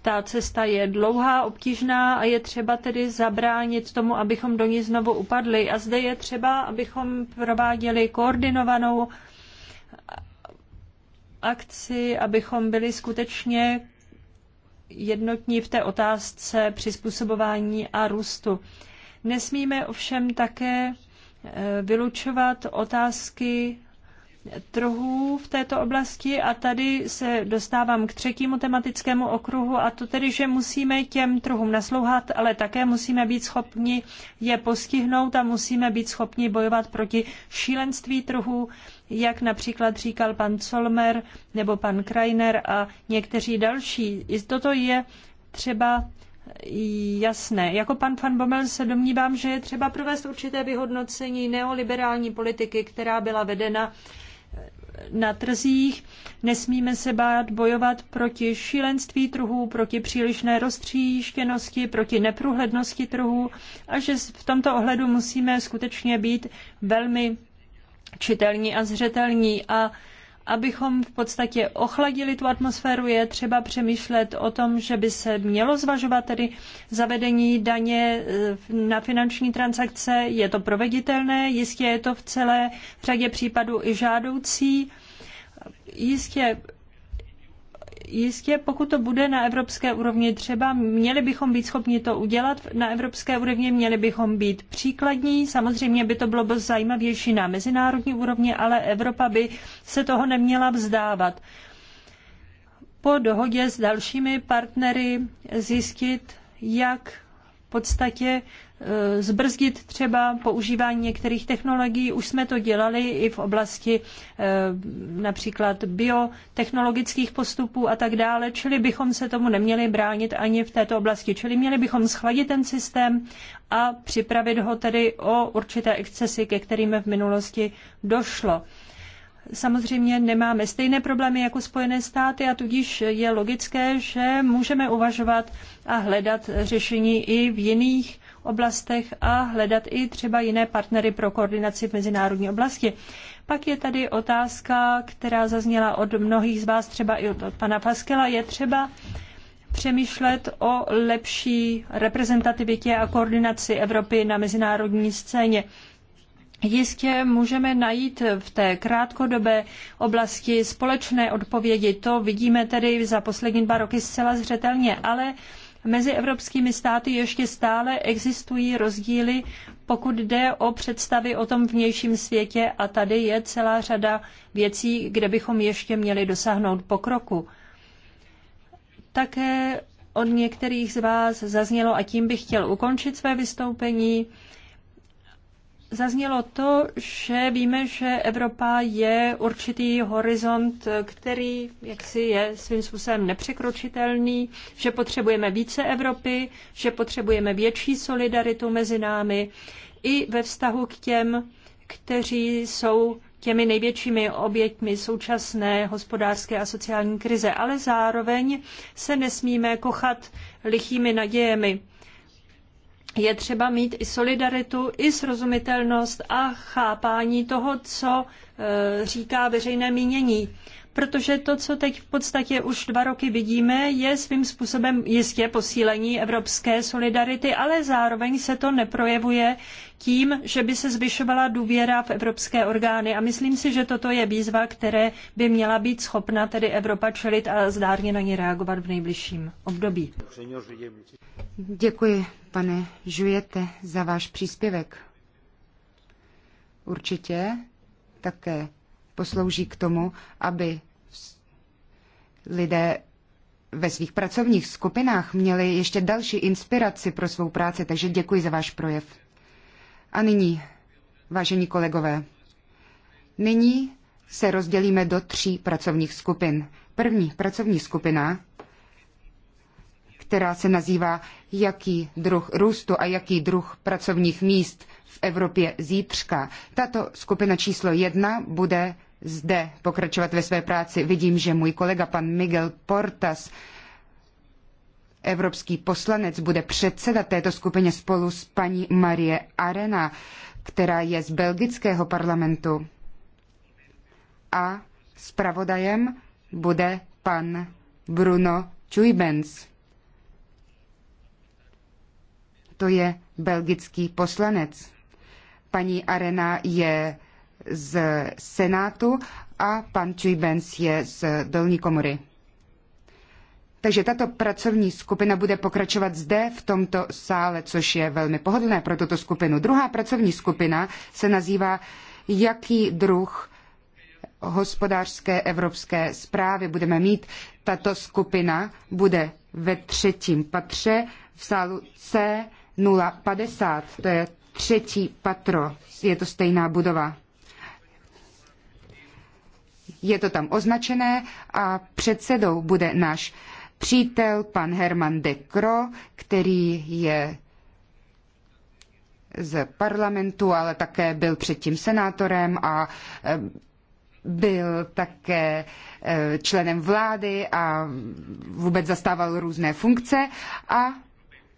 Speaker 3: Ta cesta je dlouhá, obtížná a je třeba tedy zabránit tomu, abychom do ní znovu upadli. A zde je třeba, abychom prováděli koordinovanou akci, abychom byli skutečně jednotní v té otázce přizpůsobování a růstu. Nesmíme ovšem také eh, vylučovat otázky trhů v této oblasti a tady se dostávám k třetímu tematickému okruhu a to tedy, že musíme těm trhům naslouhat, ale také musíme být schopni je postihnout a musíme být schopni bojovat proti šílenství trhů jak například říkal pan Solmer nebo pan Kreiner a někteří další. I toto je třeba jasné. Jako pan van Bommel se domnívám, že je třeba provést určité vyhodnocení neoliberální politiky, která byla vedena eh, na trzích. Nesmíme se bát bojovat proti šílenství trhů, proti přílišné roztříštěnosti, proti neprůhlednosti trhů a že v tomto ohledu musíme skutečně být velmi čitelní a zřetelní a abychom v podstatě ochladili tu atmosféru, je třeba přemýšlet o tom, že by se mělo zvažovat tedy zavedení daně eh, na finanční transakce. Je to proveditelné, jistě je to v celé řadě případů i žádoucí. Jistě jistě, pokud to bude na evropské úrovni třeba, měli bychom být schopni to udělat na evropské úrovni, měli bychom být příkladní. Samozřejmě by to bylo zajímavější na mezinárodní úrovni, ale Evropa by se toho neměla vzdávat. Po dohodě s dalšími partnery zjistit, jak v podstatě Eh, zbrzdit třeba používání některých technologií. Už jsme to dělali i v oblasti eh, například biotechnologických postupů a tak dále, čili bychom se tomu neměli bránit ani v této oblasti. Čili měli bychom schladit ten systém a připravit ho tedy o určité excesy, ke kterým v minulosti došlo samozřejmě nemáme stejné problémy jako Spojené státy a tudíž je logické, že můžeme uvažovat a hledat řešení i v jiných oblastech a hledat i třeba jiné partnery pro koordinaci v mezinárodní oblasti. Pak je tady otázka, která zazněla od mnohých z vás, třeba i od, pana Paskela, je třeba přemýšlet o lepší reprezentativitě a koordinaci Evropy na mezinárodní scéně. Jistě můžeme najít v té krátkodobé oblasti společné odpovědi. To vidíme tedy za poslední dva roky zcela zřetelně, ale Mezi evropskými státy ještě stále existují rozdíly, pokud jde o představy o tom vnějším světě a tady je celá řada věcí, kde bychom ještě měli dosáhnout pokroku. Také od některých z vás zaznělo, a tím bych chtěl ukončit své vystoupení, zaznělo to, že víme, že Evropa je určitý horizont, který jaksi je svým způsobem nepřekročitelný, že potřebujeme více Evropy, že potřebujeme větší solidaritu mezi námi i ve vztahu k těm, kteří jsou těmi největšími oběťmi současné hospodářské a sociální krize, ale zároveň se nesmíme kochat lichými nadějemi je třeba mít i solidaritu, i srozumitelnost a chápání toho, co e, říká veřejné mínění. Protože to, co teď v podstatě už dva roky vidíme, je svým způsobem jistě posílení evropské solidarity, ale zároveň se to neprojevuje tím, že by se zvyšovala důvěra v evropské orgány. A myslím si, že toto je výzva, které by měla být schopna tedy Evropa čelit a zdárně na ní reagovat v nejbližším období.
Speaker 6: Děkuji pane Žujete, za váš příspěvek. Určitě také poslouží k tomu, aby lidé ve svých pracovních skupinách měli ještě další inspiraci pro svou práci, takže děkuji za váš projev. A nyní, vážení kolegové, nyní se rozdělíme do tří pracovních skupin. První pracovní skupina která se nazývá Jaký druh růstu a jaký druh pracovních míst v Evropě zítřka. Tato skupina číslo jedna bude zde pokračovat ve své práci. Vidím, že můj kolega pan Miguel Portas Evropský poslanec bude předsedat této skupině spolu s paní Marie Arena, která je z belgického parlamentu. A zpravodajem bude pan Bruno Čujbens to je belgický poslanec. Paní Arena je z Senátu a pan Čujbens je z dolní komory. Takže tato pracovní skupina bude pokračovat zde v tomto sále, což je velmi pohodlné pro tuto skupinu. Druhá pracovní skupina se nazývá Jaký druh hospodářské evropské zprávy budeme mít. Tato skupina bude ve třetím patře v sálu C 050, to je třetí patro, je to stejná budova. Je to tam označené a předsedou bude náš přítel pan Herman de Cro, který je z parlamentu, ale také byl předtím senátorem a eh, byl také eh, členem vlády a vůbec zastával různé funkce a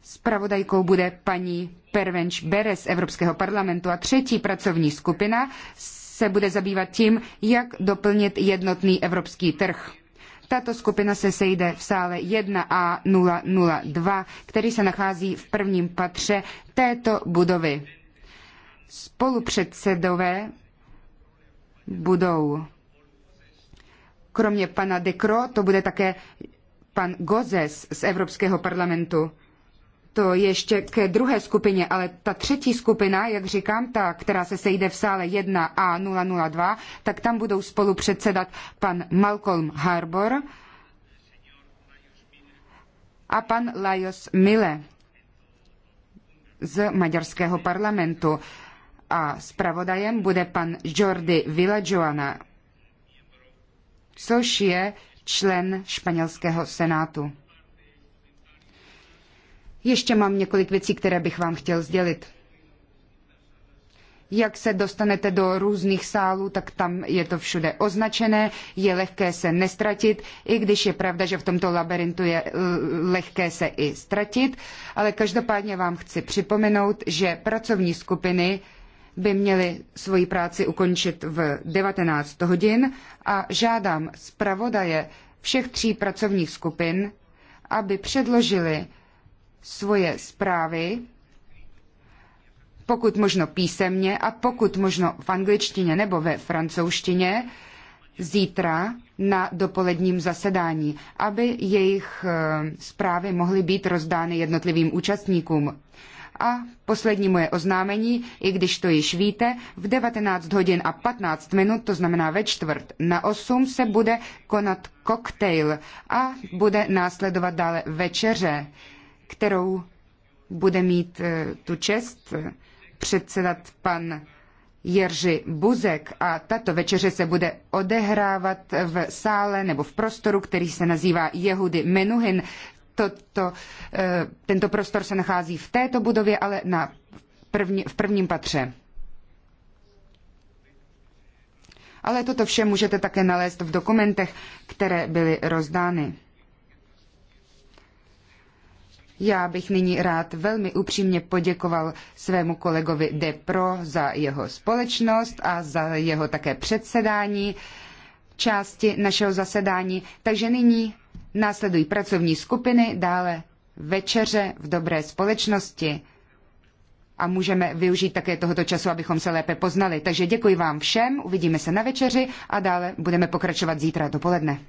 Speaker 6: Spravodajkou bude paní Pervenč Bere z Evropského parlamentu a třetí pracovní skupina se bude zabývat tím, jak doplnit jednotný evropský trh. Tato skupina se sejde v sále 1A002, který se nachází v prvním patře této budovy. Spolupředsedové budou kromě pana Croo to bude také pan Gozes z Evropského parlamentu to ještě k druhé skupině, ale ta třetí skupina, jak říkám, ta, která se sejde v sále 1A002, tak tam budou spolu předsedat pan Malcolm Harbour a pan Lajos Mille z maďarského parlamentu. A zpravodajem bude pan Jordi Villajoana, což je člen španělského senátu. Ještě mám několik věcí, které bych vám chtěl sdělit. Jak se dostanete do různých sálů, tak tam je to všude označené, je lehké se nestratit, i když je pravda, že v tomto labirintu je eh, lehké se i ztratit, ale každopádně vám chci připomenout, že pracovní skupiny by měly svoji práci ukončit v 19 hodin a žádám zpravodaje všech tří pracovních skupin, aby předložili svoje zprávy pokud možno písemně a pokud možno v angličtině nebo ve francouzštině zítra na dopoledním zasedání, aby jejich eh, zprávy mohly být rozdány jednotlivým účastníkům. A poslední moje oznámení, i když to již víte, v 19 hodin a 15 minut, to znamená ve čtvrt na 8, se bude konat koktejl a bude následovat dále večeře kterou bude mít eh, tu čest eh, předsedat pan Jerzy Buzek a tato večeře se bude odehrávat v sále nebo v prostoru, který se nazývá Jehudy Menuhin. Toto, eh, tento prostor se nachází v této budově, ale na první, v prvním patře. Ale toto vše můžete také nalézt v dokumentech, které byly rozdány. Já bych nyní rád velmi upřímně poděkoval svému kolegovi Depro za jeho společnost a za jeho také předsedání části našeho zasedání. Takže nyní následují pracovní skupiny, dále večeře v dobré společnosti a můžeme využít také tohoto času, abychom se lépe poznali. Takže děkuji vám všem, uvidíme se na večeři a dále budeme pokračovat zítra dopoledne.